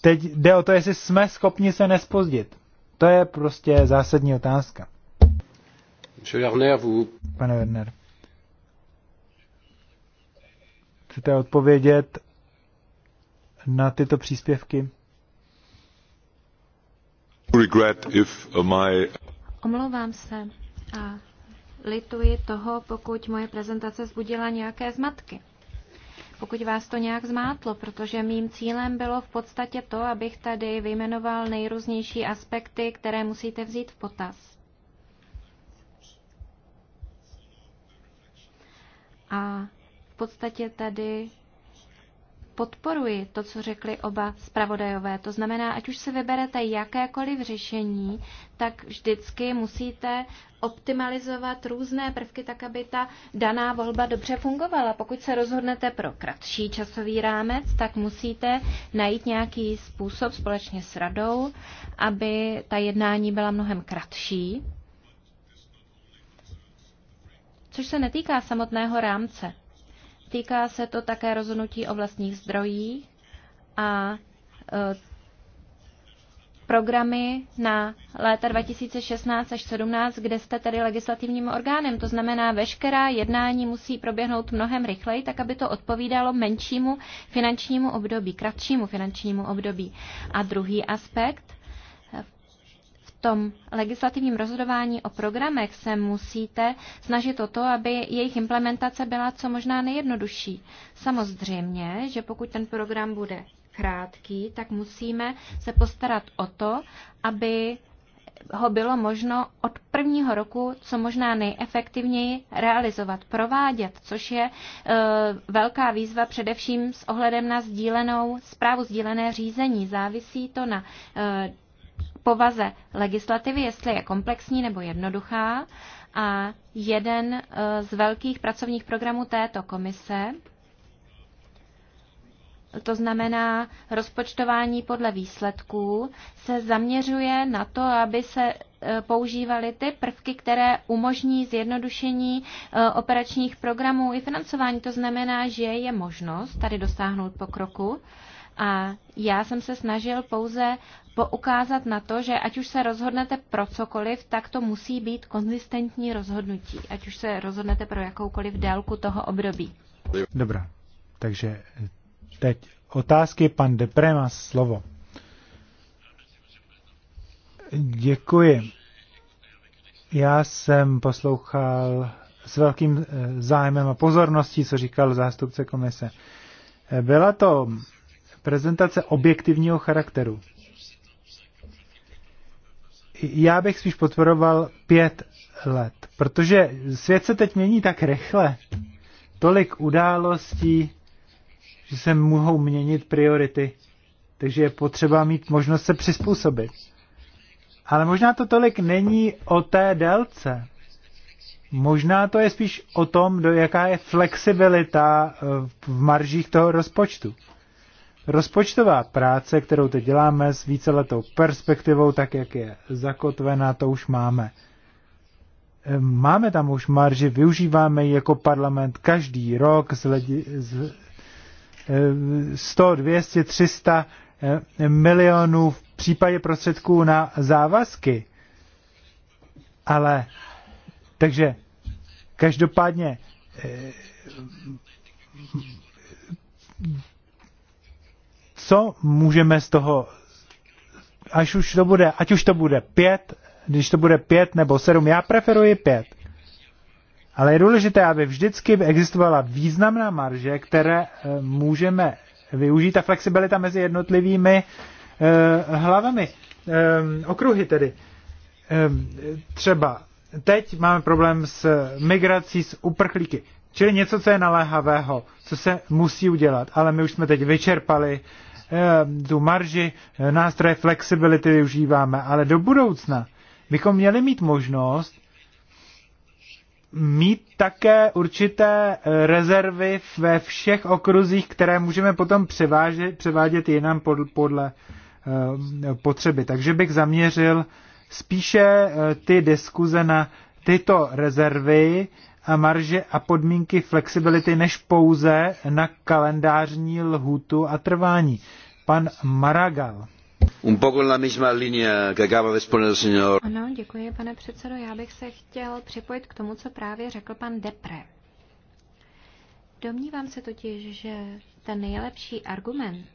teď jde o to, jestli jsme schopni se nespozdit. To je prostě zásadní otázka. Pane Werner, chcete odpovědět na tyto příspěvky? Uh, Omlouvám se a lituji toho, pokud moje prezentace zbudila nějaké zmatky. Pokud vás to nějak zmátlo, protože mým cílem bylo v podstatě to, abych tady vyjmenoval nejrůznější aspekty, které musíte vzít v potaz. A v podstatě tady podporuji to, co řekli oba zpravodajové. To znamená, ať už si vyberete jakékoliv řešení, tak vždycky musíte optimalizovat různé prvky tak, aby ta daná volba dobře fungovala. Pokud se rozhodnete pro kratší časový rámec, tak musíte najít nějaký způsob společně s radou, aby ta jednání byla mnohem kratší, což se netýká samotného rámce. Týká se to také rozhodnutí o vlastních zdrojích a e, programy na léta 2016 až 17, kde jste tedy legislativním orgánem. To znamená, veškerá jednání musí proběhnout mnohem rychleji, tak aby to odpovídalo menšímu finančnímu období, kratšímu finančnímu období. A druhý aspekt tom legislativním rozhodování o programech se musíte snažit o to, aby jejich implementace byla co možná nejjednodušší. Samozřejmě, že pokud ten program bude krátký, tak musíme se postarat o to, aby ho bylo možno od prvního roku co možná nejefektivněji realizovat, provádět, což je e, velká výzva především s ohledem na sdílenou zprávu sdílené řízení. Závisí to na e, povaze legislativy, jestli je komplexní nebo jednoduchá. A jeden eh, z velkých pracovních programů této komise, to znamená rozpočtování podle výsledků, se zaměřuje na to, aby se eh, používaly ty prvky, které umožní zjednodušení eh, operačních programů i financování. To znamená, že je možnost tady dosáhnout pokroku. A já jsem se snažil pouze poukázat na to, že ať už se rozhodnete pro cokoliv, tak to musí být konzistentní rozhodnutí, ať už se rozhodnete pro jakoukoliv délku toho období. Dobrá, takže eh, teď otázky, pan Depré má slovo. Děkuji. Já jsem poslouchal s velkým eh, zájmem a pozorností, co říkal zástupce komise. Eh, byla to prezentace objektivního charakteru. Já bych spíš potvoroval pět let, protože svět se teď mění tak rychle. Tolik událostí, že se mohou měnit priority, takže je potřeba mít možnost se přizpůsobit. Ale možná to tolik není o té délce. Možná to je spíš o tom, do jaká je flexibilita eh, v maržích toho rozpočtu. Rozpočtová práce, kterou teď děláme s víceletou perspektivou, tak jak je zakotvená, to už máme. Ehm, máme tam už marži, využíváme ji jako parlament každý rok z, ledi, z 100, 200, 300 milionů v případě prostředků na závazky. Ale takže každopádně ehm, co můžeme z toho, až už to bude, ať už to bude pět, když to bude pět nebo sedm, já preferuji pět. Ale je důležité, aby vždycky existovala významná marže, které eh, můžeme využít, ta flexibilita mezi jednotlivými eh, hlavami, ehm, okruhy tedy. Ehm, třeba teď máme problém s migrací, z uprchlíky. Čili něco, co je naléhavého, co se musí udělat, ale my už jsme teď vyčerpali Eh, tu marži, eh, nástroje flexibility využíváme, ale do budoucna bychom měli mít možnost mít také určité eh, rezervy ve všech okruzích, které můžeme potom převážet, převádět jinam podle, podle potřeby. Takže bych zaměřil spíše ty diskuze na tyto rezervy marže a podmínky flexibility než pouze na kalendářní lhůtu a trvání. Pan Maragal. Un poco en la misma línea que acaba de exponer el señor. Ano, děkuji, pane předsedo. Já bych se chtěl připojit k tomu, co právě řekl pan Depre. Domnívám se totiž, že ten nejlepší argument,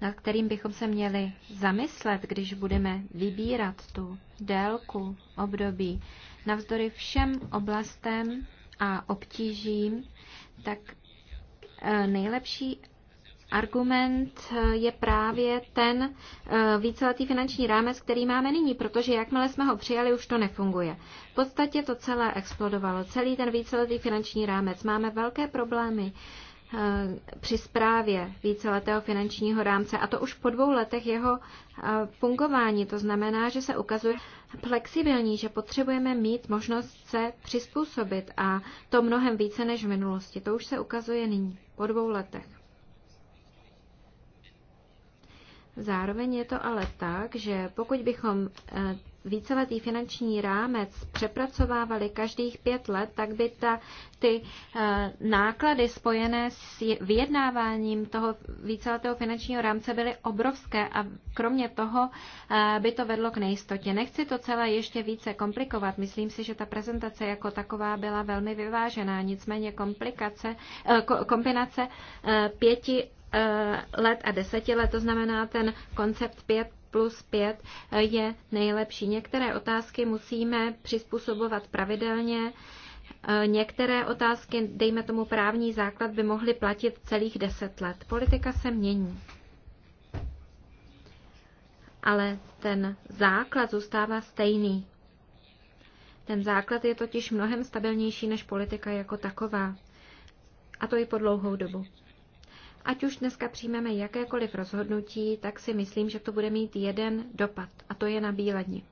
nad kterým bychom se měli zamyslet, když budeme vybírat tu délku období, Navzdory všem oblastem a obtížím, tak eh, nejlepší argument eh, je právě ten eh, víceletý finanční rámec, který máme nyní, protože jakmile jsme ho přijali, už to nefunguje. V podstatě to celé explodovalo, celý ten víceletý finanční rámec. Máme velké problémy Eh, při zprávě víceletého finančního rámce, a to už po dvou letech jeho eh, fungování. To znamená, že se ukazuje flexibilní, že potřebujeme mít možnost se přizpůsobit a to mnohem více než v minulosti. To už se ukazuje nyní, po dvou letech. Zároveň je to ale tak, že pokud bychom eh, víceletý finanční rámec přepracovávali každých pět let, tak by ta, ty eh, náklady spojené s vyjednáváním toho víceletého finančního rámce byly obrovské a kromě toho eh, by to vedlo k nejistotě. Nechci to celé ještě více komplikovat. Myslím si, že ta prezentace jako taková byla velmi vyvážená. Nicméně komplikace, kombinace pěti Eh, let a deseti let, to znamená ten koncept 5 plus 5 eh, je nejlepší. Některé otázky musíme přizpůsobovat pravidelně, eh, některé otázky, dejme tomu právní základ, by mohly platit celých deset let. Politika se mění. Ale ten základ zůstává stejný. Ten základ je totiž mnohem stabilnější než politika jako taková. A to i po dlouhou dobu. Ať už dneska přijmeme jakékoliv rozhodnutí, tak si myslím, že to bude mít jeden dopad, a to je nabílení.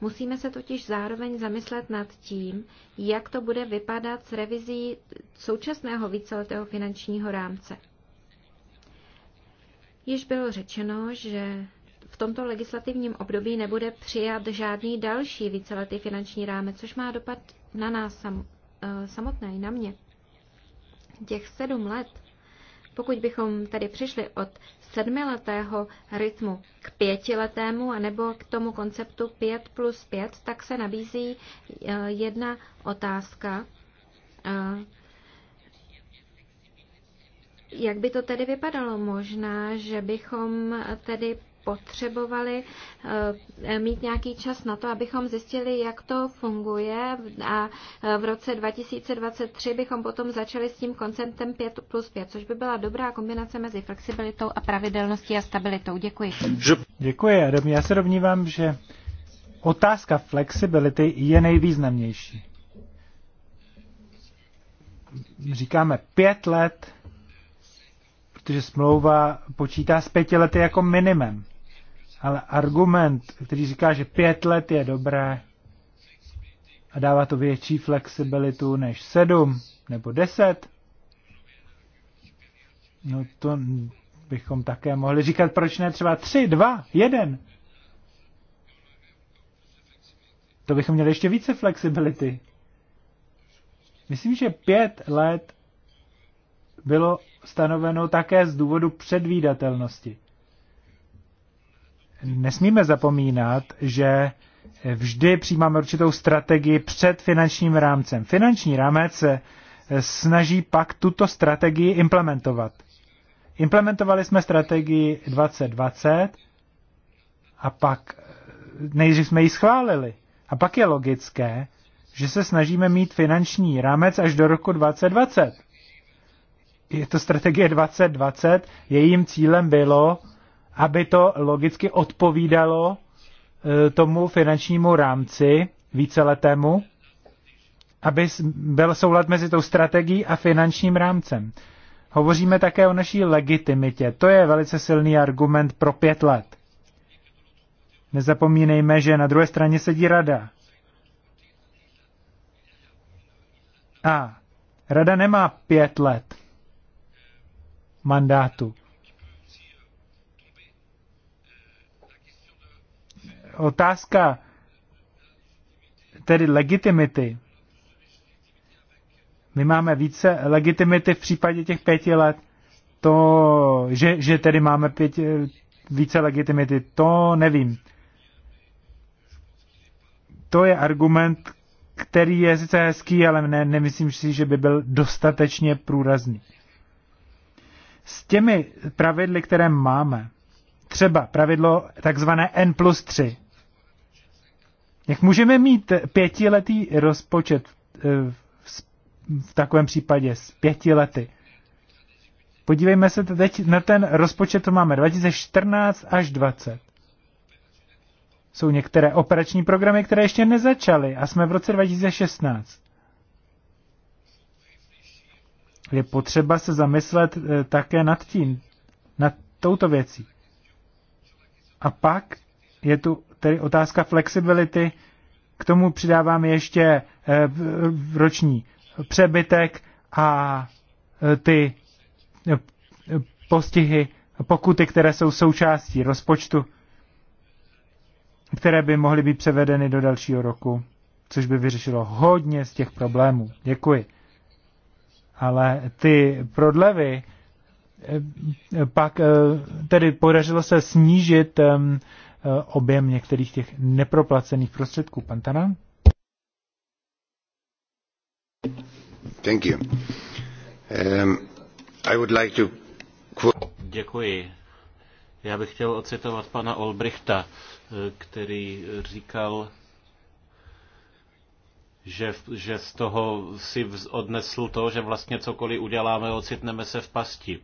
Musíme se totiž zároveň zamyslet nad tím, jak to bude vypadat s revizí současného víceletého finančního rámce. Již bylo řečeno, že v tomto legislativním období nebude přijat žádný další víceletý finanční rámec, což má dopad na nás sam, eh, samotné i na mě. Těch sedm let pokud bychom tedy přišli od sedmiletého rytmu k pětiletému anebo k tomu konceptu 5 plus 5, tak se nabízí eh, jedna otázka. Eh, jak by to tedy vypadalo? Možná, že bychom tedy potřebovali eh, mít nějaký čas na to, abychom zjistili, jak to funguje a eh, v roce 2023 bychom potom začali s tím konceptem 5 plus 5, což by byla dobrá kombinace mezi flexibilitou a pravidelností a stabilitou. Děkuji. Děkuji, Adam. Já se domnívám, že otázka flexibility je nejvýznamnější. Říkáme pět let, protože smlouva počítá s pěti lety jako minimem. Ale argument, který říká, že pět let je dobré a dává to větší flexibilitu než sedm nebo deset, no to bychom také mohli říkat, proč ne třeba tři, dva, jeden. To bychom měli ještě více flexibility. Myslím, že pět let bylo stanoveno také z důvodu předvídatelnosti nesmíme zapomínat, že vždy přijímáme určitou strategii před finančním rámcem. Finanční rámec se snaží pak tuto strategii implementovat. Implementovali jsme strategii 2020 a pak nejdřív jsme ji schválili. A pak je logické, že se snažíme mít finanční rámec až do roku 2020. Je to strategie 2020, jejím cílem bylo aby to logicky odpovídalo e, tomu finančnímu rámci víceletému, aby byl soulad mezi tou strategií a finančním rámcem. Hovoříme také o naší legitimitě. To je velice silný argument pro pět let. Nezapomínejme, že na druhé straně sedí rada. A rada nemá pět let mandátu. otázka tedy legitimity. My máme více legitimity v případě těch pěti let. To, že, že tedy máme pět, více legitimity, to nevím. To je argument, který je sice hezký, ale ne, nemyslím si, že by byl dostatečně průrazný. S těmi pravidly, které máme, třeba pravidlo takzvané N plus 3, jak můžeme mít pětiletý rozpočet v, eh, v takovém případě z pěti lety? Podívejme se teď na ten rozpočet, to máme 2014 až 20. Jsou některé operační programy, které ještě nezačaly a jsme v roce 2016. Je potřeba se zamyslet eh, také nad tím, nad touto věcí. A pak je tu tedy otázka flexibility, k tomu přidávám ještě eh, roční přebytek a eh, ty eh, postihy, pokuty, které jsou součástí rozpočtu, které by mohly být převedeny do dalšího roku, což by vyřešilo hodně z těch problémů. Děkuji. Ale ty prodlevy, pak tedy podařilo se snížit Eh, objem některých těch neproplacených prostředků. Pan Tana? Thank you. Um, I would like to... Děkuji. Já bych chtěl ocitovat pana Olbrichta, eh, který říkal, že, že z toho si odnesl to, že vlastně cokoliv uděláme, ocitneme se v pasti.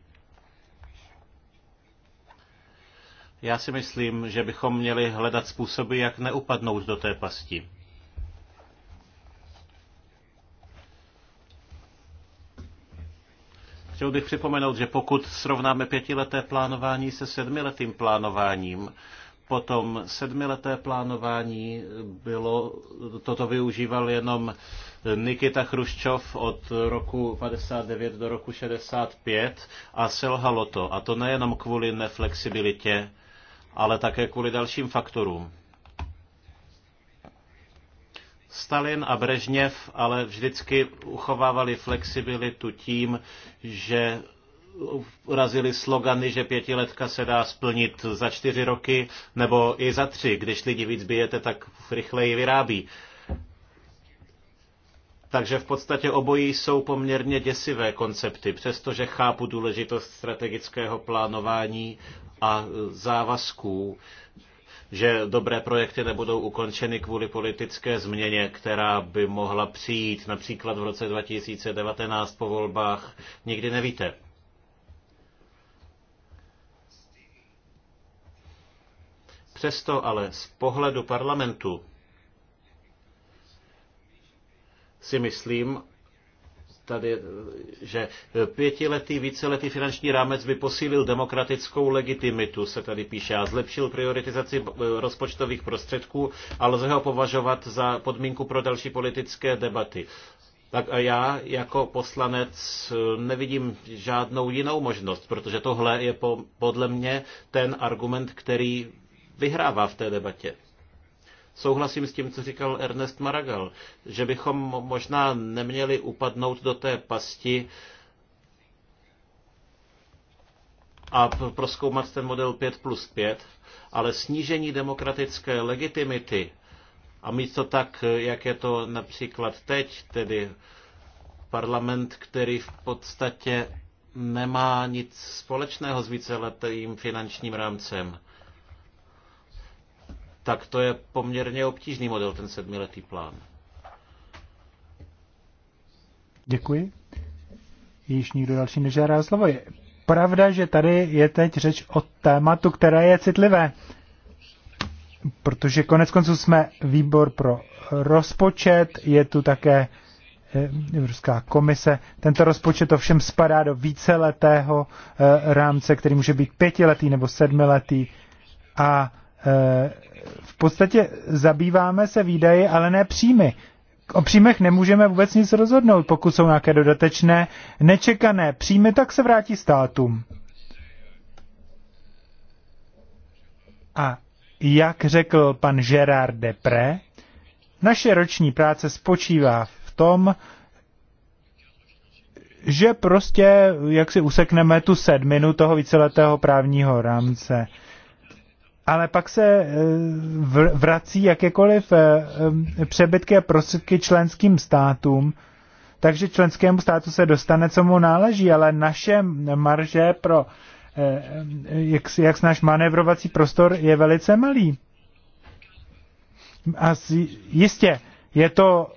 Já si myslím, že bychom měli hledat způsoby, jak neupadnout do té pasti. Chtěl bych připomenout, že pokud srovnáme pětileté plánování se sedmiletým plánováním, potom sedmileté plánování bylo, toto využíval jenom Nikita Chruščov od roku 59 do roku 65 a selhalo to. A to nejenom kvůli neflexibilitě ale také kvůli dalším faktorům. Stalin a Brežněv ale vždycky uchovávali flexibilitu tím, že urazili slogany, že pětiletka se dá splnit za čtyři roky nebo i za tři. Když lidi víc bijete, tak rychleji vyrábí. Takže v podstatě obojí jsou poměrně děsivé koncepty, přestože chápu důležitost strategického plánování a závazků, že dobré projekty nebudou ukončeny kvůli politické změně, která by mohla přijít například v roce 2019 po volbách, nikdy nevíte. Přesto ale z pohledu parlamentu si myslím, tady, že pětiletý, víceletý finanční rámec by posílil demokratickou legitimitu, se tady píše, a zlepšil prioritizaci rozpočtových prostředků a lze ho považovat za podmínku pro další politické debaty. Tak a já jako poslanec nevidím žádnou jinou možnost, protože tohle je po, podle mě ten argument, který vyhrává v té debatě. Souhlasím s tím, co říkal Ernest Maragall, že bychom možná neměli upadnout do té pasti a proskoumat ten model 5 plus 5, ale snížení demokratické legitimity a mít to tak, jak je to například teď, tedy parlament, který v podstatě nemá nic společného s víceletým finančním rámcem tak to je poměrně obtížný model, ten sedmiletý plán. Děkuji. Již nikdo další nežádá slovo. Je pravda, že tady je teď řeč o tématu, které je citlivé. Protože konec konců jsme výbor pro rozpočet, je tu také eh, Evropská komise. Tento rozpočet ovšem spadá do víceletého eh, rámce, který může být pětiletý nebo sedmiletý. A Eh, v podstatě zabýváme se výdaji, ale ne příjmy. O příjmech nemůžeme vůbec nic rozhodnout. Pokud jsou nějaké dodatečné, nečekané příjmy, tak se vrátí státům. A jak řekl pan Gerard Depré, naše roční práce spočívá v tom, že prostě jak si usekneme tu sedminu toho víceletého právního rámce ale pak se eh, vrací jakékoliv eh, eh, přebytky a prostředky členským státům, takže členskému státu se dostane, co mu náleží, ale naše marže pro jak, jak náš manévrovací prostor je velice malý. A jistě, je to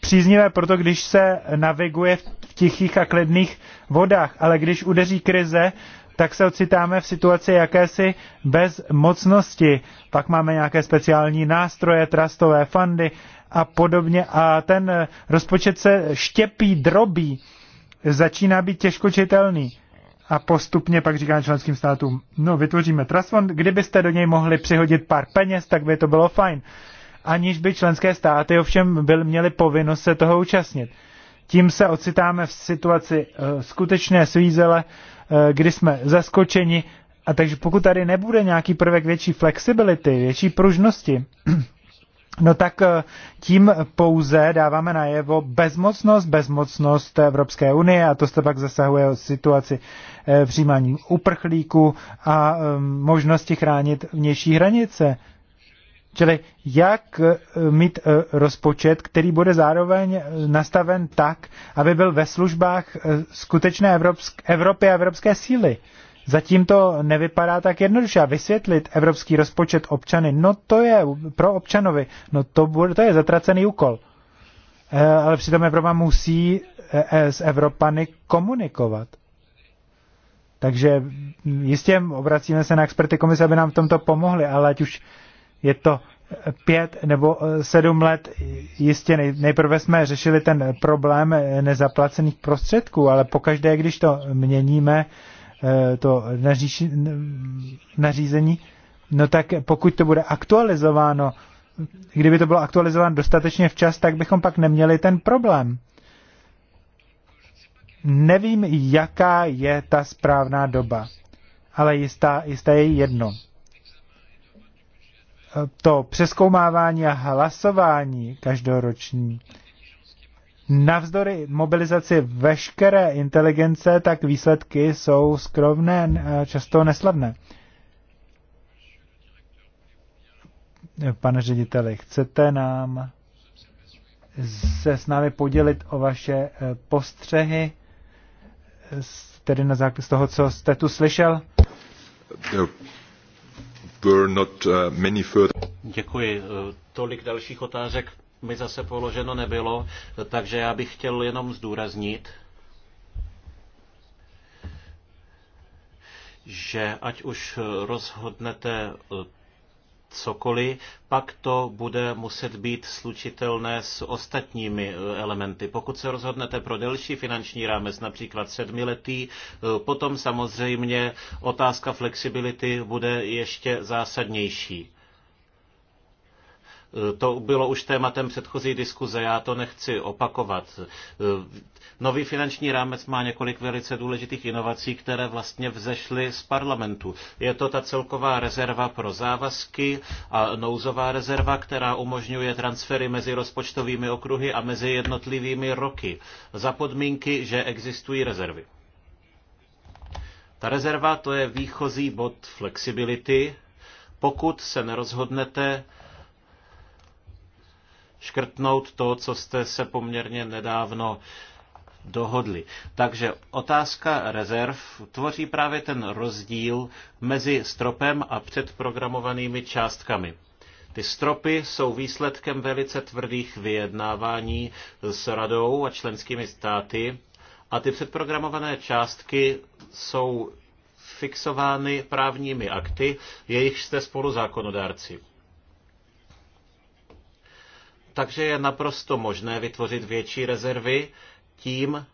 příznivé proto, když se naviguje v tichých a klidných vodách, ale když udeří krize, tak se ocitáme v situaci jakési bezmocnosti. Pak máme nějaké speciální nástroje, trustové fundy a podobně a ten rozpočet se štěpí, drobí, začíná být těžko čitelný. A postupně pak říká členským státům, no vytvoříme trust fund, kdybyste do něj mohli přihodit pár peněz, tak by to bylo fajn. Aniž by členské státy ovšem byl, měly povinnost se toho účastnit. Tím se ocitáme v situaci uh, skutečné svízele, Eh, kdy jsme zaskočeni. A takže pokud tady nebude nějaký prvek větší flexibility, větší pružnosti, No tak eh, tím pouze dáváme najevo bezmocnost, bezmocnost Evropské unie a to se pak zasahuje o situaci přijímání eh, uprchlíků a ehm, možnosti chránit vnější hranice. Čili jak eh, mít eh, rozpočet, který bude zároveň eh, nastaven tak, aby byl ve službách skutečné Evropsk- Evropy a evropské síly. Zatím to nevypadá tak jednoduše. A vysvětlit evropský rozpočet občany, no to je pro občanovi, no to, bude, to je zatracený úkol. Ale přitom Evropa musí s Evropany komunikovat. Takže hm, jistě obracíme se na experty komise, aby nám v tomto pomohli, ale ať už je to pět nebo eh, sedm let, jistě nejprve jsme řešili ten problém eh, nezaplacených prostředků, ale pokaždé, když to měníme, eh, to nařízení, no tak pokud to bude aktualizováno, kdyby to bylo aktualizováno dostatečně včas, tak bychom pak neměli ten problém. Nevím, jaká je ta správná doba, ale jistá, jistá je jedno to přeskoumávání a hlasování každoroční, navzdory mobilizaci veškeré inteligence, tak výsledky jsou skromné, často neslavné. Pane řediteli, chcete nám se s námi podělit o vaše e, postřehy, tedy na z toho, co jste tu slyšel? were not uh, many further. Děkuji. Eh, tolik dalších otázek mi zase položeno nebylo, takže já bych chtěl jenom zdůraznit, že ať už rozhodnete eh, cokoliv, pak to bude muset být slučitelné s ostatními eh, elementy. Pokud se rozhodnete pro delší finanční rámec, například sedmiletý, eh, potom samozřejmě otázka flexibility bude ještě zásadnější. To bylo už tématem předchozí diskuze, já to nechci opakovat. Nový finanční rámec má několik velice důležitých inovací, které vlastně vzešly z parlamentu. Je to ta celková rezerva pro závazky a nouzová rezerva, která umožňuje transfery mezi rozpočtovými okruhy a mezi jednotlivými roky za podmínky, že existují rezervy. Ta rezerva to je výchozí bod flexibility, pokud se nerozhodnete škrtnout to, co jste se poměrně nedávno dohodli. Takže otázka rezerv tvoří právě ten rozdíl mezi stropem a předprogramovanými částkami. Ty stropy jsou výsledkem velice tvrdých vyjednávání s radou a členskými státy a ty předprogramované částky jsou fixovány právními akty, jejichž jste spolu zákonodárci. Takže je naprosto možné vytvořit větší rezervy tím,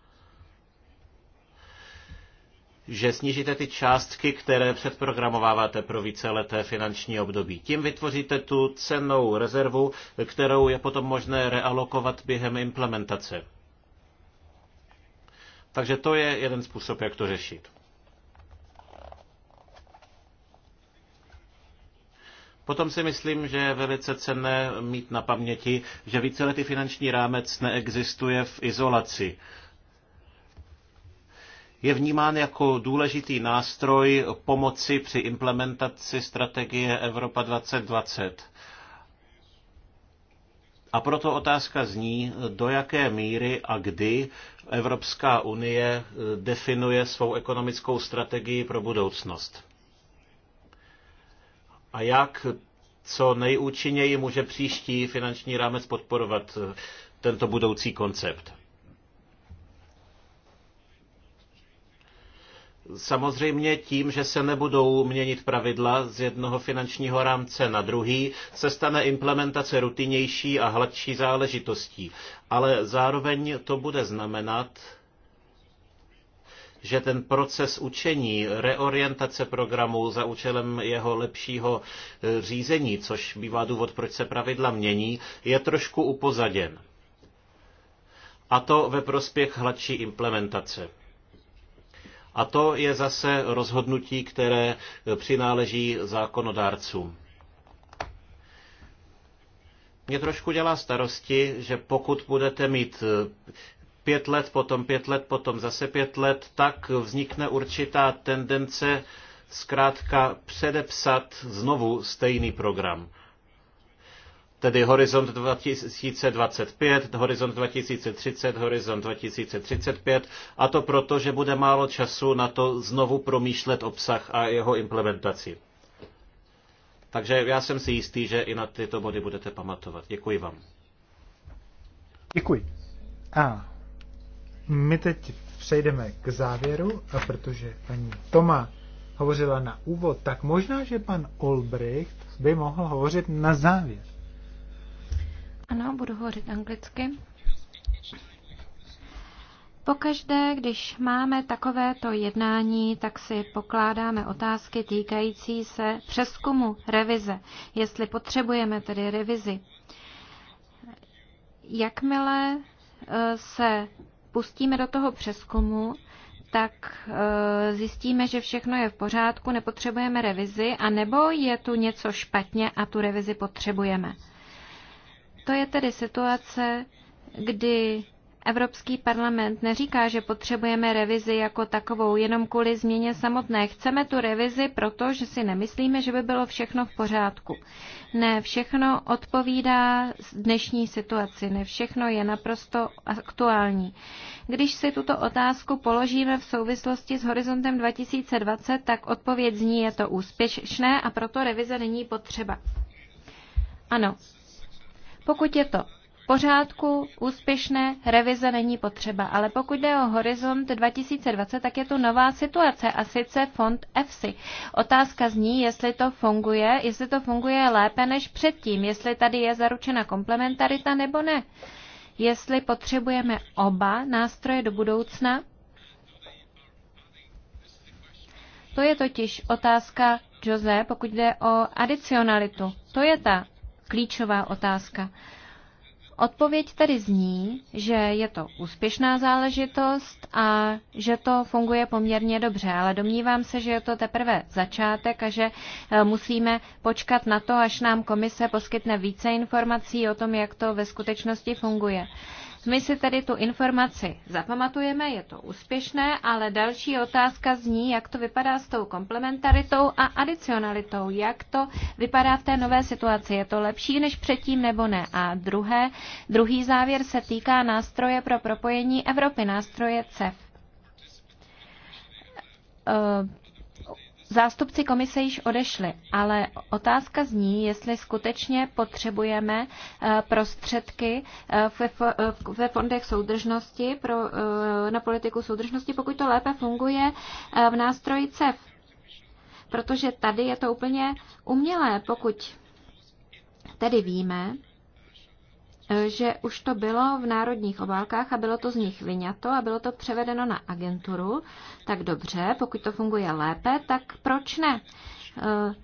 že snížíte ty částky, které předprogramováváte pro víceleté finanční období. Tím vytvoříte tu cennou rezervu, kterou je potom možné realokovat během implementace. Takže to je jeden způsob, jak to řešit. Potom si myslím, že je velice cenné mít na paměti, že víceletý finanční rámec neexistuje v izolaci je vnímán jako důležitý nástroj pomoci při implementaci strategie Evropa 2020. A proto otázka zní, do jaké míry a kdy Evropská unie definuje svou ekonomickou strategii pro budoucnost a jak co nejúčinněji může příští finanční rámec podporovat eh, tento budoucí koncept. Samozřejmě tím, že se nebudou měnit pravidla z jednoho finančního rámce na druhý, se stane implementace rutinnější a hladší záležitostí. Ale zároveň to bude znamenat, že ten proces učení, reorientace programu za účelem jeho lepšího e, řízení, což bývá důvod, proč se pravidla mění, je trošku upozaděn. A to ve prospěch hladší implementace. A to je zase rozhodnutí, které e, přináleží zákonodárcům. Mě trošku dělá starosti, že pokud budete mít e, pět let, potom pět let, potom zase pět let, tak vznikne určitá tendence zkrátka předepsat znovu stejný program. Tedy Horizont 2025, Horizont 2030, Horizont 2035, a to proto, že bude málo času na to znovu promýšlet obsah a jeho implementaci. Takže já jsem si jistý, že i na tyto body budete pamatovat. Děkuji vám. Děkuji. A my teď přejdeme k závěru a protože paní Toma hovořila na úvod, tak možná, že pan Olbricht by mohl hovořit na závěr. Ano, budu hovořit anglicky. Pokaždé, když máme takovéto jednání, tak si pokládáme otázky týkající se přeskumu revize, jestli potřebujeme tedy revizi. Jakmile eh, se pustíme do toho přeskumu, tak e, zjistíme, že všechno je v pořádku, nepotřebujeme revizi, nebo je tu něco špatně a tu revizi potřebujeme. To je tedy situace, kdy Evropský parlament neříká, že potřebujeme revizi jako takovou, jenom kvůli změně samotné. Chceme tu revizi, protože si nemyslíme, že by bylo všechno v pořádku. Ne všechno odpovídá dnešní situaci, ne všechno je naprosto aktuální. Když si tuto otázku položíme v souvislosti s horizontem 2020, tak odpověď zní, je to úspěšné a proto revize není potřeba. Ano, pokud je to pořádku, úspěšné, revize není potřeba. Ale pokud jde o horizont 2020, tak je to nová situace a sice fond EFSI. Otázka zní, jestli to funguje, jestli to funguje lépe než předtím, jestli tady je zaručena komplementarita nebo ne. Jestli potřebujeme oba nástroje do budoucna, To je totiž otázka Jose, pokud jde o adicionalitu. To je ta klíčová otázka. Odpověď tedy zní, že je to úspěšná záležitost a že to funguje poměrně dobře, ale domnívám se, že je to teprve začátek a že e, musíme počkat na to, až nám komise poskytne více informací o tom, jak to ve skutečnosti funguje. My si tedy tu informaci zapamatujeme, je to úspěšné, ale další otázka zní, jak to vypadá s tou komplementaritou a adicionalitou, jak to vypadá v té nové situaci. Je to lepší než předtím nebo ne? A druhé, druhý závěr se týká nástroje pro propojení Evropy, nástroje CEF Zástupci komise již odešli, ale otázka zní, jestli skutečně potřebujeme eh, prostředky eh, eh, ve fondech soudržnosti pro, na politiku soudržnosti, pokud to lépe funguje v nástroji CEF. Protože tady je to úplně umělé, pokud tedy víme, že už to bylo v národních obálkách a bylo to z nich vyňato a bylo to převedeno na agenturu, tak dobře, pokud to funguje lépe, tak proč ne? Eh,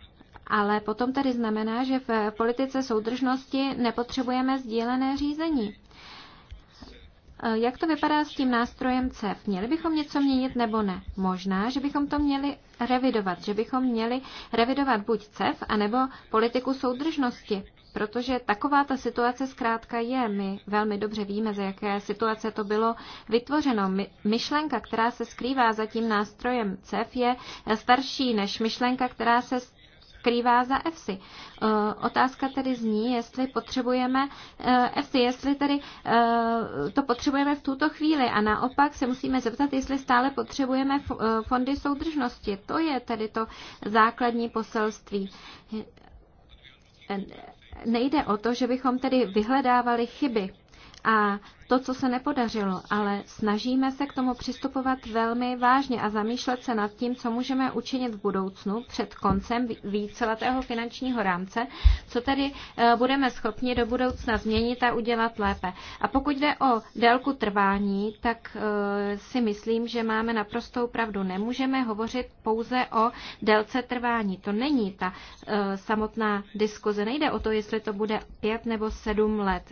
ale potom tedy znamená, že v politice soudržnosti nepotřebujeme sdílené řízení. Eh, jak to vypadá s tím nástrojem CEF? Měli bychom něco měnit nebo ne? Možná, že bychom to měli revidovat, že bychom měli revidovat buď CEF, anebo politiku soudržnosti protože taková ta situace zkrátka je. My velmi dobře víme, ze jaké situace to bylo vytvořeno. my Myšlenka, která se skrývá za tím nástrojem CEF, je starší než myšlenka, která se skrývá za EFSI. E, otázka tedy zní, jestli potřebujeme EFSI, jestli tedy e, to potřebujeme v tuto chvíli a naopak se musíme zeptat, jestli stále potřebujeme e, fondy soudržnosti. To je tedy to základní poselství nejde o to, že bychom tedy vyhledávali chyby a to, co se nepodařilo, ale snažíme se k tomu přistupovat velmi vážně a zamýšlet se nad tím, co můžeme učinit v budoucnu před koncem víceletého finančního rámce, co tedy eh, budeme schopni do budoucna změnit a udělat lépe. A pokud jde o délku trvání, tak eh, si myslím, že máme naprostou pravdu. Nemůžeme hovořit pouze o délce trvání. To není ta eh, samotná diskuze. Nejde o to, jestli to bude pět nebo sedm let.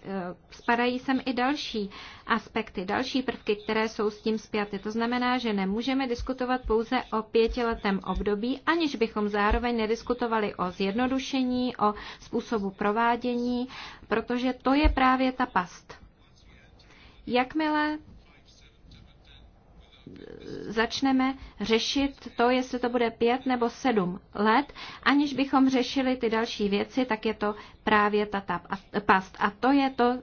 Spadají sem i další aspekty, další prvky, které jsou s tím spjaty. To znamená, že nemůžeme diskutovat pouze o pětiletém období, aniž bychom zároveň nediskutovali o zjednodušení, o způsobu provádění, protože to je právě ta past. Jakmile začneme řešit to, jestli to bude pět nebo sedm let, aniž bychom řešili ty další věci, tak je to právě ta past. A to je to,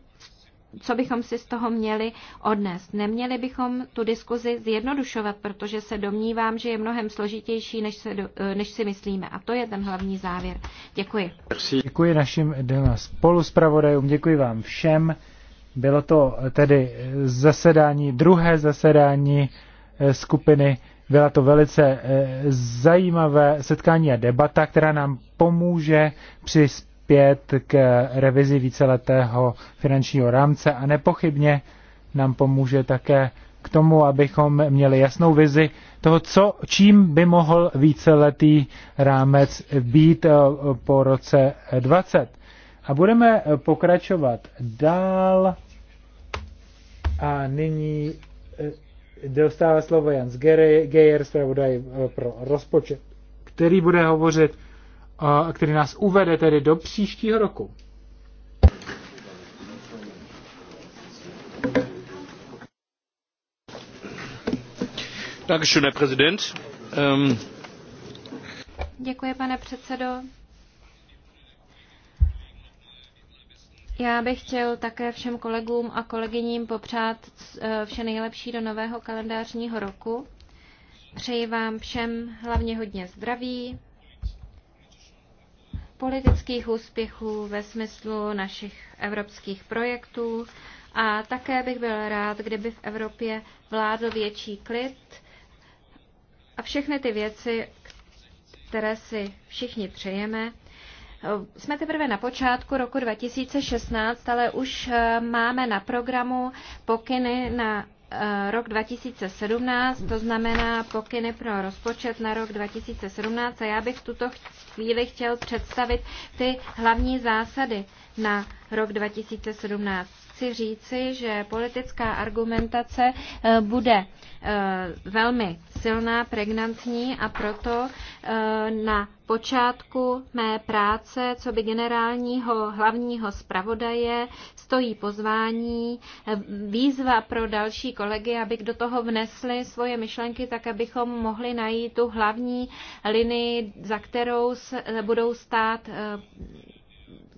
co bychom si z toho měli odnést. Neměli bychom tu diskuzi zjednodušovat, protože se domnívám, že je mnohem složitější, než, se, eh, než si myslíme. A to je ten hlavní závěr. Děkuji. Děkuji našim dvěma spoluspravodajům, děkuji vám všem. Bylo to eh, tedy eh, zasedání, druhé zasedání skupiny. Byla to velice zajímavé setkání a debata, která nám pomůže při přispět k revizi víceletého finančního rámce a nepochybně nám pomůže také k tomu, abychom měli jasnou vizi toho, co, čím by mohl víceletý rámec být eh, po roce 20. A budeme eh, pokračovat dál. A nyní eh, dostává slovo Jans Geyer, zpravodaj pro rozpočet, který bude hovořit který nás uvede tedy do příštího roku. Dankeschön, Herr Präsident. Ähm Děkuji, pane předsedo. Já bych chtěl také všem kolegům a kolegyním popřát eh, vše nejlepší do nového kalendářního roku. Přeji vám všem hlavně hodně zdraví, politických úspěchů ve smyslu našich evropských projektů a také bych byl rád, kdyby v Evropě vládl větší klid a všechny ty věci, které si všichni přejeme, jsme teprve na počátku roku 2016, ale už eh, máme na programu pokyny na Eh, rok 2017, to znamená pokyny pro rozpočet na rok 2017 a já bych v tuto chvíli chtěl představit ty hlavní zásady na rok 2017 chci říci, že politická argumentace eh, bude eh, velmi silná, pregnantní a proto eh, na počátku mé práce, co by generálního hlavního zpravodaje, stojí pozvání, výzva pro další kolegy, aby do toho vnesli svoje myšlenky, tak abychom mohli najít tu hlavní linii, za kterou budou stát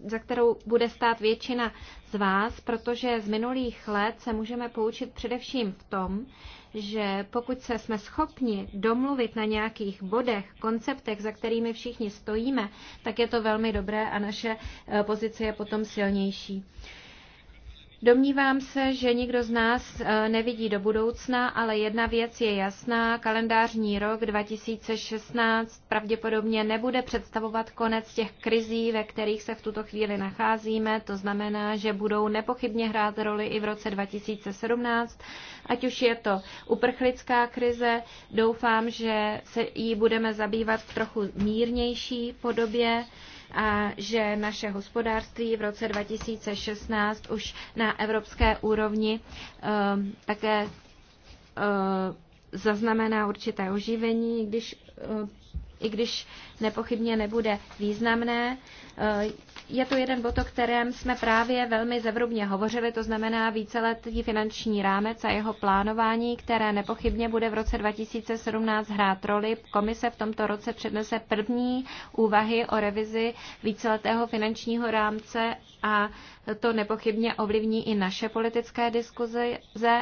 za kterou bude stát většina z vás, protože z minulých let se můžeme poučit především v tom, že pokud se jsme schopni domluvit na nějakých bodech, konceptech, za kterými všichni stojíme, tak je to velmi dobré a naše eh, pozice je potom silnější. Domnívám se, že nikdo z nás eh, nevidí do budoucna, ale jedna věc je jasná. Kalendářní rok 2016 pravděpodobně nebude představovat konec těch krizí, ve kterých se v tuto chvíli nacházíme. To znamená, že budou nepochybně hrát roli i v roce 2017. Ať už je to uprchlická krize, doufám, že se jí budeme zabývat v trochu mírnější podobě a že naše hospodářství v roce 2016 už na evropské úrovni ehm, také ehm, zaznamená určité oživení, když, ehm, i když nepochybně nebude významné je to jeden bod, o kterém jsme právě velmi zevrubně hovořili, to znamená víceletý finanční rámec a jeho plánování, které nepochybně bude v roce 2017 hrát roli. Komise v tomto roce přednese první úvahy o revizi víceletého finančního rámce a to nepochybně ovlivní i naše politické diskuze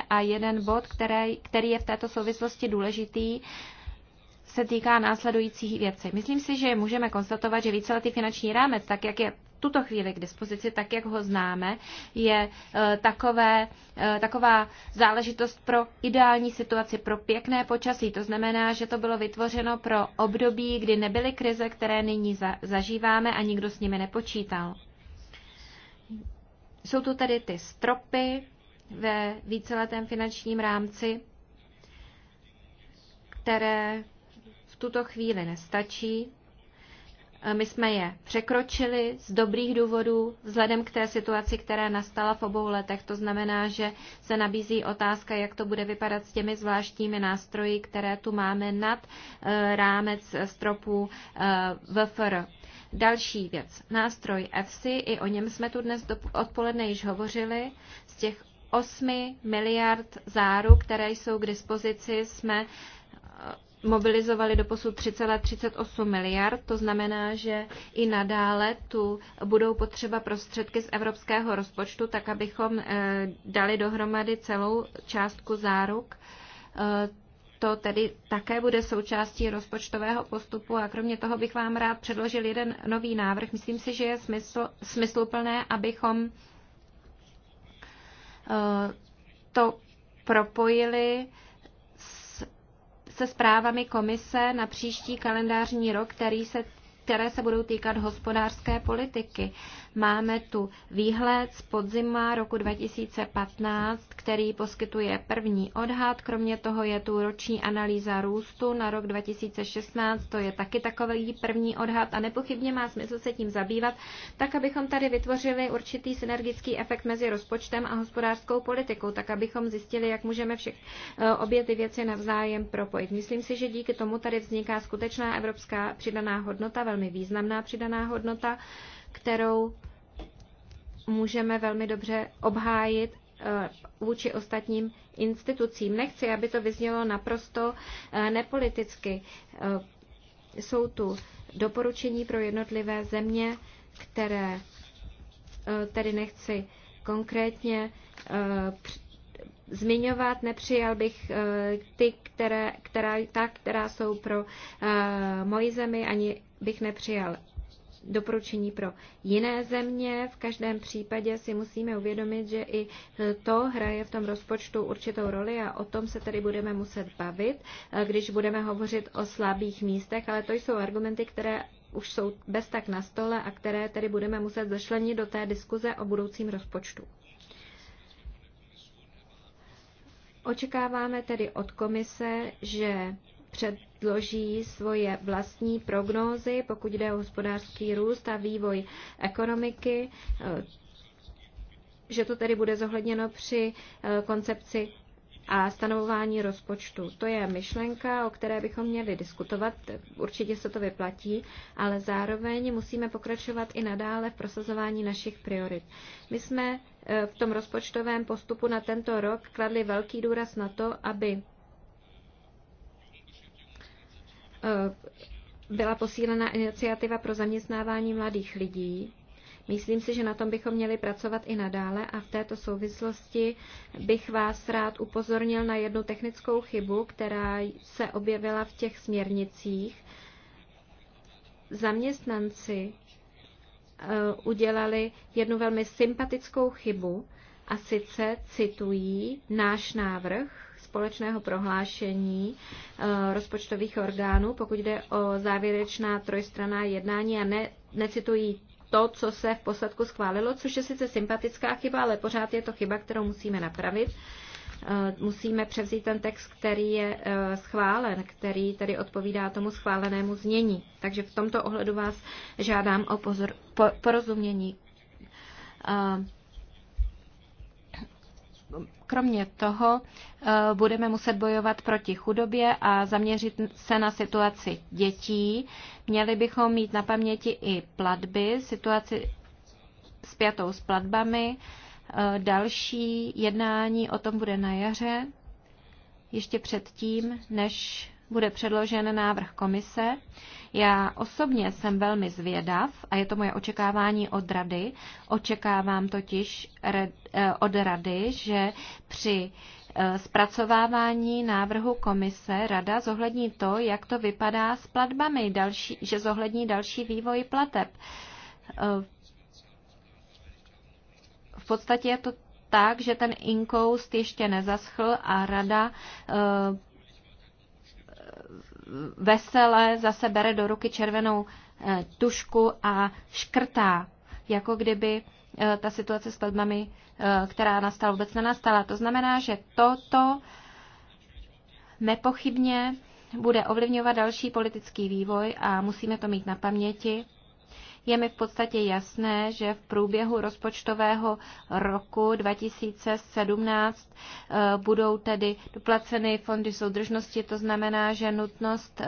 a jeden bod, který je v této souvislosti důležitý, se týká následujících věcí. Myslím si, že můžeme konstatovat, že víceletý finanční rámec, tak jak je tuto chvíli k dispozici, tak jak ho známe, je eh, takové, eh, taková záležitost pro ideální situaci, pro pěkné počasí. To znamená, že to bylo vytvořeno pro období, kdy nebyly krize, které nyní zažíváme a nikdo s nimi nepočítal. Jsou tu tedy ty stropy ve víceletém finančním rámci, které tuto chvíli nestačí. E, my jsme je překročili z dobrých důvodů, vzhledem k té situaci, která nastala v obou letech. To znamená, že se nabízí otázka, jak to bude vypadat s těmi zvláštními nástroji, které tu máme nad e, rámec stropů e, VFR. Další věc. Nástroj EFSI, i o něm jsme tu dnes odpoledne již hovořili. Z těch 8 miliard záruk, které jsou k dispozici, jsme mobilizovali do posud 3,38 miliard, to znamená, že i nadále tu budou potřeba prostředky z evropského rozpočtu, tak abychom eh, dali dohromady celou částku záruk. Eh, to tedy také bude součástí rozpočtového postupu a kromě toho bych vám rád předložil jeden nový návrh. Myslím si, že je smysl, smysluplné, abychom eh, to propojili uh, se zprávami komise na příští kalendářní rok, který se které se budou týkat hospodářské politiky. Máme tu výhled z podzima roku 2015, který poskytuje první odhad. Kromě toho je tu roční analýza růstu na rok 2016, to je taky takový první odhad a nepochybně má smysl se tím zabývat, tak abychom tady vytvořili určitý synergický efekt mezi rozpočtem a hospodářskou politikou, tak abychom zjistili, jak můžeme všech, eh, obě ty věci navzájem propojit. Myslím si, že díky tomu tady vzniká skutečná evropská přidaná hodnota velmi velmi významná přidaná hodnota, kterou můžeme velmi dobře obhájit eh, vůči ostatním institucím. Nechci, aby to vyznělo naprosto eh, nepoliticky. Eh, jsou tu doporučení pro jednotlivé země, které tedy nechci konkrétně zmiňovat, nepřijal bych eh, ty, které, která, ta, která jsou pro eh, moji zemi, ani bych nepřijal doporučení pro jiné země. V každém případě si musíme uvědomit, že i eh, to hraje v tom rozpočtu určitou roli a o tom se tedy budeme muset bavit, když budeme hovořit o slabých místech, ale to jsou argumenty, které už jsou bez tak na stole a které tedy budeme muset zašlenit do té diskuze o budoucím rozpočtu. Očekáváme tedy od komise, že předloží svoje vlastní prognózy, pokud jde o hospodářský růst a vývoj ekonomiky, eh, že to tedy bude zohledněno při eh, koncepci a stanovování rozpočtu. To je myšlenka, o které bychom měli diskutovat, určitě se to vyplatí, ale zároveň musíme pokračovat i nadále v prosazování našich priorit. My jsme e, v tom rozpočtovém postupu na tento rok kladli velký důraz na to, aby e, byla posílena iniciativa pro zaměstnávání mladých lidí, Myslím si, že na tom bychom měli pracovat i nadále a v této souvislosti bych vás rád upozornil na jednu technickou chybu, která se objevila v těch směrnicích. Zaměstnanci eh, udělali jednu velmi sympatickou chybu a sice citují náš návrh společného prohlášení eh, rozpočtových orgánů, pokud jde o závěrečná trojstraná jednání a ne, necitují to, co se v posledku schválilo, což je sice sympatická chyba, ale pořád je to chyba, kterou musíme napravit. Eh, musíme převzít ten text, který je eh, schválen, který tedy odpovídá tomu schválenému znění. Takže v tomto ohledu vás žádám o pozor, po, porozumění. Eh, Kromě toho eh, budeme muset bojovat proti chudobě a zaměřit se na situaci dětí. Měli bychom mít na paměti i platby, situaci spjatou s platbami. Eh, další jednání o tom bude na jaře, ještě předtím, než bude předložen návrh komise. Já osobně jsem velmi zvědav a je to moje očekávání od rady. Očekávám totiž eh, od rady, že při eh, zpracovávání návrhu komise rada zohlední to, jak to vypadá s platbami, další, že zohlední další vývoj plateb. Eh, v podstatě je to tak, že ten inkoust ještě nezaschl a rada vesele zase bere do ruky červenou eh, tušku a škrtá, jako kdyby eh, ta situace s platbami, eh, která nastala, vůbec nenastala. To znamená, že toto nepochybně bude ovlivňovat další politický vývoj a musíme to mít na paměti. Je mi v podstatě jasné, že v průběhu rozpočtového roku 2017 eh, budou tedy doplaceny fondy soudržnosti, to znamená, že nutnost eh,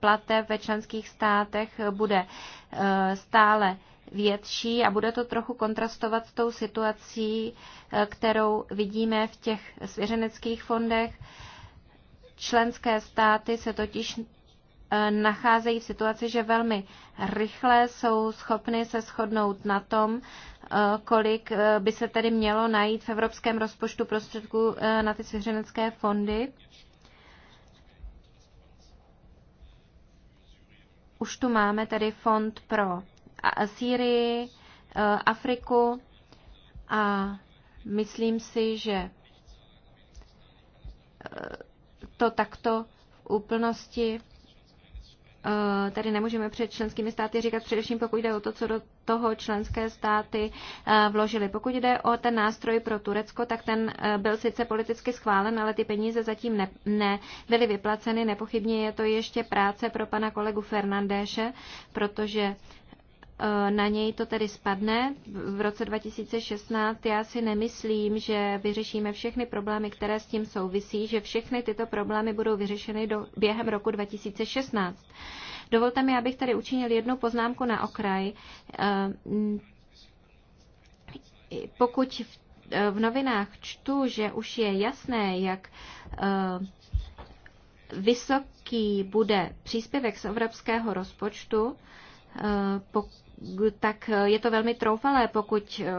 plateb ve členských státech bude eh, stále větší a bude to trochu kontrastovat s tou situací, kterou vidíme v těch svěřeneckých fondech. Členské státy se totiž Eh, nacházejí v situaci, že velmi rychle jsou schopny se shodnout na tom, eh, kolik eh, by se tedy mělo najít v evropském rozpočtu prostředků na ty svěřenecké fondy. Už tu máme tedy fond pro Sýrii, Afriku a myslím si, že to takto v úplnosti Eh, tady nemůžeme před členskými státy říkat, především pokud jde o to, co do toho členské státy eh, vložili. Pokud jde o ten nástroj pro Turecko, tak ten eh, byl sice politicky schválen, ale ty peníze zatím ne, vyplaceny. Nepochybně je to ještě práce pro pana kolegu Fernandéše, protože Eh, na něj to tedy spadne v roce 2016. Já si nemyslím, že vyřešíme všechny problémy, které s tím souvisí, že všechny tyto problémy budou vyřešeny do, během roku 2016. Dovolte mi, abych tady učinil jednu poznámku na okraj. Eh, pokud v, eh, v novinách čtu, že už je jasné, jak vysoký bude příspěvek z evropského rozpočtu, tak eh, je to velmi troufalé, pokud eh,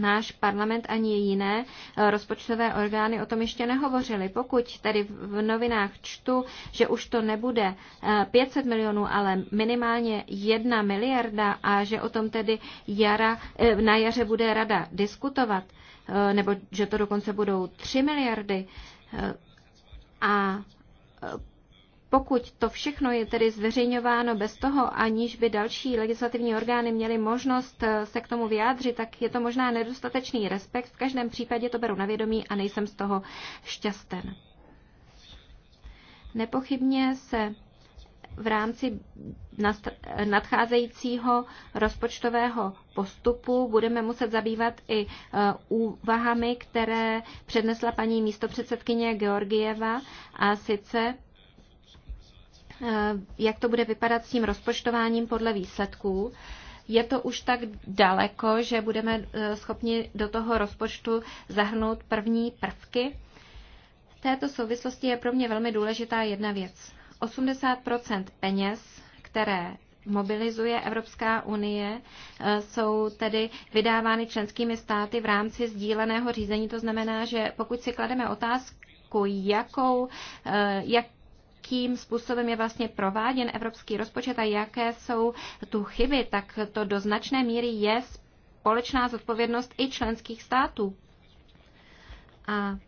náš parlament ani jiné eh, rozpočtové orgány o tom ještě nehovořily. Pokud tady v novinách čtu, že už to nebude 500 milionů, ale minimálně 1 miliarda a že o tom tedy jara, na jaře bude rada diskutovat, nebo že to dokonce budou 3 miliardy a pokud to všechno je tedy zveřejňováno bez toho, aniž by další legislativní orgány měly možnost eh, se k tomu vyjádřit, tak je to možná nedostatečný respekt. V každém případě to beru na vědomí a nejsem z toho šťasten. Nepochybně se v rámci nadcházejícího rozpočtového postupu budeme muset zabývat i eh, úvahami, které přednesla paní místopředsedkyně Georgieva a sice Eh, jak to bude vypadat s tím rozpočtováním podle výsledků. Je to už tak daleko, že budeme eh, schopni do toho rozpočtu zahrnout první prvky. V této souvislosti je pro mě velmi důležitá jedna věc. 80 peněz, které mobilizuje Evropská unie, eh, jsou tedy vydávány členskými státy v rámci sdíleného řízení. To znamená, že pokud si klademe otázku, jakou, jak, jakým způsobem je vlastně prováděn evropský rozpočet a jaké jsou tu chyby, tak to do značné míry je společná zodpovědnost i členských států. A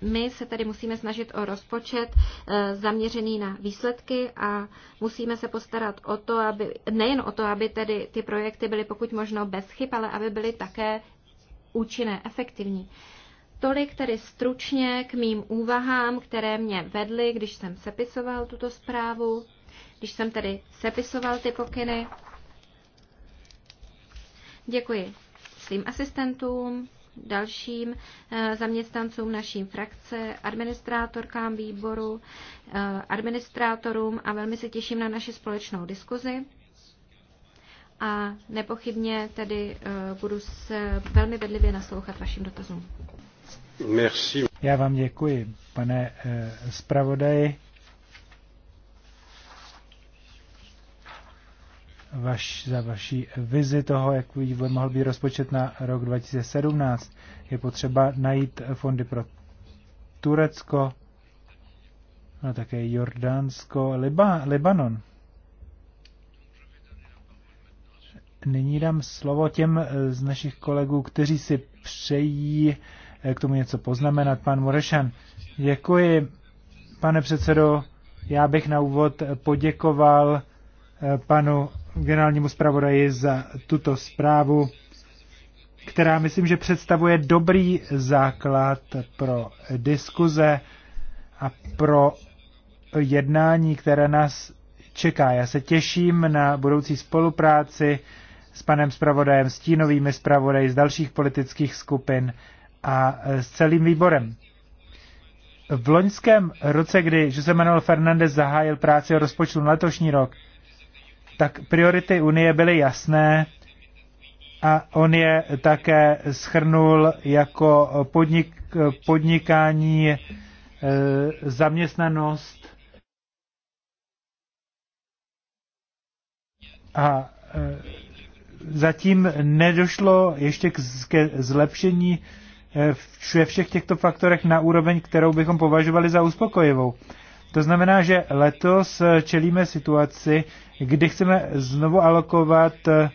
my se tedy musíme snažit o rozpočet eh, zaměřený na výsledky a musíme se postarat o to, aby, nejen o to, aby tedy ty projekty byly pokud možno bez chyb, ale aby byly také účinné, efektivní. Tolik tedy stručně k mým úvahám, které mě vedly, když jsem sepisoval tuto zprávu, když jsem tedy sepisoval ty pokyny. Děkuji svým asistentům, dalším eh, zaměstnancům naší frakce, administrátorkám výboru, eh, administrátorům a velmi se těším na naši společnou diskuzi. A nepochybně tedy eh, budu se velmi bedlivě naslouchat vašim dotazům. Merci. Já vám děkuji, pane eh, zpravodaji. vaš, za vaší vizi toho, jak by mohl být rozpočet na rok 2017. Je potřeba najít fondy pro Turecko, no také Jordánsko, Liba, Libanon. Nyní dám slovo těm z našich kolegů, kteří si přejí Eh, k tomu něco poznamenat. Pan Morešan, děkuji, pane předsedo. Já bych na úvod poděkoval eh, panu generálnímu zpravodaji za tuto zprávu, která myslím, že představuje dobrý základ pro diskuze a pro jednání, které nás čeká. Já se těším na budoucí spolupráci s panem zpravodajem, tínovými zpravodaji z dalších politických skupin a s celým výborem. V loňském roce, kdy Jose Manuel Fernández zahájil práci o rozpočtu na letošní rok, tak priority Unie byly jasné a on je také schrnul jako podnik, podnikání, e, zaměstnanost a e, zatím nedošlo ještě k zlepšení Eh, ve všech těchto faktorech na úroveň, kterou bychom považovali za uspokojivou. To znamená, že letos eh, čelíme situaci, kdy chceme znovu alokovat eh,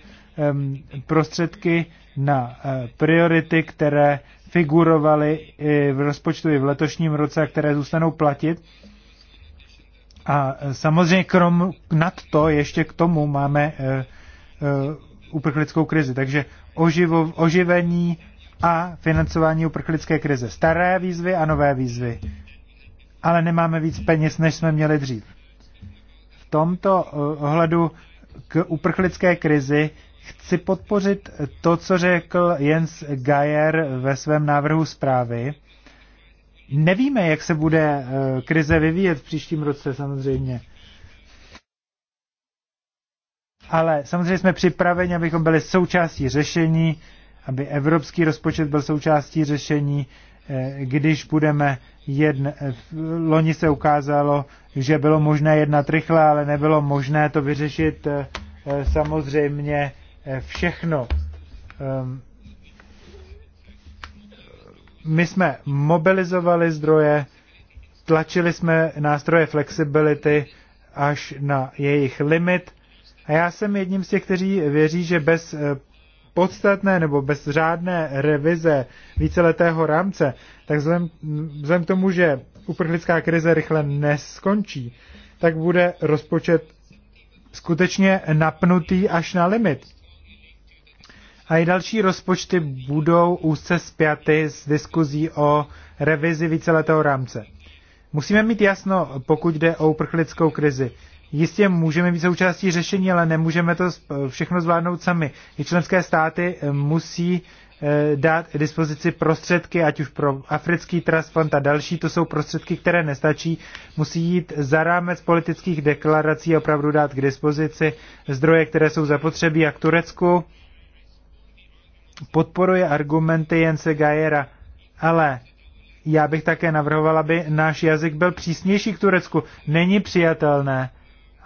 prostředky na priority, které figurovaly v rozpočtu i v letošním roce a které zůstanou platit. A samozřejmě krom, nad to ještě k tomu máme uprchlickou krizi. Takže oživo, oživení a financování uprchlické krize. Staré výzvy a nové výzvy. Ale nemáme víc peněz, než jsme měli dřív. V tomto eh, ohledu k uprchlické krizi chci podpořit to, co řekl Jens Geier ve svém návrhu zprávy. Nevíme, jak se bude eh, krize vyvíjet v příštím roce samozřejmě. Ale samozřejmě jsme připraveni, abychom byli součástí řešení aby evropský rozpočet byl součástí řešení, eh, když budeme jedn... Eh, loni se ukázalo, že bylo možné jednat rychle, ale nebylo možné to vyřešit eh, samozřejmě všechno. Ehm, my jsme mobilizovali zdroje, tlačili jsme nástroje flexibility až na jejich limit. A já jsem jedním z těch, kteří věří, že bez podstatné nebo bez řádné revize víceletého rámce, tak vzhledem, vzhledem k tomu, že uprchlická krize rychle neskončí, tak bude rozpočet skutečně napnutý až na limit. A i další rozpočty budou úzce spjaty s diskuzí o revizi víceletého rámce. Musíme mít jasno, pokud jde o uprchlickou krizi. Jistě můžeme být součástí řešení, ale nemůžeme to všechno zvládnout sami. I členské státy eh, musí eh, dát k dispozici prostředky, ať už pro africký transplant a další, to jsou prostředky, které nestačí, musí jít za rámec politických deklarací opravdu dát k dispozici zdroje, které jsou zapotřebí a k Turecku podporuje argumenty Jense Gajera, ale já bych také navrhoval, aby náš jazyk byl přísnější k Turecku. Není přijatelné,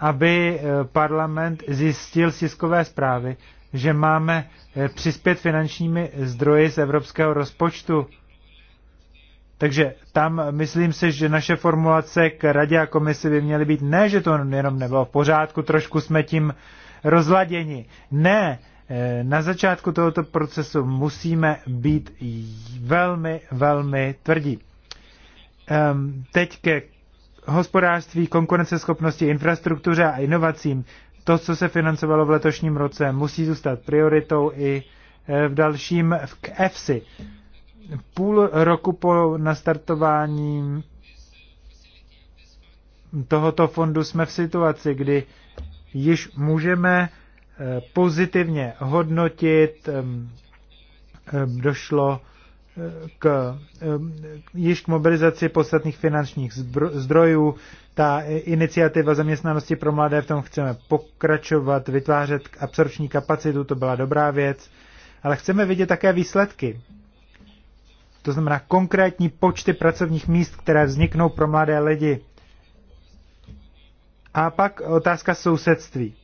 aby eh, parlament zjistil z tiskové zprávy, že máme eh, přispět finančními zdroji z evropského rozpočtu. Takže tam myslím si, že naše formulace k radě a komisi by měly být ne, že to jenom nebylo v pořádku, trošku jsme tím rozladěni. Ne, eh, na začátku tohoto procesu musíme být velmi, velmi tvrdí. Ehm, teď ke hospodářství, konkurenceschopnosti, infrastruktuře a inovacím. To, co se financovalo v letošním roce, musí zůstat prioritou i eh, v dalším k EFSI. Půl roku po nastartování tohoto fondu jsme v situaci, kdy již můžeme eh, pozitivně hodnotit, eh, došlo k, již k mobilizaci podstatných finančních zdrojů. Ta iniciativa zaměstnanosti pro mladé v tom chceme pokračovat, vytvářet absorpční kapacitu, to byla dobrá věc, ale chceme vidět také výsledky. To znamená konkrétní počty pracovních míst, které vzniknou pro mladé lidi. A pak otázka sousedství.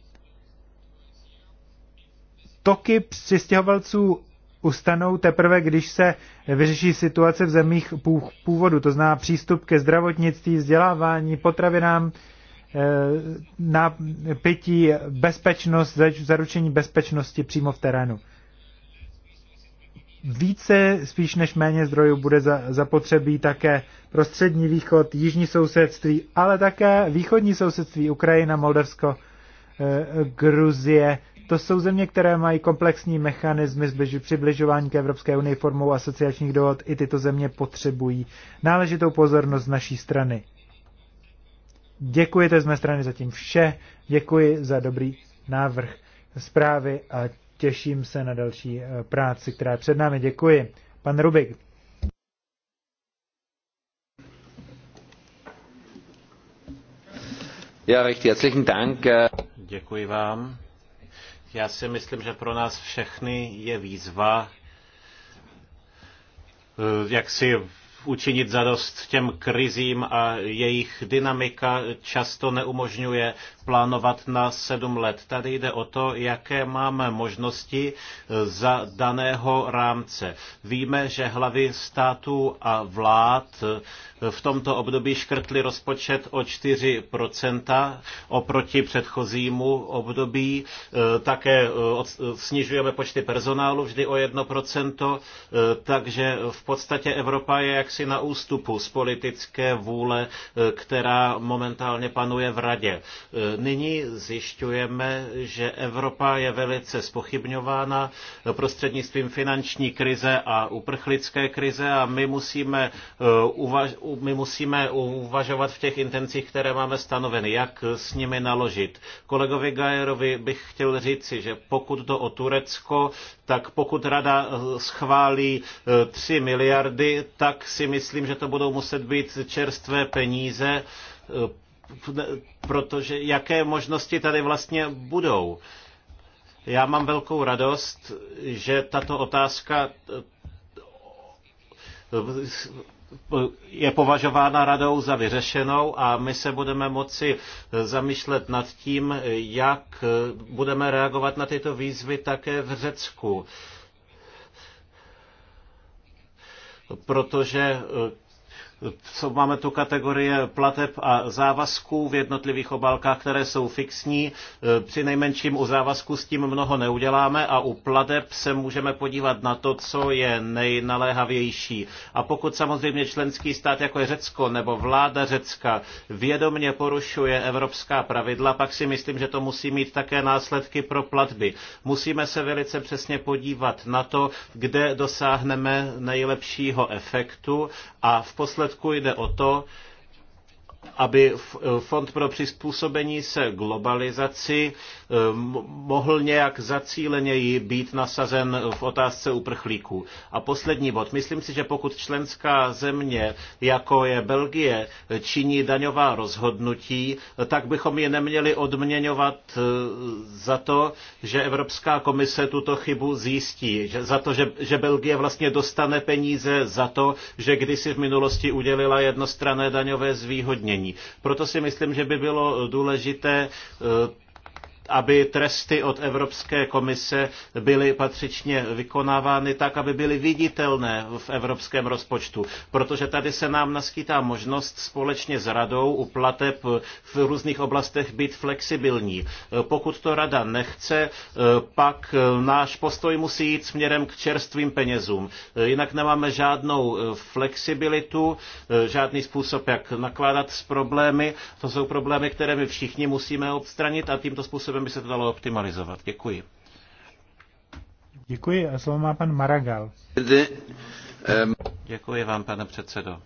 Toky přistěhovalců ustanou teprve, když se vyřeší situace v zemích původu, to znamená přístup ke zdravotnictví, vzdělávání, potravinám, eh, na pití, bezpečnost, zaručení bezpečnosti přímo v terénu. Více, spíš než méně zdrojů bude zapotřebí také prostřední východ, jižní sousedství, ale také východní sousedství Ukrajina, Moldavsko, eh, Gruzie, to jsou země, které mají komplexní mechanismy přibližování k Evropské unii formou asociačních dohod. I tyto země potřebují náležitou pozornost z naší strany. Děkuji, to z mé strany zatím vše. Děkuji za dobrý návrh zprávy a těším se na další eh, práci, která je před námi. Děkuji. Pan Rubik. Ja, recht herzlichen Dank. Eh. Děkuji vám. Já si myslím, že pro nás všechny je výzva, eh, jak si učinit zadost těm krizím a jejich dynamika často neumožňuje plánovat na sedm let. Tady jde o to, jaké máme možnosti eh, za daného rámce. Víme, že hlavy států a vlád eh, v tomto období škrtly rozpočet o 4% oproti předchozímu období. Eh, také snižujeme počty personálu vždy o 1%, takže v podstatě Evropa je jaksi na ústupu z politické vůle, která momentálně panuje v radě nyní zjišťujeme, že Evropa je velice spochybňována prostřednictvím finanční krize a uprchlické krize a my musíme, eh, uvaž, my musíme uvažovat v těch intencích, které máme stanoveny, jak s nimi naložit. Kolegovi Gajerovi bych chtěl říci, že pokud to o Turecko, tak pokud rada eh, schválí 3 eh, miliardy, tak si myslím, že to budou muset být čerstvé peníze, protože jaké možnosti tady vlastně budou. Já mám velkou radost, že tato otázka eh, je považována radou za vyřešenou a my se budeme moci zamýšlet nad tím, jak budeme reagovat na tyto výzvy také v Řecku. Protože eh, co máme tu kategorie plateb a závazků v jednotlivých obálkách, které jsou fixní. E, při nejmenším u závazků s tím mnoho neuděláme a u plateb se můžeme podívat na to, co je nejnaléhavější. A pokud samozřejmě členský stát, jako je Řecko nebo vláda Řecka, vědomně porušuje evropská pravidla, pak si myslím, že to musí mít také následky pro platby. Musíme se velice přesně podívat na to, kde dosáhneme nejlepšího efektu a v poslední výsledku jde o to, aby Fond pro přizpůsobení se globalizaci mohl nějak zacíleněji být nasazen v otázce uprchlíků. A poslední bod. Myslím si, že pokud členská země, jako je Belgie, činí daňová rozhodnutí, tak bychom je neměli odměňovat e, za to, že Evropská komise tuto chybu zjistí. Že za to, že, že Belgie vlastně dostane peníze za to, že kdysi v minulosti udělila jednostranné daňové zvýhodnění. Proto si myslím, že by bylo důležité e, aby tresty od Evropské komise byly patřičně vykonávány tak, aby byly viditelné v evropském rozpočtu. Protože tady se nám naskýtá možnost společně s radou u plateb v různých oblastech být flexibilní. Pokud to rada nechce, pak náš postoj musí jít směrem k čerstvým penězům. Jinak nemáme žádnou flexibilitu, žádný způsob, jak nakládat s problémy. To jsou problémy, které my všichni musíme odstranit a tímto způsobem způsobem by se to dalo optimalizovat. Děkuji. Děkuji a slovo má pan Maragal. Děkuji vám, pane předsedo.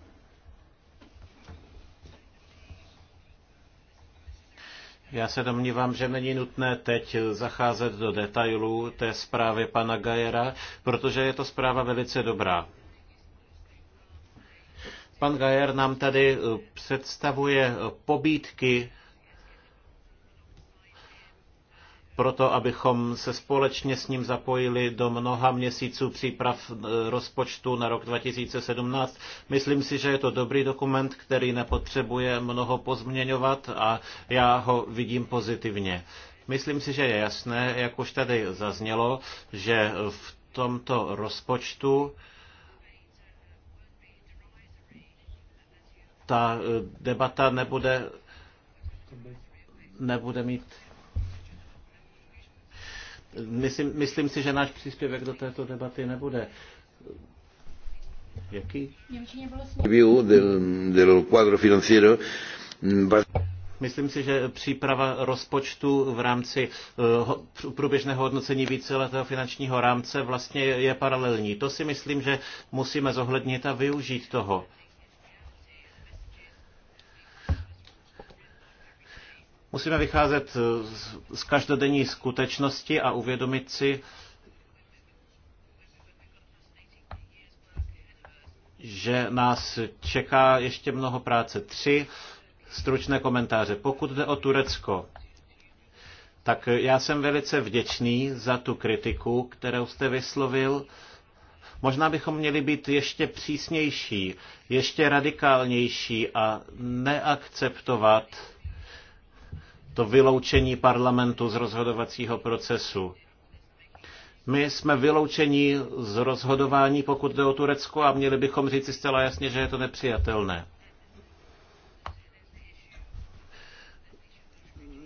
Já se domnívám, že není nutné teď zacházet do detailů té zprávy pana Gajera, protože je to zpráva velice dobrá. Pan Gajer nám tady představuje pobídky proto abychom se společně s ním zapojili do mnoha měsíců příprav e, rozpočtu na rok 2017. Myslím si, že je to dobrý dokument, který nepotřebuje mnoho pozměňovat a já ho vidím pozitivně. Myslím si, že je jasné, jak už tady zaznělo, že v tomto rozpočtu ta e, debata nebude, nebude mít Myslím, myslím si, že náš příspěvek do této debaty nebude. Jaký? Myslím si, že příprava rozpočtu v rámci eh, průběžného hodnocení víceletého finančního rámce vlastně je paralelní. To si myslím, že musíme zohlednit a využít toho. Musíme vycházet z každodenní skutečnosti a uvědomit si, že nás čeká ještě mnoho práce. Tři stručné komentáře. Pokud jde o Turecko, tak já jsem velice vděčný za tu kritiku, kterou jste vyslovil. Možná bychom měli být ještě přísnější, ještě radikálnější a neakceptovat to vyloučení parlamentu z rozhodovacího procesu. My jsme vyloučeni z rozhodování, pokud jde o Turecko, a měli bychom říci zcela jasně, že je to nepřijatelné.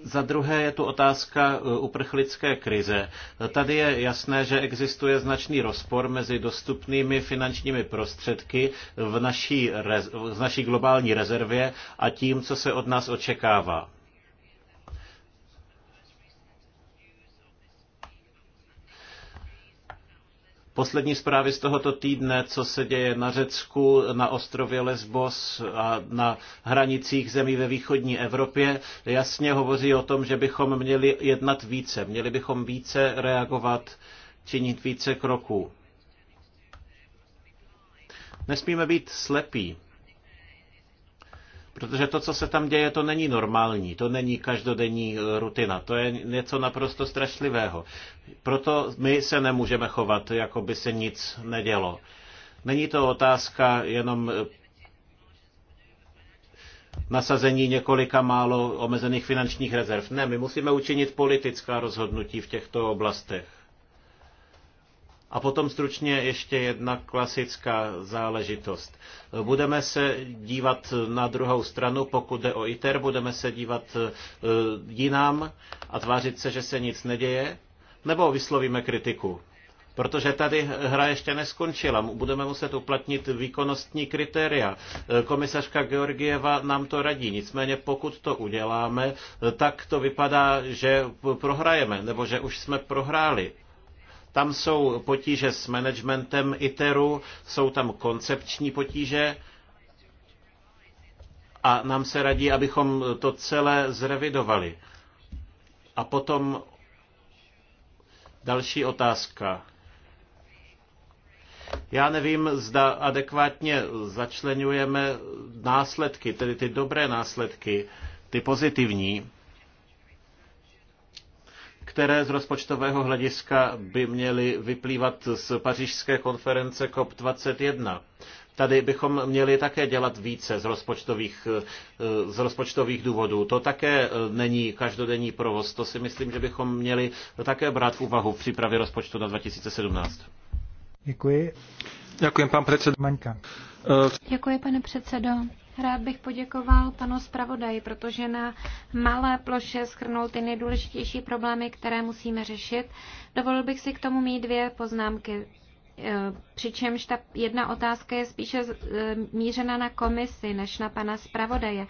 Za druhé je tu otázka eh, uprchlické krize. Tady je jasné, že existuje značný rozpor mezi dostupnými finančními prostředky v naší, v naší globální rezervě a tím, co se od nás očekává. Poslední zprávy z tohoto týdne, co se děje na Řecku, na ostrově Lesbos a na hranicích zemí ve východní Evropě, jasně hovoří o tom, že bychom měli jednat více, měli bychom více reagovat, činit více kroků. Nesmíme být slepí Protože to, co se tam děje, to není normální, to není každodenní eh, rutina, to je něco naprosto strašlivého. Proto my se nemůžeme chovat, jako by se nic nedělo. Není to otázka jenom eh, nasazení několika málo omezených finančních rezerv. Ne, my musíme učinit politická rozhodnutí v těchto oblastech. A potom stručně ještě jedna klasická záležitost. Budeme se dívat na druhou stranu, pokud jde o ITER, budeme se dívat e, jinam a tvářit se, že se nic neděje, nebo vyslovíme kritiku? protože tady hra ještě neskončila. Budeme muset uplatnit výkonnostní kritéria. E, komisařka Georgieva nám to radí. Nicméně pokud to uděláme, e, tak to vypadá, že prohrajeme, nebo že už jsme prohráli. Tam jsou potíže s managementem ITERu, jsou tam koncepční potíže a nám se radí, abychom to celé zrevidovali. A potom další otázka. Já nevím, zda adekvátně začlenujeme následky, tedy ty dobré následky, ty pozitivní, které z rozpočtového hlediska by měly vyplývat z pařížské konference COP21. Tady bychom měli také dělat více z rozpočtových, eh, z rozpočtových důvodů. To také eh, není každodenní provoz. To si myslím, že bychom měli také brát v úvahu v přípravě rozpočtu na 2017. Děkuji. Děkuji, pan předsedo. Maňka. Eh, Děkuji, pane předsedo. Rád bych poděkoval panu zpravodaji, protože na malé ploše schrnul ty nejdůležitější problémy, které musíme řešit. Dovolil bych si k tomu mít dvě poznámky. E, přičemž ta jedna otázka je spíše e, mířena na komisi než na pana zpravodaje.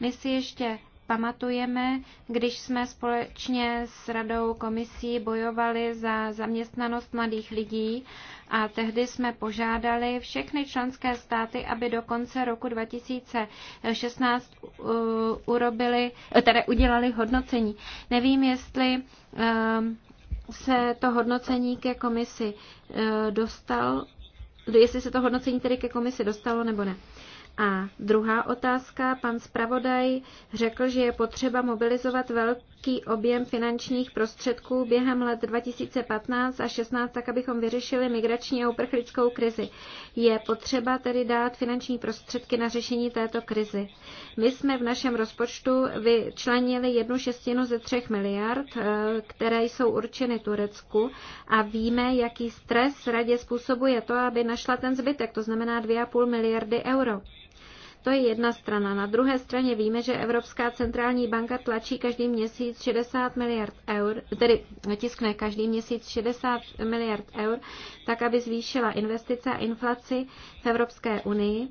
My si ještě pamatujeme, když jsme společně s Radou komisí bojovali za zaměstnanost mladých lidí a tehdy jsme požádali všechny členské státy, aby do konce roku 2016 uh, urobili, tedy udělali hodnocení. Nevím, jestli um, se to hodnocení ke komisi uh, dostal, jestli se to hodnocení tedy ke komisi dostalo nebo ne. A druhá otázka. Pan zpravodaj řekl, že je potřeba mobilizovat velký objem finančních prostředků během let 2015 a 16, tak abychom vyřešili migrační a uprchlickou krizi. Je potřeba tedy dát finanční prostředky na řešení této krizi. My jsme v našem rozpočtu vyčlenili jednu šestinu ze třech miliard, eh, které jsou určeny Turecku a víme, jaký stres radě způsobuje to, aby našla ten zbytek, to znamená 2,5 miliardy euro. To je jedna strana. Na druhé straně víme, že Evropská centrální banka tlačí každý měsíc 60 miliard eur, tedy tiskne každý měsíc 60 miliard eur, tak aby zvýšila investice a inflaci v Evropské unii.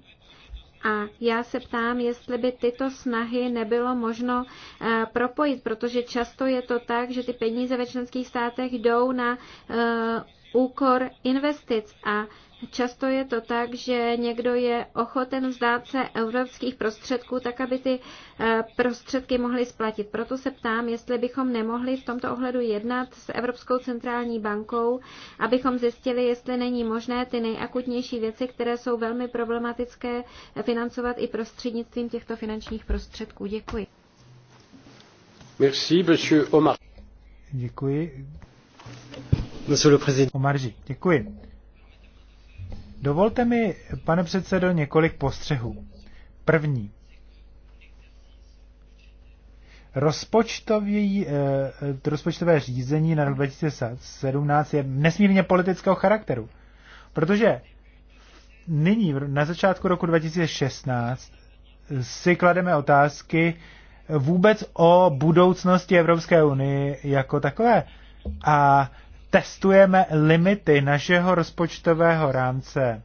A já se ptám, jestli by tyto snahy nebylo možno eh, propojit, protože často je to tak, že ty peníze ve členských státech jdou na eh, úkor investic a Často je to tak, že někdo je ochoten vzdát se evropských prostředků, tak aby ty eh, prostředky mohly splatit. Proto se ptám, jestli bychom nemohli v tomto ohledu jednat s Evropskou centrální bankou, abychom zjistili, jestli není možné ty nejakutnější věci, které jsou velmi problematické, financovat i prostřednictvím těchto finančních prostředků. Děkuji. Merci, monsieur Omar. Děkuji. Monsieur le président. Omarži, děkuji. Dovolte mi, pane předsedo, několik postřehů. První. Rozpočtový, eh, eh rozpočtové řízení na rok 2017 je nesmírně politického charakteru, protože nyní, na začátku roku 2016, si klademe otázky vůbec o budoucnosti Evropské unie jako takové. A testujeme limity našeho rozpočtového rámce,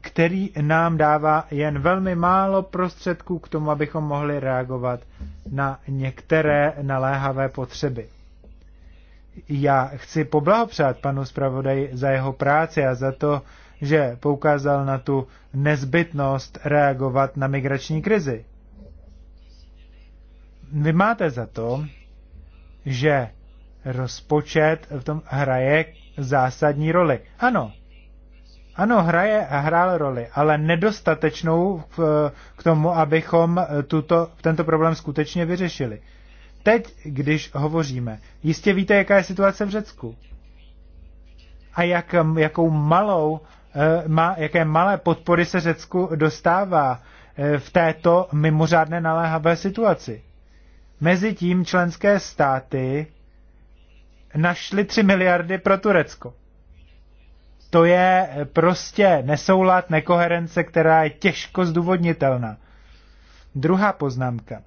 který nám dává jen velmi málo prostředků k tomu, abychom mohli reagovat na některé naléhavé potřeby. Já chci poblahopřát panu zpravodaji za jeho práci a za to, že poukázal na tu nezbytnost reagovat na migrační krizi. Vy máte za to, že rozpočet v tom hraje zásadní roli. Ano, ano, hraje a hrál roli, ale nedostatečnou k, k tomu, abychom tuto, tento problém skutečně vyřešili. Teď, když hovoříme, jistě víte, jaká je situace v Řecku. A jak, jakou malou, eh, má, jaké malé podpory se Řecku dostává eh, v této mimořádné naléhavé situaci. Mezitím členské státy našli 3 miliardy pro Turecko. To je prostě nesoulad, nekoherence, která je těžko zdůvodnitelná. Druhá poznámka.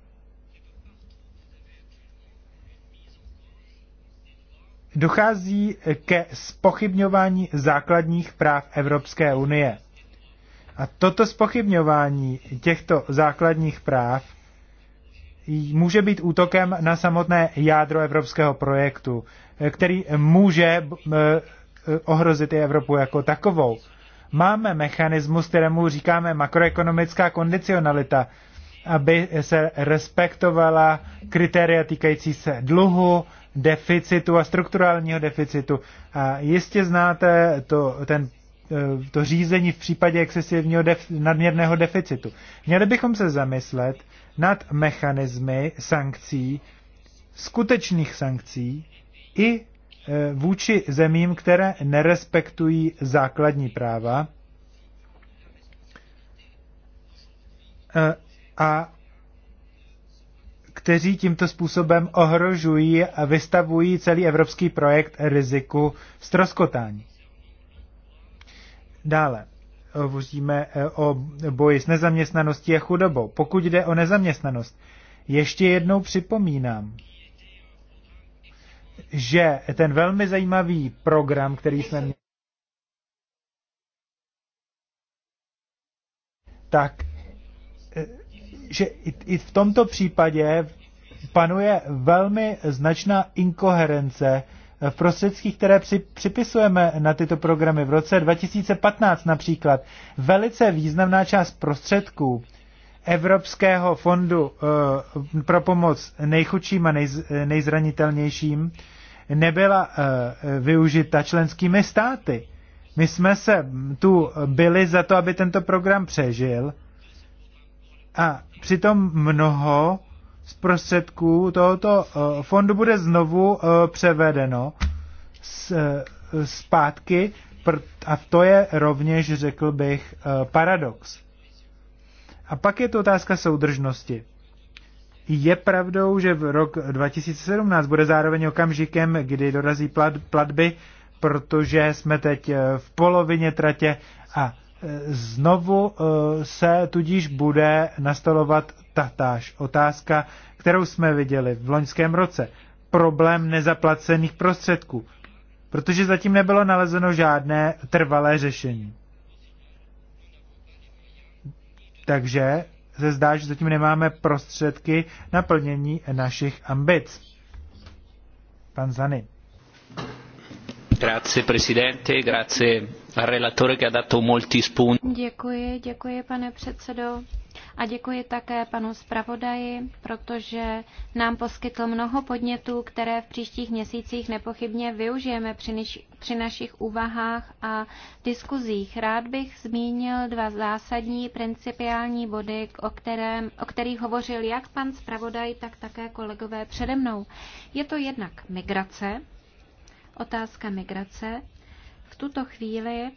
Dochází ke spochybňování základních práv Evropské unie. A toto spochybňování těchto základních práv může být útokem na samotné jádro evropského projektu, eh, který může eh, ohrozit i Evropu jako takovou. Máme mechanismus, kterému říkáme makroekonomická kondicionalita, aby se respektovala kritéria týkající se dluhu, deficitu a strukturálního deficitu. A jistě znáte to, ten, eh, to řízení v případě excesivního def, nadměrného deficitu. Měli bychom se zamyslet, nad mechanismy sankcí, skutečných sankcí i e, vůči zemím, které nerespektují základní práva. E, a kteří tímto způsobem ohrožují a vystavují celý evropský projekt riziku stroskotání. Dále vozíme eh, o boji s nezaměstnaností a chudobou. Pokud jde o nezaměstnanost, ještě jednou připomínám, že ten velmi zajímavý program, který jsme měli, tak eh, že i v tomto případě panuje velmi značná inkoherence v prostředcích, které při, připisujeme na tyto programy. V roce 2015 například velice významná část prostředků Evropského fondu eh, pro pomoc nejchudším a eh, nejzranitelnějším nebyla uh, využita členskými státy. My jsme se mm, tu byli za to, aby tento program přežil a přitom mnoho z prostředků tohoto eh, fondu bude znovu eh, převedeno eh, zpátky a to je rovněž, řekl bych, paradox. A pak je to otázka soudržnosti. Je pravdou, že v rok 2017 bude zároveň okamžikem, kdy dorazí platby, protože jsme teď v polovině tratě a Znovu eh, se tudíž bude nastalovat tatáž otázka, kterou jsme viděli v loňském roce. Problém nezaplacených prostředků, protože zatím nebylo nalezeno žádné trvalé řešení. Takže se zdá, že zatím nemáme prostředky na plnění našich ambic. Pan Zany. Grazie Presidente, grazie al relatore che ha dato molti spunti. Děkuji, děkuji pane předsedo. A děkuji také panu zpravodaji, protože nám poskytl mnoho podnětů, které v příštích měsících nepochybně využijeme při, niž, při našich úvahách a diskuzích. Rád bych zmínil dva zásadní principiální body, o, kterém, o kterých hovořil jak pan zpravodaj, tak také kolegové přede mnou. Je to jednak migrace, otázka migrace. V tuto chvíli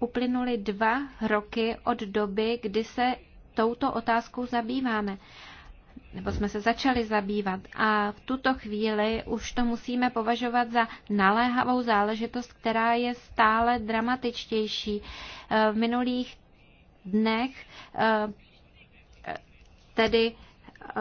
uplynuly dva roky od doby, kdy se touto otázkou zabýváme nebo jsme se začali zabývat a v tuto chvíli už to musíme považovat za naléhavou záležitost, která je stále dramatičtější. Eh, v minulých dnech eh, tedy eh,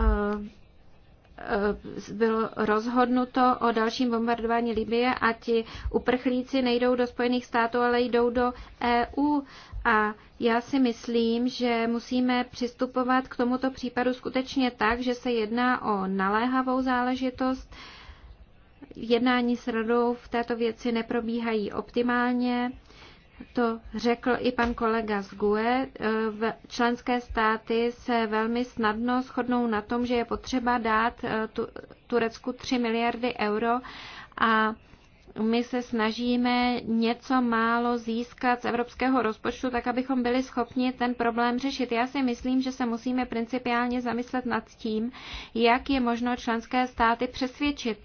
Eh, bylo rozhodnuto o dalším bombardování Libie a ti uprchlíci nejdou do Spojených států, ale jdou do EU. A já si myslím, že musíme přistupovat k tomuto případu skutečně tak, že se jedná o naléhavou záležitost. Jednání s radou v této věci neprobíhají optimálně to řekl i pan kolega z GUE, členské státy se velmi snadno shodnou na tom, že je potřeba dát eh, Turecku 3 miliardy euro a my se snažíme něco málo získat z evropského rozpočtu, tak abychom byli schopni ten problém řešit. Já si myslím, že se musíme principiálně zamyslet nad tím, jak je možno členské státy přesvědčit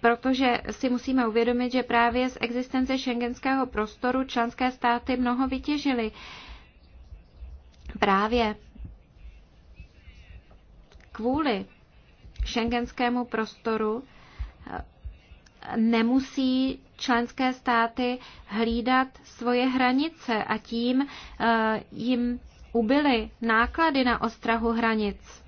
protože si musíme uvědomit, že právě z existence šengenského prostoru členské státy mnoho vytěžily. Právě kvůli šengenskému prostoru eh, nemusí členské státy hlídat svoje hranice a tím eh, jim ubyly náklady na ostrahu hranic.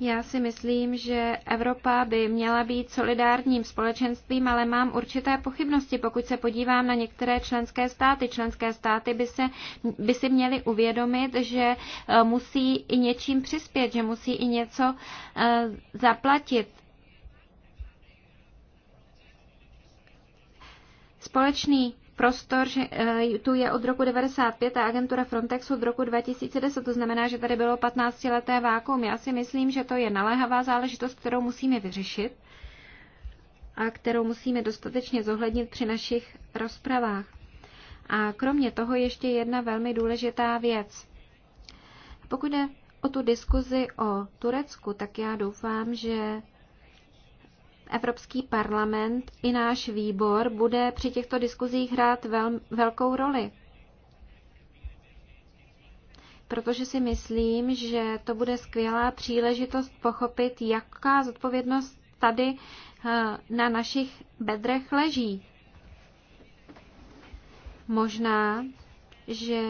Já si myslím, že Evropa by měla být solidárním společenstvím, ale mám určité pochybnosti, pokud se podívám na některé členské státy. Členské státy by, se, by si měly uvědomit, že eh, musí i něčím přispět, že musí i něco eh, zaplatit. Společný prostor že, eh, tu je od roku 95 a agentura Frontex od roku 2010. To znamená, že tady bylo 15-leté vákuum. Já si myslím, že to je naléhavá záležitost, kterou musíme vyřešit a kterou musíme dostatečně zohlednit při našich rozpravách. A kromě toho ještě jedna velmi důležitá věc. Pokud jde o tu diskuzi o Turecku, tak já doufám, že Evropský parlament i náš výbor bude při těchto diskuzích hrát vel, velkou roli. Protože si myslím, že to bude skvělá příležitost pochopit, jaká zodpovědnost tady eh, na našich bedrech leží. Možná, že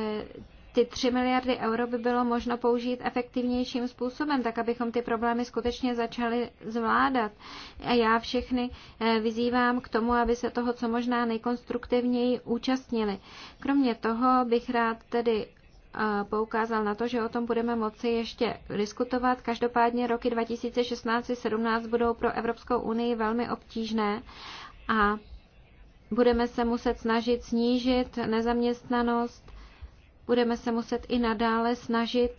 ty 3 miliardy euro by bylo možno použít efektivnějším způsobem, tak abychom ty problémy skutečně začali zvládat. A já všechny eh, vyzývám k tomu, aby se toho co možná nejkonstruktivněji účastnili. Kromě toho bych rád tedy eh, poukázal na to, že o tom budeme moci ještě diskutovat. Každopádně roky 2016-2017 budou pro Evropskou unii velmi obtížné a budeme se muset snažit snížit nezaměstnanost, Budeme se muset i nadále snažit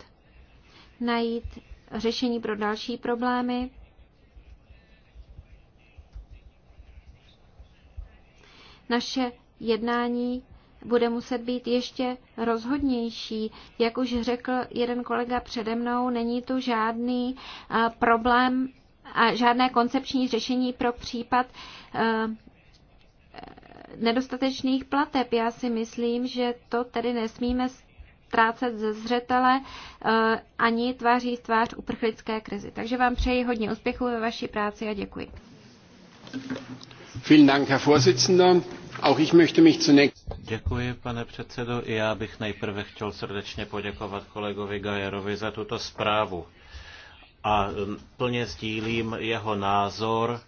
najít řešení pro další problémy. Naše jednání bude muset být ještě rozhodnější. Jak už řekl jeden kolega přede mnou, není tu žádný eh, problém a žádné koncepční řešení pro případ eh, nedostatečných plateb. Já si myslím, že to tedy nesmíme ztrácet ze zřetele eh, ani tváří tvář uprchlické krizi. Takže vám přeji hodně úspěchů ve vaší práci a děkuji. Vielen Dank, Herr Vorsitzender. Auch ich möchte mich zunächst... Děkuji, pane předsedo. I já bych nejprve chtěl srdečně poděkovat kolegovi Gajerovi za tuto zprávu. A mm, plně sdílím jeho názor,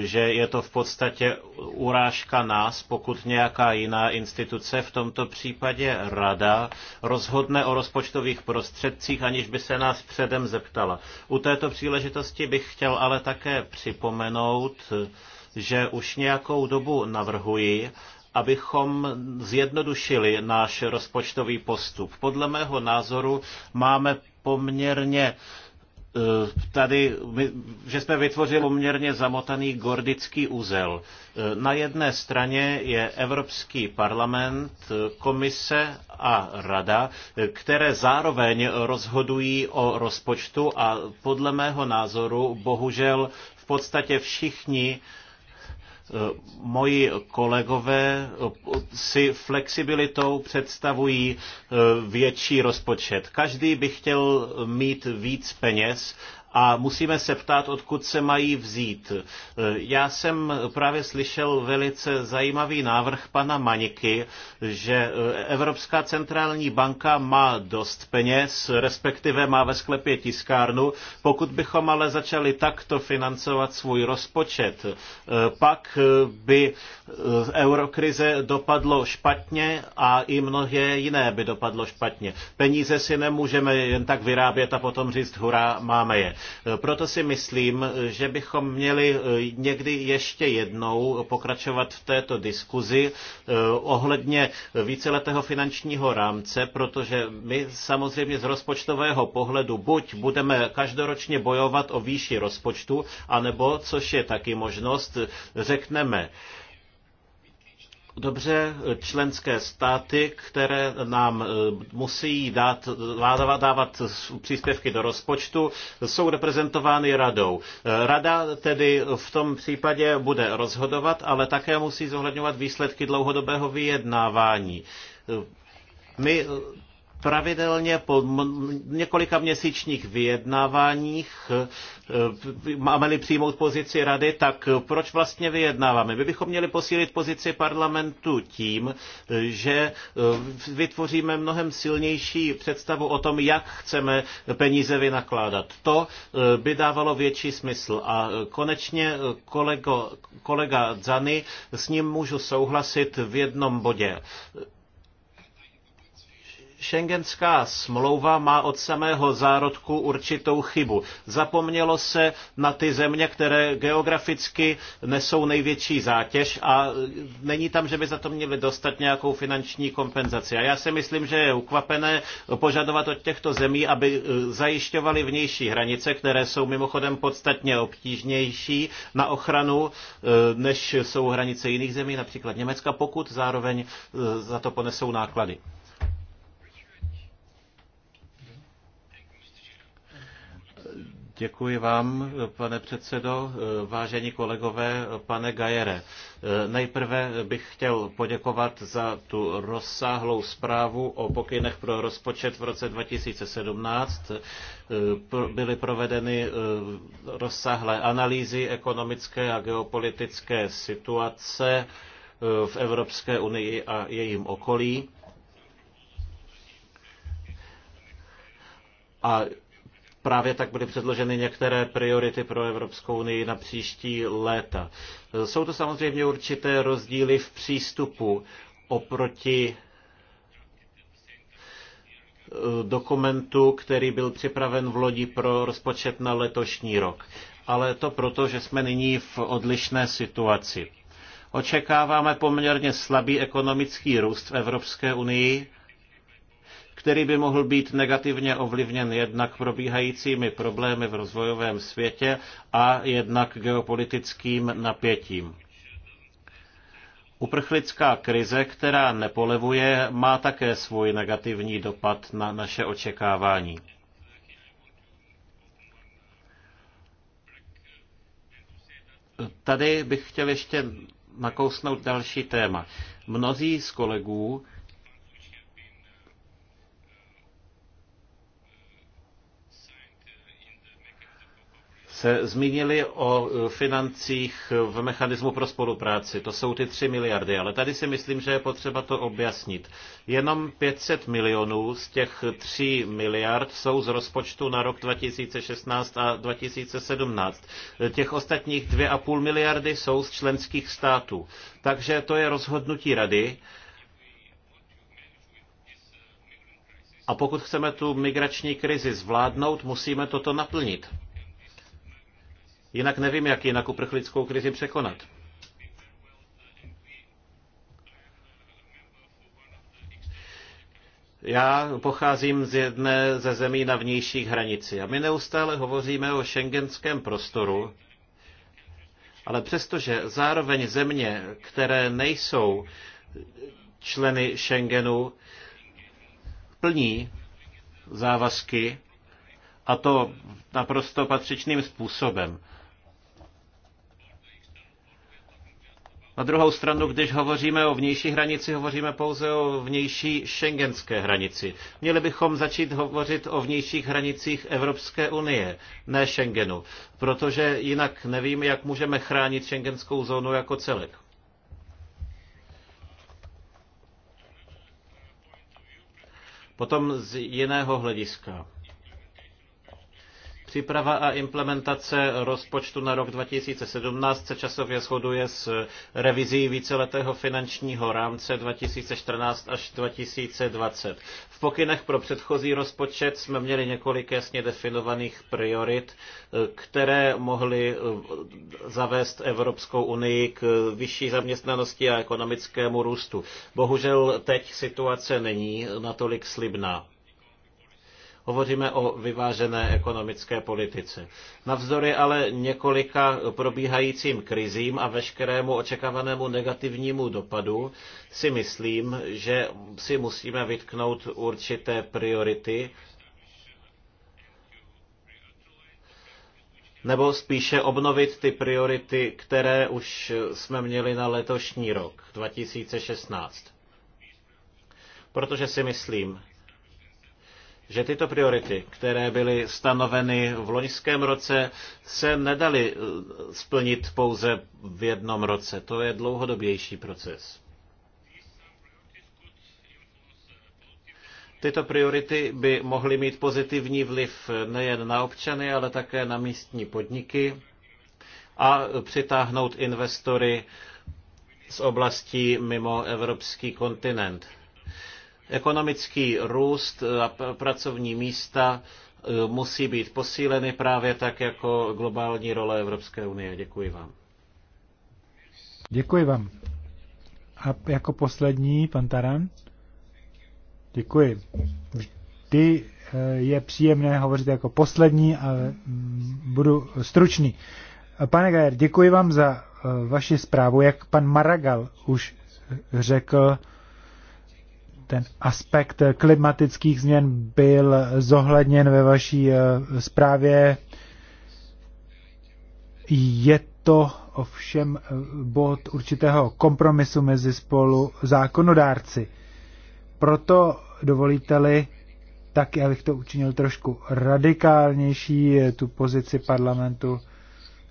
že je to v podstatě urážka nás, pokud nějaká jiná instituce, v tomto případě rada, rozhodne o rozpočtových prostředcích, aniž by se nás předem zeptala. U této příležitosti bych chtěl ale také připomenout, že už nějakou dobu navrhuji, abychom zjednodušili náš rozpočtový postup. Podle mého názoru máme poměrně Eh, tady, že jsme vytvořili poměrně zamotaný gordický úzel. Eh, na jedné straně je Evropský parlament, eh, komise a rada, které zároveň rozhodují o rozpočtu a podle mého názoru bohužel v podstatě všichni Eh, moji kolegové eh, si flexibilitou představují eh, větší rozpočet. Každý by chtěl mít víc peněz a musíme se ptát, odkud se mají vzít. E, já jsem právě slyšel velice zajímavý návrh pana Maniky, že e, Evropská centrální banka má dost peněz, respektive má ve sklepě tiskárnu. Pokud bychom ale začali takto financovat svůj rozpočet, e, pak by eurokrize dopadlo špatně a i mnohé jiné by dopadlo špatně. Peníze si nemůžeme jen tak vyrábět a potom říct hurá, máme je. Proto si myslím, že bychom měli eh, někdy ještě jednou pokračovat v této diskuzi eh, ohledně víceletého finančního rámce, protože my samozřejmě z rozpočtového pohledu buď budeme každoročně bojovat o výši rozpočtu, anebo, což je taky možnost, řekneme, Dobře, členské státy, které nám eh, musí dát, dávat příspěvky do rozpočtu, jsou reprezentovány radou. Eh, rada tedy v tom případě bude rozhodovat, ale také musí zohledňovat výsledky dlouhodobého vyjednávání. Eh, my pravidelně po několika měsíčních vyjednáváních eh, eh, máme-li přijmout pozici rady, tak proč vlastně vyjednáváme? My bychom měli posílit pozici parlamentu tím, eh, že vytvoříme mnohem silnější představu o tom, jak chceme peníze vynakládat. To by dávalo větší smysl. A konečně kolego, kolega Zany, s ním můžu souhlasit v jednom bodě Schengenská smlouva má od samého zárodku určitou chybu. Zapomnělo se na ty země, které geograficky nesou největší zátěž a není tam, že by za to měli dostat nějakou finanční kompenzaci. A já si myslím, že je ukvapené požadovat od těchto zemí, aby eh, zajišťovali vnější hranice, které jsou mimochodem podstatně obtížnější na ochranu, eh, než jsou hranice jiných zemí, například Německa, pokud zároveň eh, za to ponesou náklady. Děkuji vám, pane předsedo, vážení kolegové, pane Gajere. Nejprve bych chtěl poděkovat za tu rozsáhlou zprávu o pokynech pro rozpočet v roce 2017. Byly provedeny eh, rozsáhlé analýzy ekonomické a geopolitické situace eh, v Evropské unii a jejím okolí. A Právě tak byly předloženy některé priority pro Evropskou unii na příští léta. Jsou to samozřejmě určité rozdíly v přístupu oproti eh, dokumentu, který byl připraven v lodi pro rozpočet na letošní rok. Ale to proto, že jsme nyní v odlišné situaci. Očekáváme poměrně slabý ekonomický růst v Evropské unii který by mohl být negativně ovlivněn jednak probíhajícími problémy v rozvojovém světě a jednak geopolitickým napětím. Uprchlická krize, která nepolevuje, má také svůj negativní dopad na naše očekávání. Tady bych chtěl ještě nakousnout další téma. Mnozí z kolegů se zmínili o eh, financích v mechanismu pro spolupráci. To jsou ty 3 miliardy, ale tady si myslím, že je potřeba to objasnit. Jenom 500 milionů z těch 3 miliard jsou z rozpočtu na rok 2016 a 2017. Těch ostatních 2,5 miliardy jsou z členských států. Takže to je rozhodnutí rady. A pokud chceme tu migrační krizi zvládnout, musíme toto naplnit. Jinak nevím, jak jinak uprchlickou krizi překonat. Já pocházím z jedné ze zemí na vnějších hranici a my neustále hovoříme o šengenském prostoru, ale přestože zároveň země, které nejsou členy Schengenu, plní závazky a to naprosto patřičným způsobem. Na druhou stranu, když hovoříme o vnější hranici, hovoříme pouze o vnější šengenské hranici. Měli bychom začít hovořit o vnějších hranicích Evropské unie, ne Schengenu, protože jinak nevím, jak můžeme chránit šengenskou zónu jako celek. Potom z jiného hlediska. Příprava a implementace rozpočtu na rok 2017 se časově shoduje s revizí víceletého finančního rámce 2014 až 2020. V pokynech pro předchozí rozpočet jsme měli několik jasně definovaných priorit, které mohly eh, zavést Evropskou unii k vyšší zaměstnanosti a ekonomickému růstu. Bohužel teď situace není natolik slibná. Hovoříme o vyvážené ekonomické politice. Navzdory ale několika probíhajícím krizím a veškerému očekávanému negativnímu dopadu si myslím, že si musíme vytknout určité priority nebo spíše obnovit ty priority, které už jsme měli na letošní rok 2016. Protože si myslím, že tyto priority, které byly stanoveny v loňském roce, se nedaly eh, splnit pouze v jednom roce. To je dlouhodobější proces. Tyto priority by mohly mít pozitivní vliv nejen na občany, ale také na místní podniky a přitáhnout investory z oblastí mimo evropský kontinent. Ekonomický růst a pracovní místa e, musí být posíleny právě tak jako globální role Evropské unie. Děkuji vám. Děkuji vám. A jako poslední, pan Taran. Děkuji. Vždy e, je příjemné hovořit jako poslední, ale mm, budu stručný. Pane Gajer, děkuji vám za e, vaši zprávu. Jak pan Maragal už řekl, ten aspekt klimatických změn byl zohledněn ve vaší eh, zprávě. Je to ovšem eh, bod určitého kompromisu mezi spolu zákonodárci. Proto dovolíte-li, tak já bych to učinil trošku radikálnější, eh, tu pozici parlamentu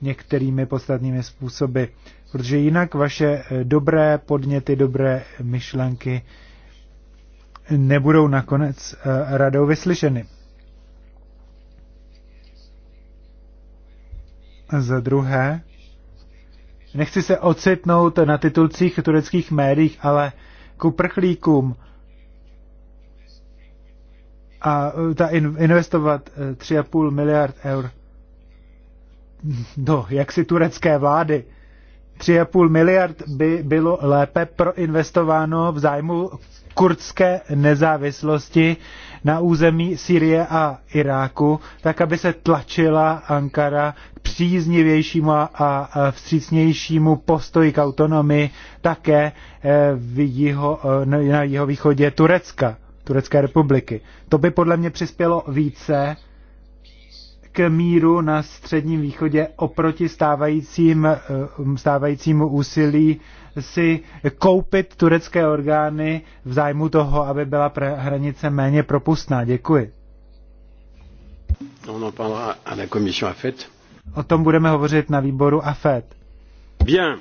některými podstatnými způsoby. Protože jinak vaše dobré podněty, dobré myšlenky nebudou nakonec eh, radou vyslyšeny. Za druhé, nechci se ocitnout na titulcích tureckých médiích, ale ku prchlíkům a eh, ta investovat 3,5 eh, miliard eur do jaksi turecké vlády. 3,5 miliard by bylo lépe proinvestováno v zájmu kurdské nezávislosti na území Syrie a Iráku, tak aby se tlačila Ankara k příznivějšímu a vstřícnějšímu postoji k autonomii také eh, v jiho, eh, na východě Turecka, Turecké republiky. To by podle mě přispělo více k míru na Středním východě oproti stávajícím, eh, stávajícímu úsilí si koupit turecké orgány v zájmu toho, aby byla hranice méně propustná. Děkuji. On la commission AFET. O tom budeme hovořit na výboru AFET. Bien.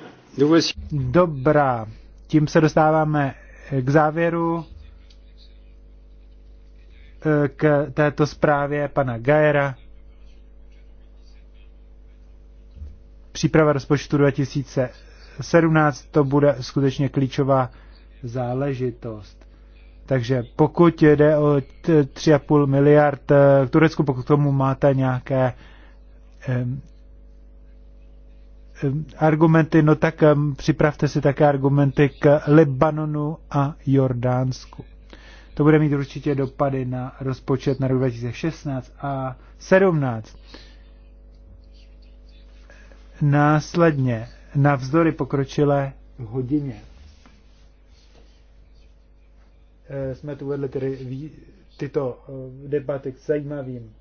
Dobrá. Tím se dostáváme k závěru eh, k této zprávě pana Gajera. Příprava rozpočtu 2000 17 to bude skutečně klíčová záležitost. Takže pokud jde o 3,5 miliard k eh, Turecku, pokud k tomu máte nějaké argumenty, no tak připravte si také argumenty k Libanonu a Jordánsku. To bude mít určitě dopady na rozpočet na rok 2016 a 17. Následně navzdory pokročilé hodině. Eh, jsme tu vedli tedy tyto eh, debaty k zajímavým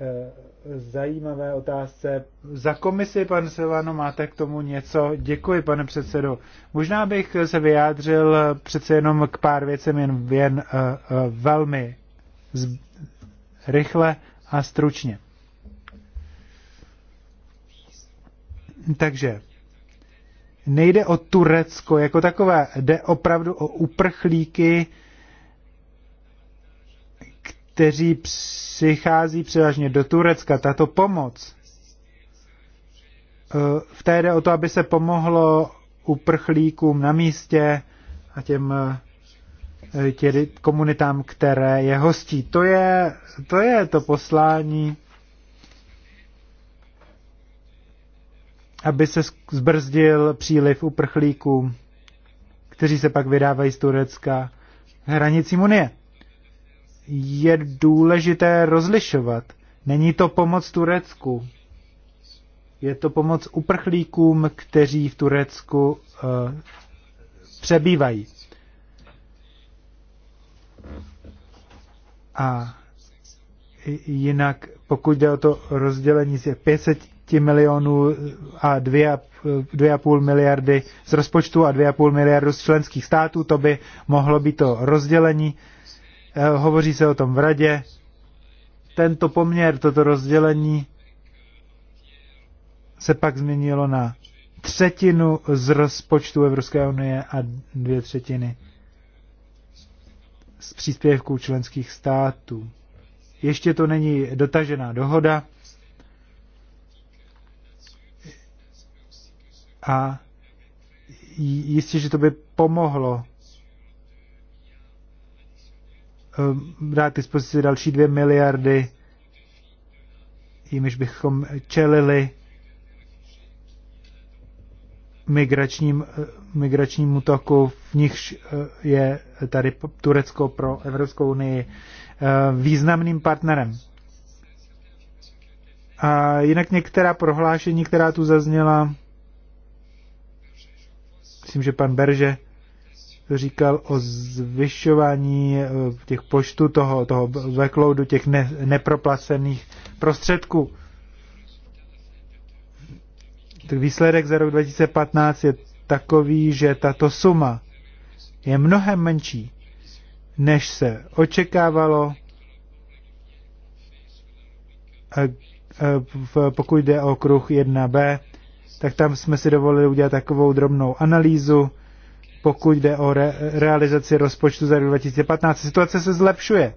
eh, zajímavé otázce. Za komisi, pan Silvano, máte k tomu něco? Děkuji, pane předsedo. Možná bych se vyjádřil přece jenom k pár věcem jen, jen uh, uh, velmi z, rychle a stručně. Takže nejde o Turecko jako takové, jde opravdu o uprchlíky, kteří přichází převážně do Turecka. Tato pomoc, eh, v té jde o to, aby se pomohlo uprchlíkům na místě a těm eh, tě komunitám, které je hostí. To je to, je to poslání aby se zbrzdil příliv uprchlíků, kteří se pak vydávají z Turecka hranicí Unie. Je důležité rozlišovat. Není to pomoc Turecku. Je to pomoc uprchlíkům, kteří v Turecku uh, přebývají. A jinak, pokud jde o to rozdělení z 500 milionů a 2,5 miliardy z rozpočtu a 2,5 miliardu z členských států. To by mohlo být to rozdělení. Eh, hovoří se o tom v radě. Tento poměr, toto rozdělení se pak změnilo na třetinu z rozpočtu Evropské unie a dvě třetiny z příspěvků členských států. Ještě to není dotažená dohoda, A jistě, že to by pomohlo ehm, dát k dispozici další dvě miliardy, jimiž bychom čelili migračním, eh, migračnímu toku, v nichž eh, je tady Turecko pro Evropskou unii eh, významným partnerem. A jinak některá prohlášení, která tu zazněla, myslím, že pan Berže říkal o zvyšování eh, těch počtu toho, toho backloadu, těch ne, neproplacených prostředků. Tak výsledek za rok 2015 je takový, že tato suma je mnohem menší, než se očekávalo, pokud jde o kruh 1b, tak tam jsme si dovolili udělat takovou drobnou analýzu, pokud jde o re- realizaci rozpočtu za rok 2015. Situace se zlepšuje.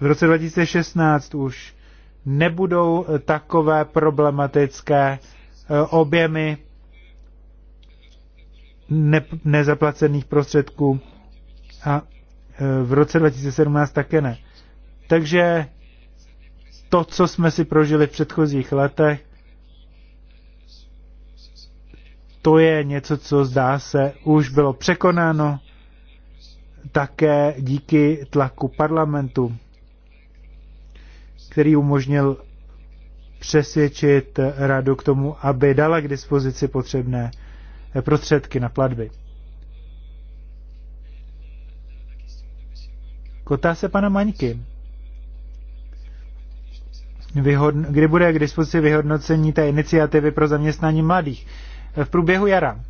V roce 2016 už nebudou takové problematické e, objemy ne- nezaplacených prostředků a e, v roce 2017 také ne. Takže to, co jsme si prožili v předchozích letech, to je něco, co zdá se už bylo překonáno také díky tlaku parlamentu, který umožnil přesvědčit radu k tomu, aby dala k dispozici potřebné prostředky na platby. Kotá se pana Maňky. Vyhodn- kdy bude k dispozici vyhodnocení té iniciativy pro zaměstnání mladých? v průběhu jara.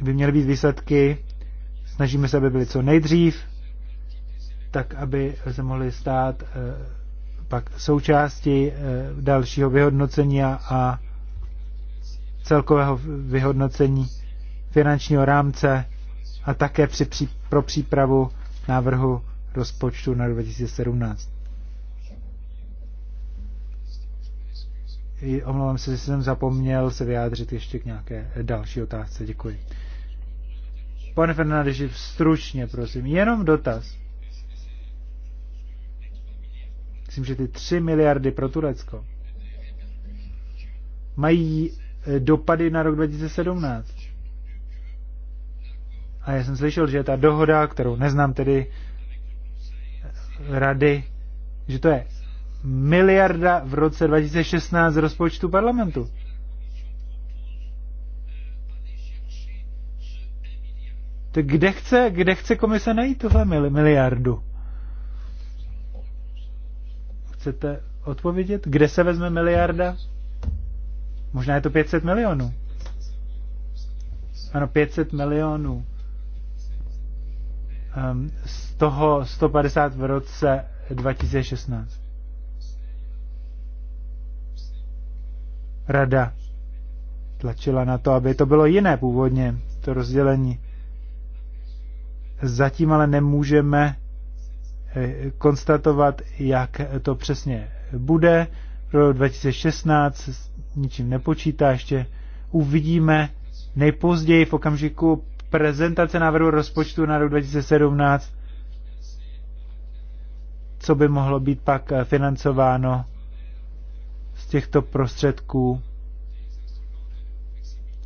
By měly být výsledky, snažíme se, aby byly co nejdřív, tak aby se mohly stát eh, pak součástí eh, dalšího vyhodnocení a celkového vyhodnocení finančního rámce a také při, pro přípravu návrhu rozpočtu na 2017. omlouvám se, že jsem zapomněl se vyjádřit ještě k nějaké další otázce. Děkuji. Pane Fernández, stručně, prosím, jenom dotaz. Myslím, že ty 3 miliardy pro Turecko mají eh, dopady na rok 2017. A já jsem slyšel, že ta dohoda, kterou neznám tedy eh, rady, že to je miliarda v roce 2016 z rozpočtu parlamentu. Tak kde chce, kde chce komise najít tuhle miliardu? Chcete odpovědět? Kde se vezme miliarda? Možná je to 500 milionů. Ano, 500 milionů. Um, z toho 150 v roce 2016. rada tlačila na to, aby to bylo jiné původně, to rozdělení. Zatím ale nemůžeme eh, konstatovat, jak to přesně bude. Pro 2016 ničím nepočítá ještě. Uvidíme nejpozději v okamžiku prezentace návrhu rozpočtu na rok 2017, co by mohlo být pak eh, financováno těchto prostředků,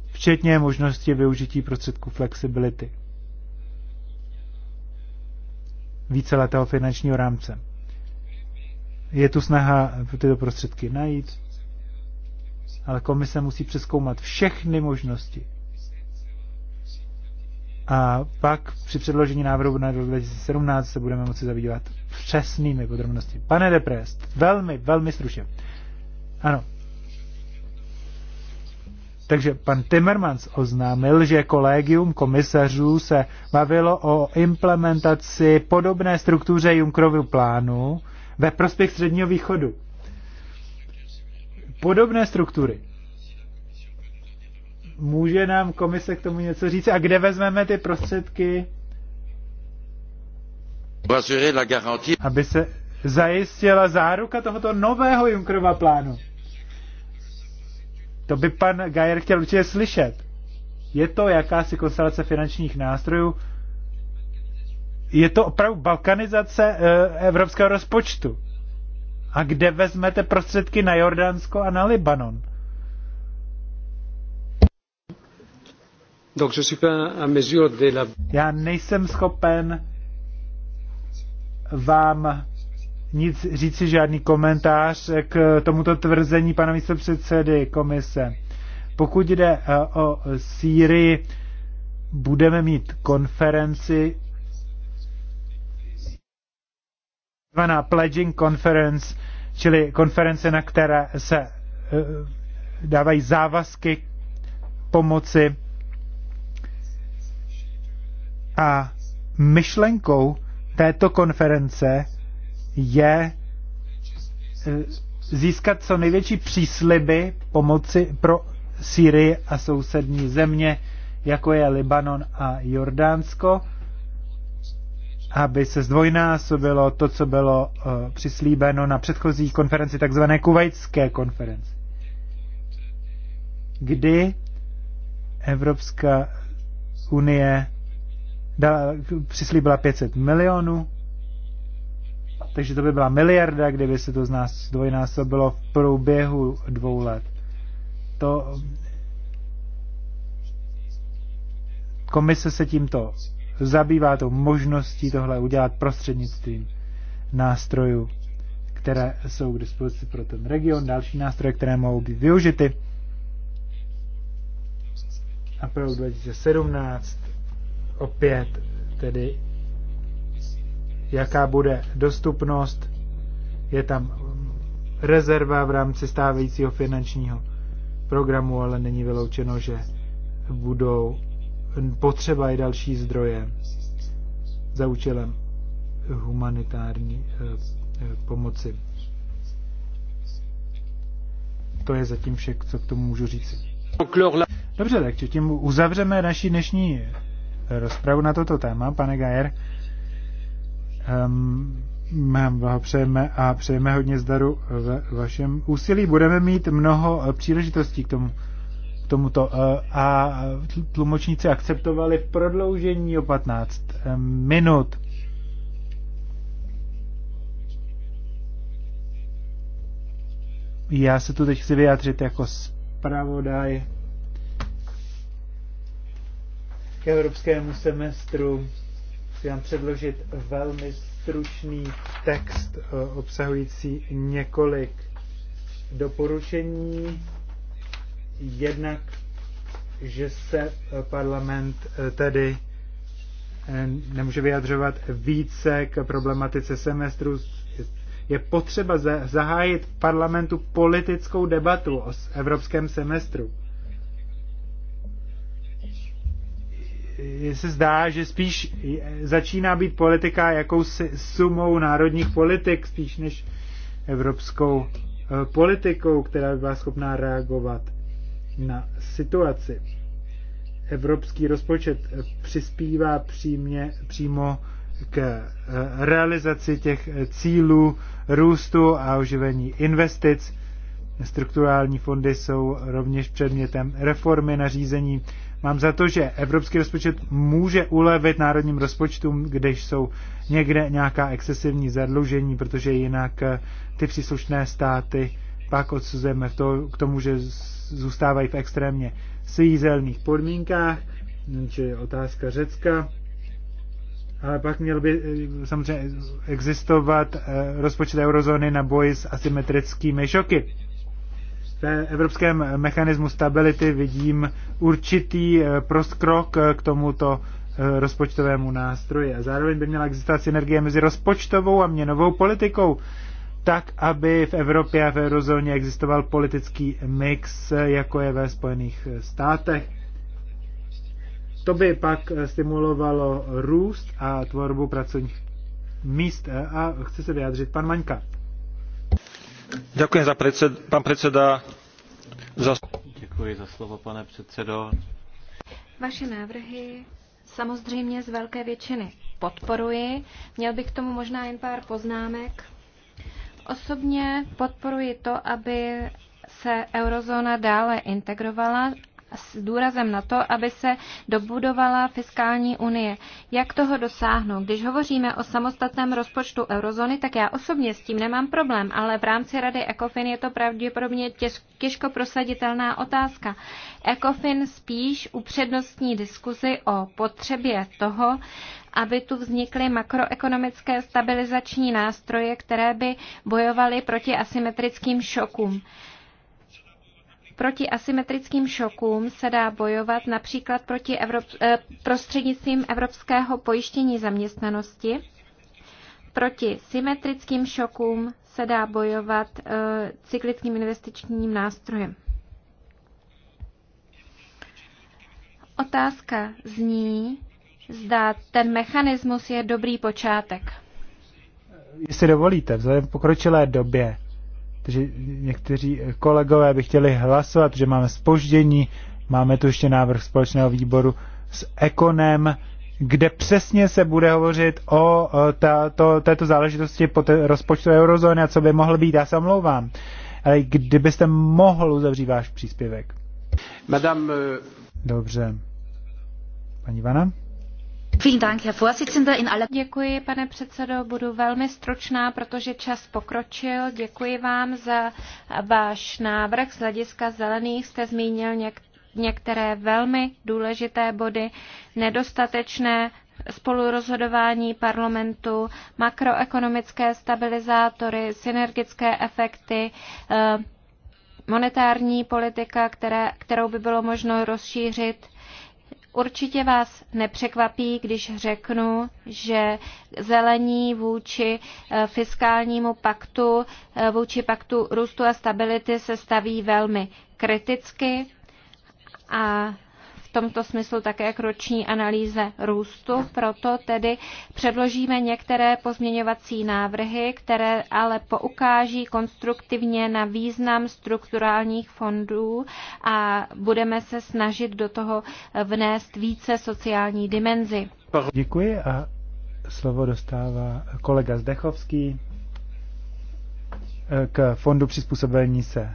včetně možnosti využití prostředků flexibility víceletého finančního rámce. Je tu snaha tyto prostředky najít, ale komise musí přeskoumat všechny možnosti. A pak při předložení návrhu na 2017 se budeme moci zabývat přesnými podrobnostmi. Pane Deprest, velmi, velmi stručně. Ano. Takže pan Timmermans oznámil, že kolegium komisařů se bavilo o implementaci podobné struktuře Junckerovu plánu ve prospěch Středního východu. Podobné struktury. Může nám komise k tomu něco říct? A kde vezmeme ty prostředky? Aby se zajistila záruka tohoto nového Junckerova plánu. To by pan Gajer chtěl určitě slyšet. Je to jakási konstelace finančních nástrojů, je to opravdu balkanizace eh, evropského rozpočtu. A kde vezmete prostředky na Jordánsko a na Libanon? Já nejsem schopen vám nic říci, žádný komentář k tomuto tvrzení pana místopředsedy komise. Pokud jde eh, o Sýrii, budeme mít konferenci zvaná Pledging Conference, čili konference, na které se eh, dávají závazky pomoci a myšlenkou této konference je eh, získat co největší přísliby pomoci pro Syrii a sousední země, jako je Libanon a Jordánsko, aby se zdvojnásobilo to, co bylo eh, přislíbeno na předchozí konferenci, takzvané kuvajtské konferenci, kdy Evropská unie dala, přislíbila 500 milionů takže to by byla miliarda, kdyby se to z nás dvojnásobilo v průběhu dvou let. To komise se tímto zabývá tou možností tohle udělat prostřednictvím nástrojů, které jsou k dispozici pro ten region, další nástroje, které mohou být využity. A pro 2017 opět tedy jaká bude dostupnost, je tam rezerva v rámci stávajícího finančního programu, ale není vyloučeno, že budou potřeba i další zdroje za účelem humanitární eh, eh, pomoci. To je zatím vše, co k tomu můžu říct. Dobře, tak tím uzavřeme naši dnešní rozpravu na toto téma, pane Gajer. Ehm, vám přejeme a přejeme hodně zdaru ve vašem úsilí. Budeme mít mnoho eh, příležitostí k tomu k tomuto eh, a tlumočníci akceptovali prodloužení o 15 eh, minut. Já se tu teď chci vyjádřit jako zpravodaj k evropskému semestru. Chci vám předložit velmi stručný text eh, obsahující několik doporučení. Jednak, že se eh, parlament eh, tedy nemůže vyjadřovat více k problematice semestru. Je potřeba zahájit parlamentu politickou debatu o evropském semestru se zdá, že spíš začíná být politika jakousi sumou národních politik, spíš než evropskou eh, politikou, která by byla schopná reagovat na situaci. Evropský rozpočet eh, přispívá přímě, přímo k eh, realizaci těch cílů růstu a oživení investic. Strukturální fondy jsou rovněž předmětem reformy nařízení Mám za to, že evropský rozpočet může ulevit národním rozpočtům, když jsou někde nějaká excesivní zadlužení, protože jinak eh, ty příslušné státy pak odsuzujeme to, k tomu, že zůstávají v extrémně svízelných podmínkách, či otázka Řecka. Ale pak měl by eh, samozřejmě existovat eh, rozpočet eurozóny na boji s asymetrickými šoky v evropském mechanismu stability vidím určitý eh, proskrok eh, k tomuto eh, rozpočtovému nástroji. A zároveň by měla existovat synergie mezi rozpočtovou a měnovou politikou, tak aby v Evropě a v eurozóně existoval politický mix, jako je ve Spojených státech. To by pak stimulovalo růst a tvorbu pracovních míst. A chce se vyjádřit pan Maňka. Děkuji za predsed, pan předseda. Za... Děkuji za slovo, pane předsedo. Vaše návrhy samozřejmě z velké většiny podporuji. Měl bych k tomu možná jen pár poznámek. Osobně podporuji to, aby se eurozóna dále integrovala s důrazem na to, aby se dobudovala fiskální unie. Jak toho dosáhnout? Když hovoříme o samostatném rozpočtu eurozóny, tak já osobně s tím nemám problém, ale v rámci Rady ECOFIN je to pravděpodobně těžko prosaditelná otázka. ECOFIN spíš upřednostní diskuzi o potřebě toho, aby tu vznikly makroekonomické stabilizační nástroje, které by bojovaly proti asymetrickým šokům. Proti asymetrickým šokům se dá bojovat například proti Evrop- eh, prostřednictvím Evropského pojištění zaměstnanosti. Proti symetrickým šokům se dá bojovat e, cyklickým investičním nástrojem. Otázka zní, zda ten mechanismus je dobrý počátek. Jestli dovolíte, vzhledem k pokročilé době, takže někteří kolegové by chtěli hlasovat, že máme spoždění, máme tu ještě návrh společného výboru s Ekonem, kde přesně se bude hovořit o to, této záležitosti po té rozpočtu eurozóny a co by mohl být, já se omlouvám. Ale kdybyste mohl uzavřít váš příspěvek. Madame... Eh, Dobře. Paní Vana? Děkuji, pane předsedo, budu velmi stručná, protože čas pokročil. Děkuji vám za váš návrh. Z hlediska zelených jste zmínil něk- některé velmi důležité body, nedostatečné spolurozhodování parlamentu, makroekonomické stabilizátory, synergické efekty, eh, monetární politika, které, kterou by bylo možno rozšířit Určitě vás nepřekvapí, když řeknu, že zelení vůči eh, fiskálnímu paktu, eh, vůči paktu růstu a stability se staví velmi kriticky a tomto smyslu také k roční analýze růstu. Proto tedy předložíme některé pozměňovací návrhy, které ale poukáží konstruktivně na význam strukturálních fondů a budeme se snažit do toho vnést více sociální dimenzi. Děkuji a slovo dostává kolega Zdechovský eh, k fondu přizpůsobení se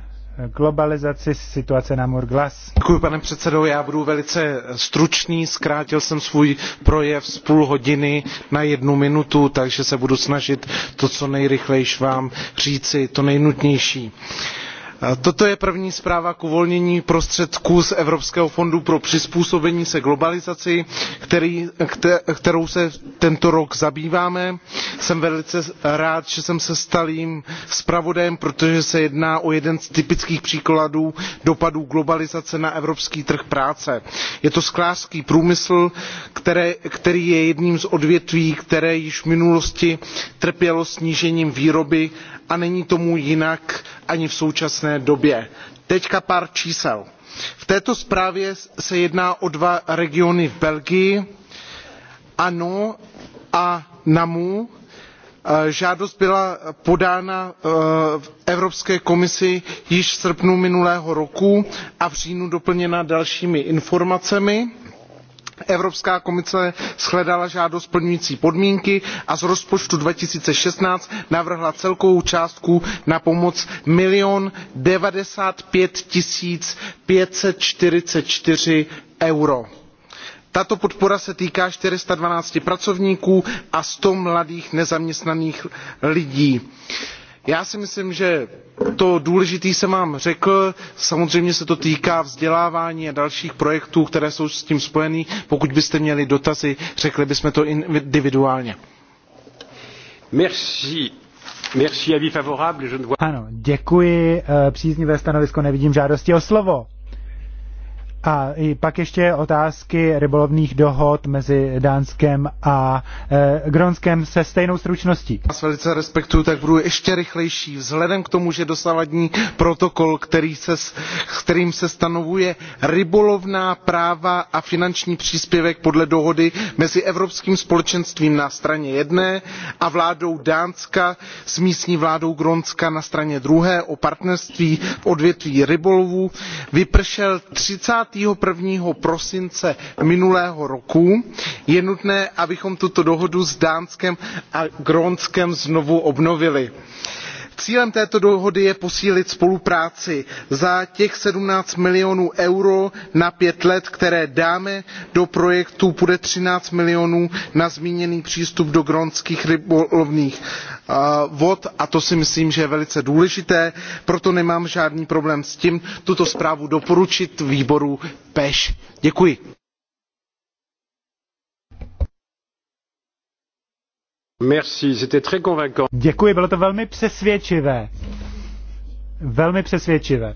globalizaci situace na Murglas. Děkuji, pane předsedo, já budu velice stručný, zkrátil jsem svůj projev z půl hodiny na jednu minutu, takže se budu snažit to, co nejrychleji vám říci, to nejnutnější. Uh, toto je první zpráva k uvolnění prostředků z evropského fondu pro přizpůsobení se globalizaci kterou se tento rok zabýváme. jsem velice rád že jsem se stal jejím zpravodajem protože se jedná o jeden z typických příkladů dopadů globalizace na evropský trh práce. je to sklářský průmysl který je jedním z odvětví které již v minulosti trpělo snížením výroby a není tomu jinak ani v současné době. teď pár čísel. v této zprávě se jedná o dva regiony v belgii ano a namur. Eh, žádost byla podána eh, evropské komisi již v srpnu minulého roku a v říjnu doplněna dalšími informacemi evropská komise shledala žádost splňující podmínky a z rozpočtu two thousand and sixteen navrhla celkovou částku na pomoc one ninety five five hundred and forty four eur. tato podpora se týká four hundred and twelve pracovníků a one hundred mladých nezaměstnaných lidí já si myslím že to důležité jsem vám řekl samozřejmě se to týká vzdělávání a dalších projektů které jsou s tím spojeny pokud byste měli dotazy řekli bychom to individuálně. Ano, děkuji, eh, příznivé stanovisko, nevidím žádosti o slovo. A pak ještě otázky rybolovných dohod mezi Dánskem a e, eh, Gronskem se stejnou stručností. Vás velice respektuju, tak budu ještě rychlejší. Vzhledem k tomu, že dosavadní protokol, který se, kterým se stanovuje rybolovná práva a finanční příspěvek podle dohody mezi Evropským společenstvím na straně jedné a vládou Dánska s místní vládou Gronska na straně druhé o partnerství v odvětví rybolovu, vypršel 30 one prosince minulého roku je nutné abychom tuto dohodu s dánskem a grónskem znovu obnovili cílem této dohody je posílit spolupráci za těch seventeen milionů eur na pět let které dáme do projektu půjde thirteen milionů na zmíněný přístup do grónských rybolovných vod a to si myslím že je velice důležité proto nemám žádný problém s tím tuto zprávu doporučit výboru pech. děkuji. Merci, c'était très convaincant. Děkuji, bylo to velmi přesvědčivé. Velmi přesvědčivé.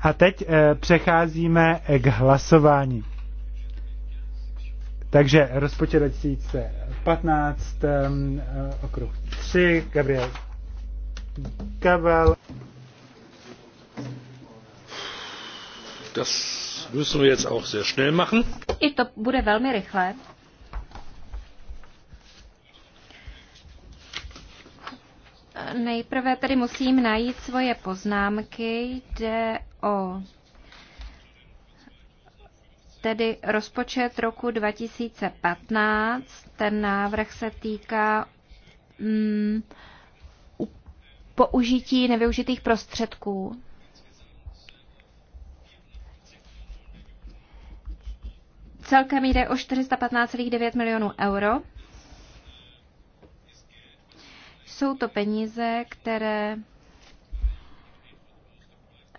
A teď e, přecházíme k hlasování. Takže rozpočet 2015, e, ehm, eh, okruh 3, Gabriel Kabel. Das müssen wir jetzt auch sehr schnell machen. I to bude velmi rychle. Nejprve tedy musím najít svoje poznámky. Jde o tedy rozpočet roku 2015. Ten návrh se týká mm, použití nevyužitých prostředků. Celkem jde o 415,9 milionů euro. Jsou to peníze, které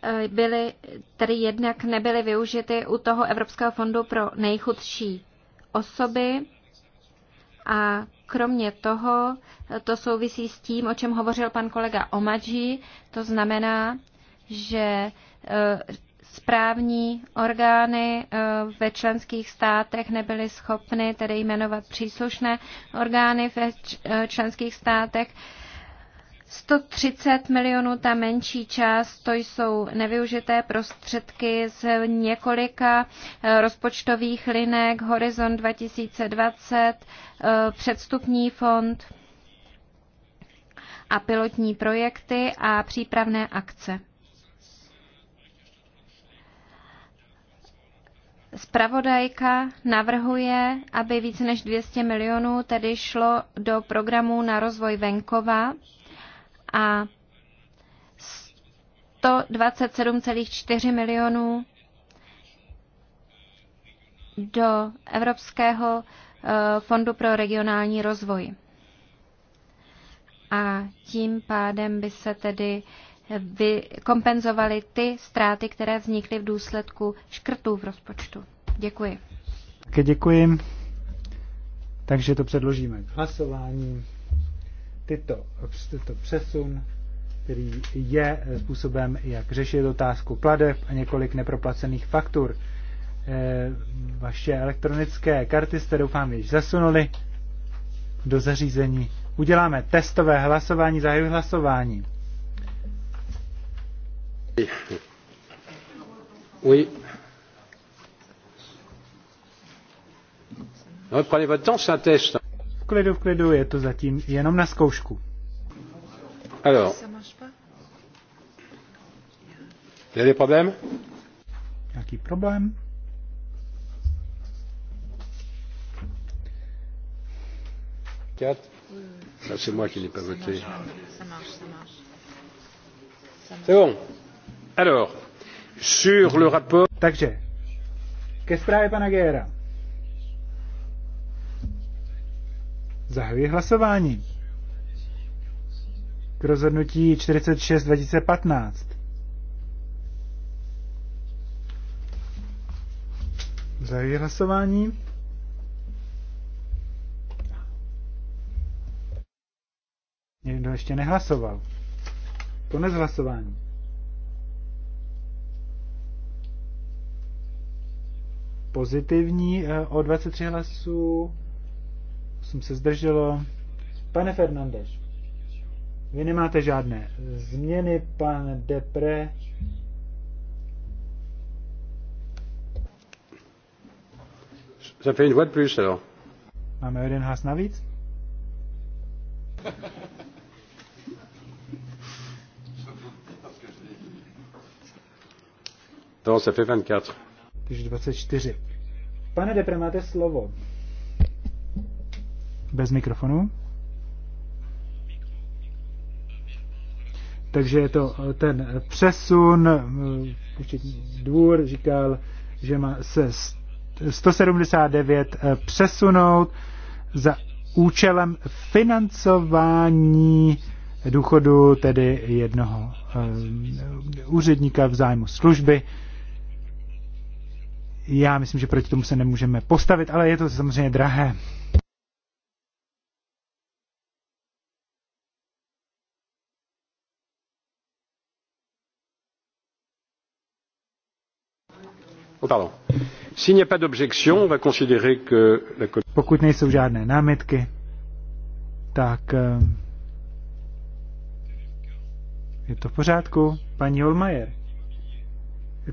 eh, byly, tedy jednak nebyly využity u toho Evropského fondu pro nejchudší osoby a kromě toho eh, to souvisí s tím, o čem hovořil pan kolega Omadži, to znamená, že eh, správní orgány eh, ve členských státech nebyly schopny tedy jmenovat příslušné orgány ve eh, členských státech. 130 milionů, ta menší část, to jsou nevyužité prostředky z několika eh, rozpočtových linek, Horizon 2020, předstupní fond a pilotní projekty a přípravné akce. Spravodajka navrhuje, aby více než 200 milionů tedy šlo do programů na rozvoj venkova a 127,4 milionů do Evropského eh, fondu pro regionální rozvoj. A tím pádem by se tedy vykompenzovaly ty ztráty, které vznikly v důsledku škrtů v rozpočtu. Děkuji. Také děkuji. Takže to předložíme k hlasování. Tyto, tyto přesun, který je způsobem, jak řešit otázku pladeb a několik neproplacených faktur. Eh, vaše elektronické karty jste doufám již zasunuli do zařízení. Uděláme testové hlasování, zahajuji hlasování. Oui. No, prenez votre temps, c'est un test. V klidu, v klidu, je to zatím jenom na zkoušku. Alors. Il y a des problèmes Jaký problém? Quatre. Ah, c'est moi qui n'ai pas voté. C'est bon. Takže, ke zprávě pana Gera. Zahajuji hlasování k rozhodnutí 46 2015. Zahajuji hlasování. Někdo ještě nehlasoval. Konec hlasování. pozitivní eh, o 23 hlasů, Jsem se zdrželo. Pane Fernandeš, vy nemáte žádné změny, pan Depre. plus Máme jeden hlas navíc? Non, ça fait 24 takže 24. Pane Depre, máte slovo. Bez mikrofonu. Takže je to eh, ten přesun. Eh, dvůr říkal, že má se 179 eh, přesunout za účelem financování důchodu tedy jednoho úředníka v zájmu služby já myslím, že proti tomu se nemůžeme postavit, ale je to samozřejmě drahé. Pokud nejsou žádné námitky, tak eh, je to v pořádku. Paní Olmajer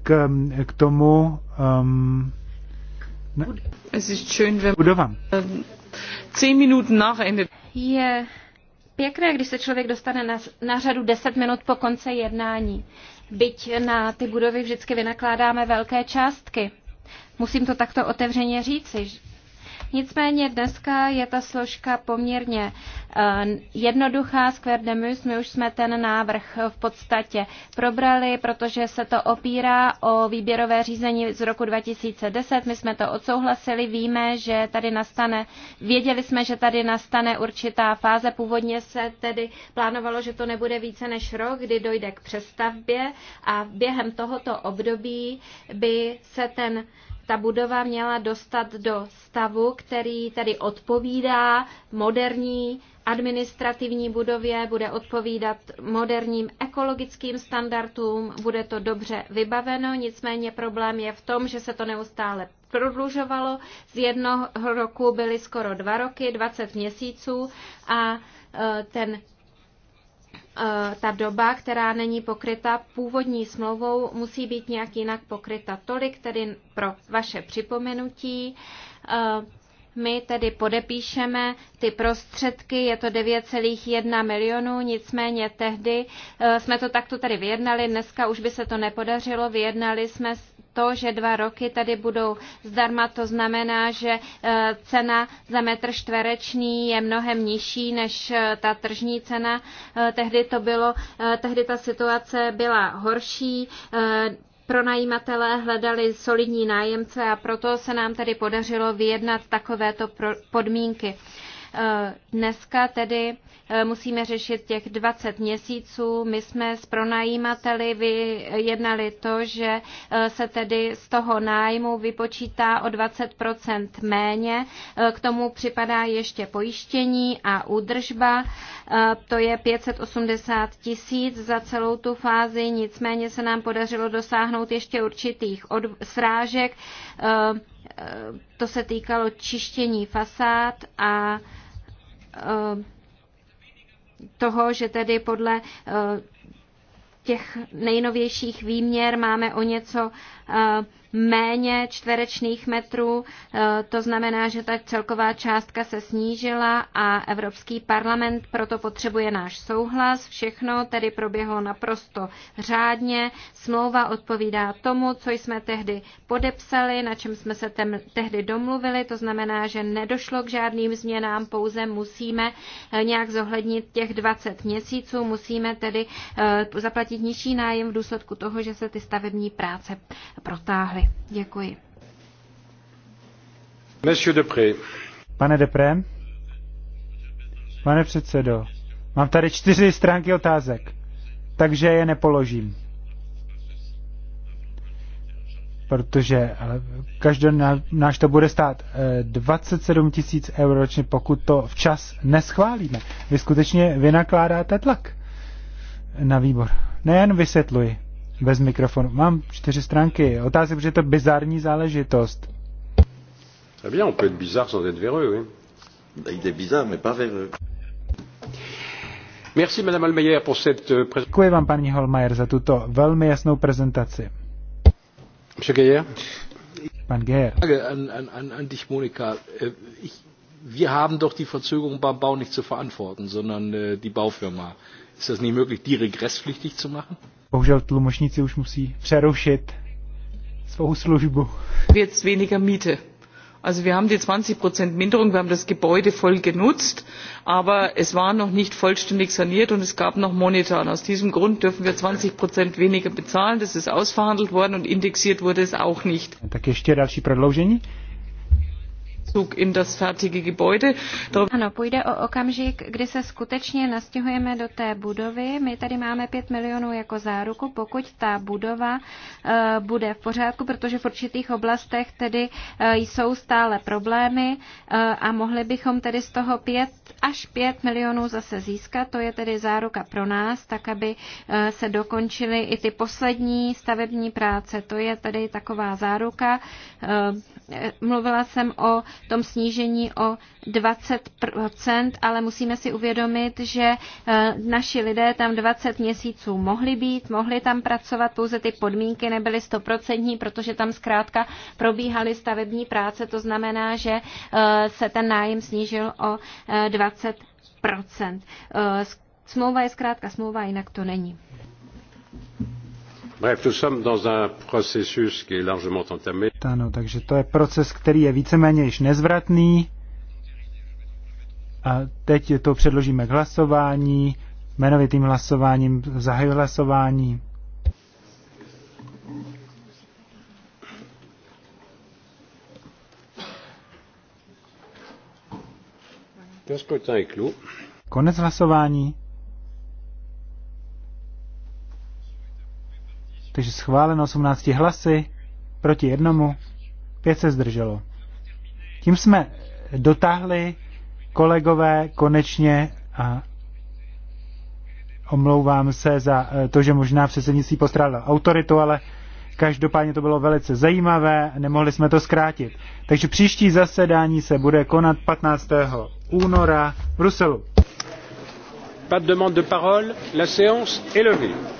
k, k tomu um, ne, es ist schön, wenn budovám. Je pěkné, když se člověk dostane na, na řadu 10 minut po konce jednání. Byť na ty budovy vždycky vynakládáme velké částky. Musím to takto otevřeně říci. Nicméně dneska je ta složka poměrně eh, jednoduchá. Square Demus, my už jsme ten návrh v podstatě probrali, protože se to opírá o výběrové řízení z roku 2010. My jsme to odsouhlasili, víme, že tady nastane, věděli jsme, že tady nastane určitá fáze. Původně se tedy plánovalo, že to nebude více než rok, kdy dojde k přestavbě a během tohoto období by se ten ta budova měla dostat do stavu, který tady odpovídá moderní administrativní budově, bude odpovídat moderním ekologickým standardům, bude to dobře vybaveno, nicméně problém je v tom, že se to neustále prodlužovalo. Z jednoho roku byly skoro dva roky, 20 měsíců a e, ten Eh, ta doba, která není pokryta původní smlouvou, musí být nějak jinak pokryta. Tolik tedy pro vaše připomenutí. Eh, my tedy podepíšeme ty prostředky, je to 9,1 milionů, nicméně tehdy eh, jsme to takto tady vyjednali, dneska už by se to nepodařilo, vyjednali jsme to, že dva roky tady budou zdarma, to znamená, že eh, cena za metr čtvereční je mnohem nižší než eh, ta tržní cena. Eh, tehdy, to bylo, tehdy ta situace byla horší, pronajímatelé hledali solidní nájemce a proto se nám tady podařilo vyjednat takovéto podmínky. Eh, dneska tedy eh, musíme řešit těch 20 měsíců. My jsme s pronajímateli vyjednali to, že eh, se tedy z toho nájmu vypočítá o 20 méně. K tomu připadá ještě pojištění a údržba. To je 580 tisíc za celou tu fázi. Nicméně se nám podařilo dosáhnout ještě určitých srážek. To se týkalo čištění fasád a Eh, toho, že tedy podle eh, těch nejnovějších výměr máme o něco eh, méně čtverečných metrů. E, to znamená, že ta celková částka se snížila a Evropský parlament proto potřebuje náš souhlas. Všechno tedy proběhlo naprosto řádně. Smlouva odpovídá tomu, co jsme tehdy podepsali, na čem jsme se tehdy domluvili. To znamená, že nedošlo k žádným změnám, pouze musíme e, nějak zohlednit těch 20 měsíců. Musíme tedy e, zaplatit nižší nájem v důsledku toho, že se ty stavební práce protáhly zprávy. Děkuji. Pane Depré, pane předsedo, mám tady čtyři stránky otázek, takže je nepoložím. Protože každý náš to bude stát 27 eh, tisíc eur ročně, pokud to včas neschválíme. Vy skutečně vynakládáte tlak na výbor. Nejen vysvětluji bez mikrofonu. Mám čtyři stránky. Otázka, protože je to bizarní záležitost. Très eh bien, on peut être bizarre sans être véreux, oui. Il est bizarre, mais pas véreux. Merci, madame Almeyer, pour cette euh, présentation. Děkuji vám, paní Holmajer, za tuto velmi jasnou prezentaci. Monsieur Geyer. Pan Geyer. An, an, an, an dich, Monika. Äh, ich, wir haben doch die Verzögerung beim Bau nicht zu verantworten, sondern äh, die Baufirma. Ist das nicht möglich, die regresspflichtig zu machen? Bohužel tlumočníci už musí přerušit svou službu. Věc weniger Miete. Also wir haben die 20% Minderung, wir haben das Gebäude voll genutzt, aber es war noch nicht vollständig saniert und es gab noch Monitor. Aus diesem Grund dürfen wir 20% weniger bezahlen. Das ist ausverhandelt worden und indexiert wurde es auch nicht. Tak ještě další prodloužení. Ano, půjde o okamžik, kdy se skutečně nastěhujeme do té budovy. My tady máme 5 milionů jako záruku, pokud ta budova eh, bude v pořádku, protože v určitých oblastech tedy eh, jsou stále problémy eh, a mohli bychom tedy z toho 5 až 5 milionů zase získat. To je tedy záruka pro nás, tak aby se dokončily i ty poslední stavební práce. To je tedy taková záruka Eh, mluvila jsem o tom snížení o 20%, ale musíme si uvědomit, že eh, naši lidé tam 20 měsíců mohli být, mohli tam pracovat, pouze ty podmínky nebyly stoprocentní, protože tam zkrátka probíhaly stavební práce, to znamená, že eh, se ten nájem snížil o 20%. Smlouva je zkrátka smlouva, jinak to není. Ano, takže to je proces, který je víceméně již nezvratný. A teď to předložíme k hlasování, jmenovitým hlasováním, zahajuji hlasování. Konec hlasování. Takže schváleno 18 hlasy proti jednomu, pět se zdrželo. Tím jsme dotáhli kolegové konečně a omlouvám se za eh, to, že možná předsednictví postrádalo autoritu, ale každopádně to bylo velice zajímavé, nemohli jsme to zkrátit. Takže příští zasedání se bude konat 15. února v Bruselu. Pas de demande de parole, la séance est levée.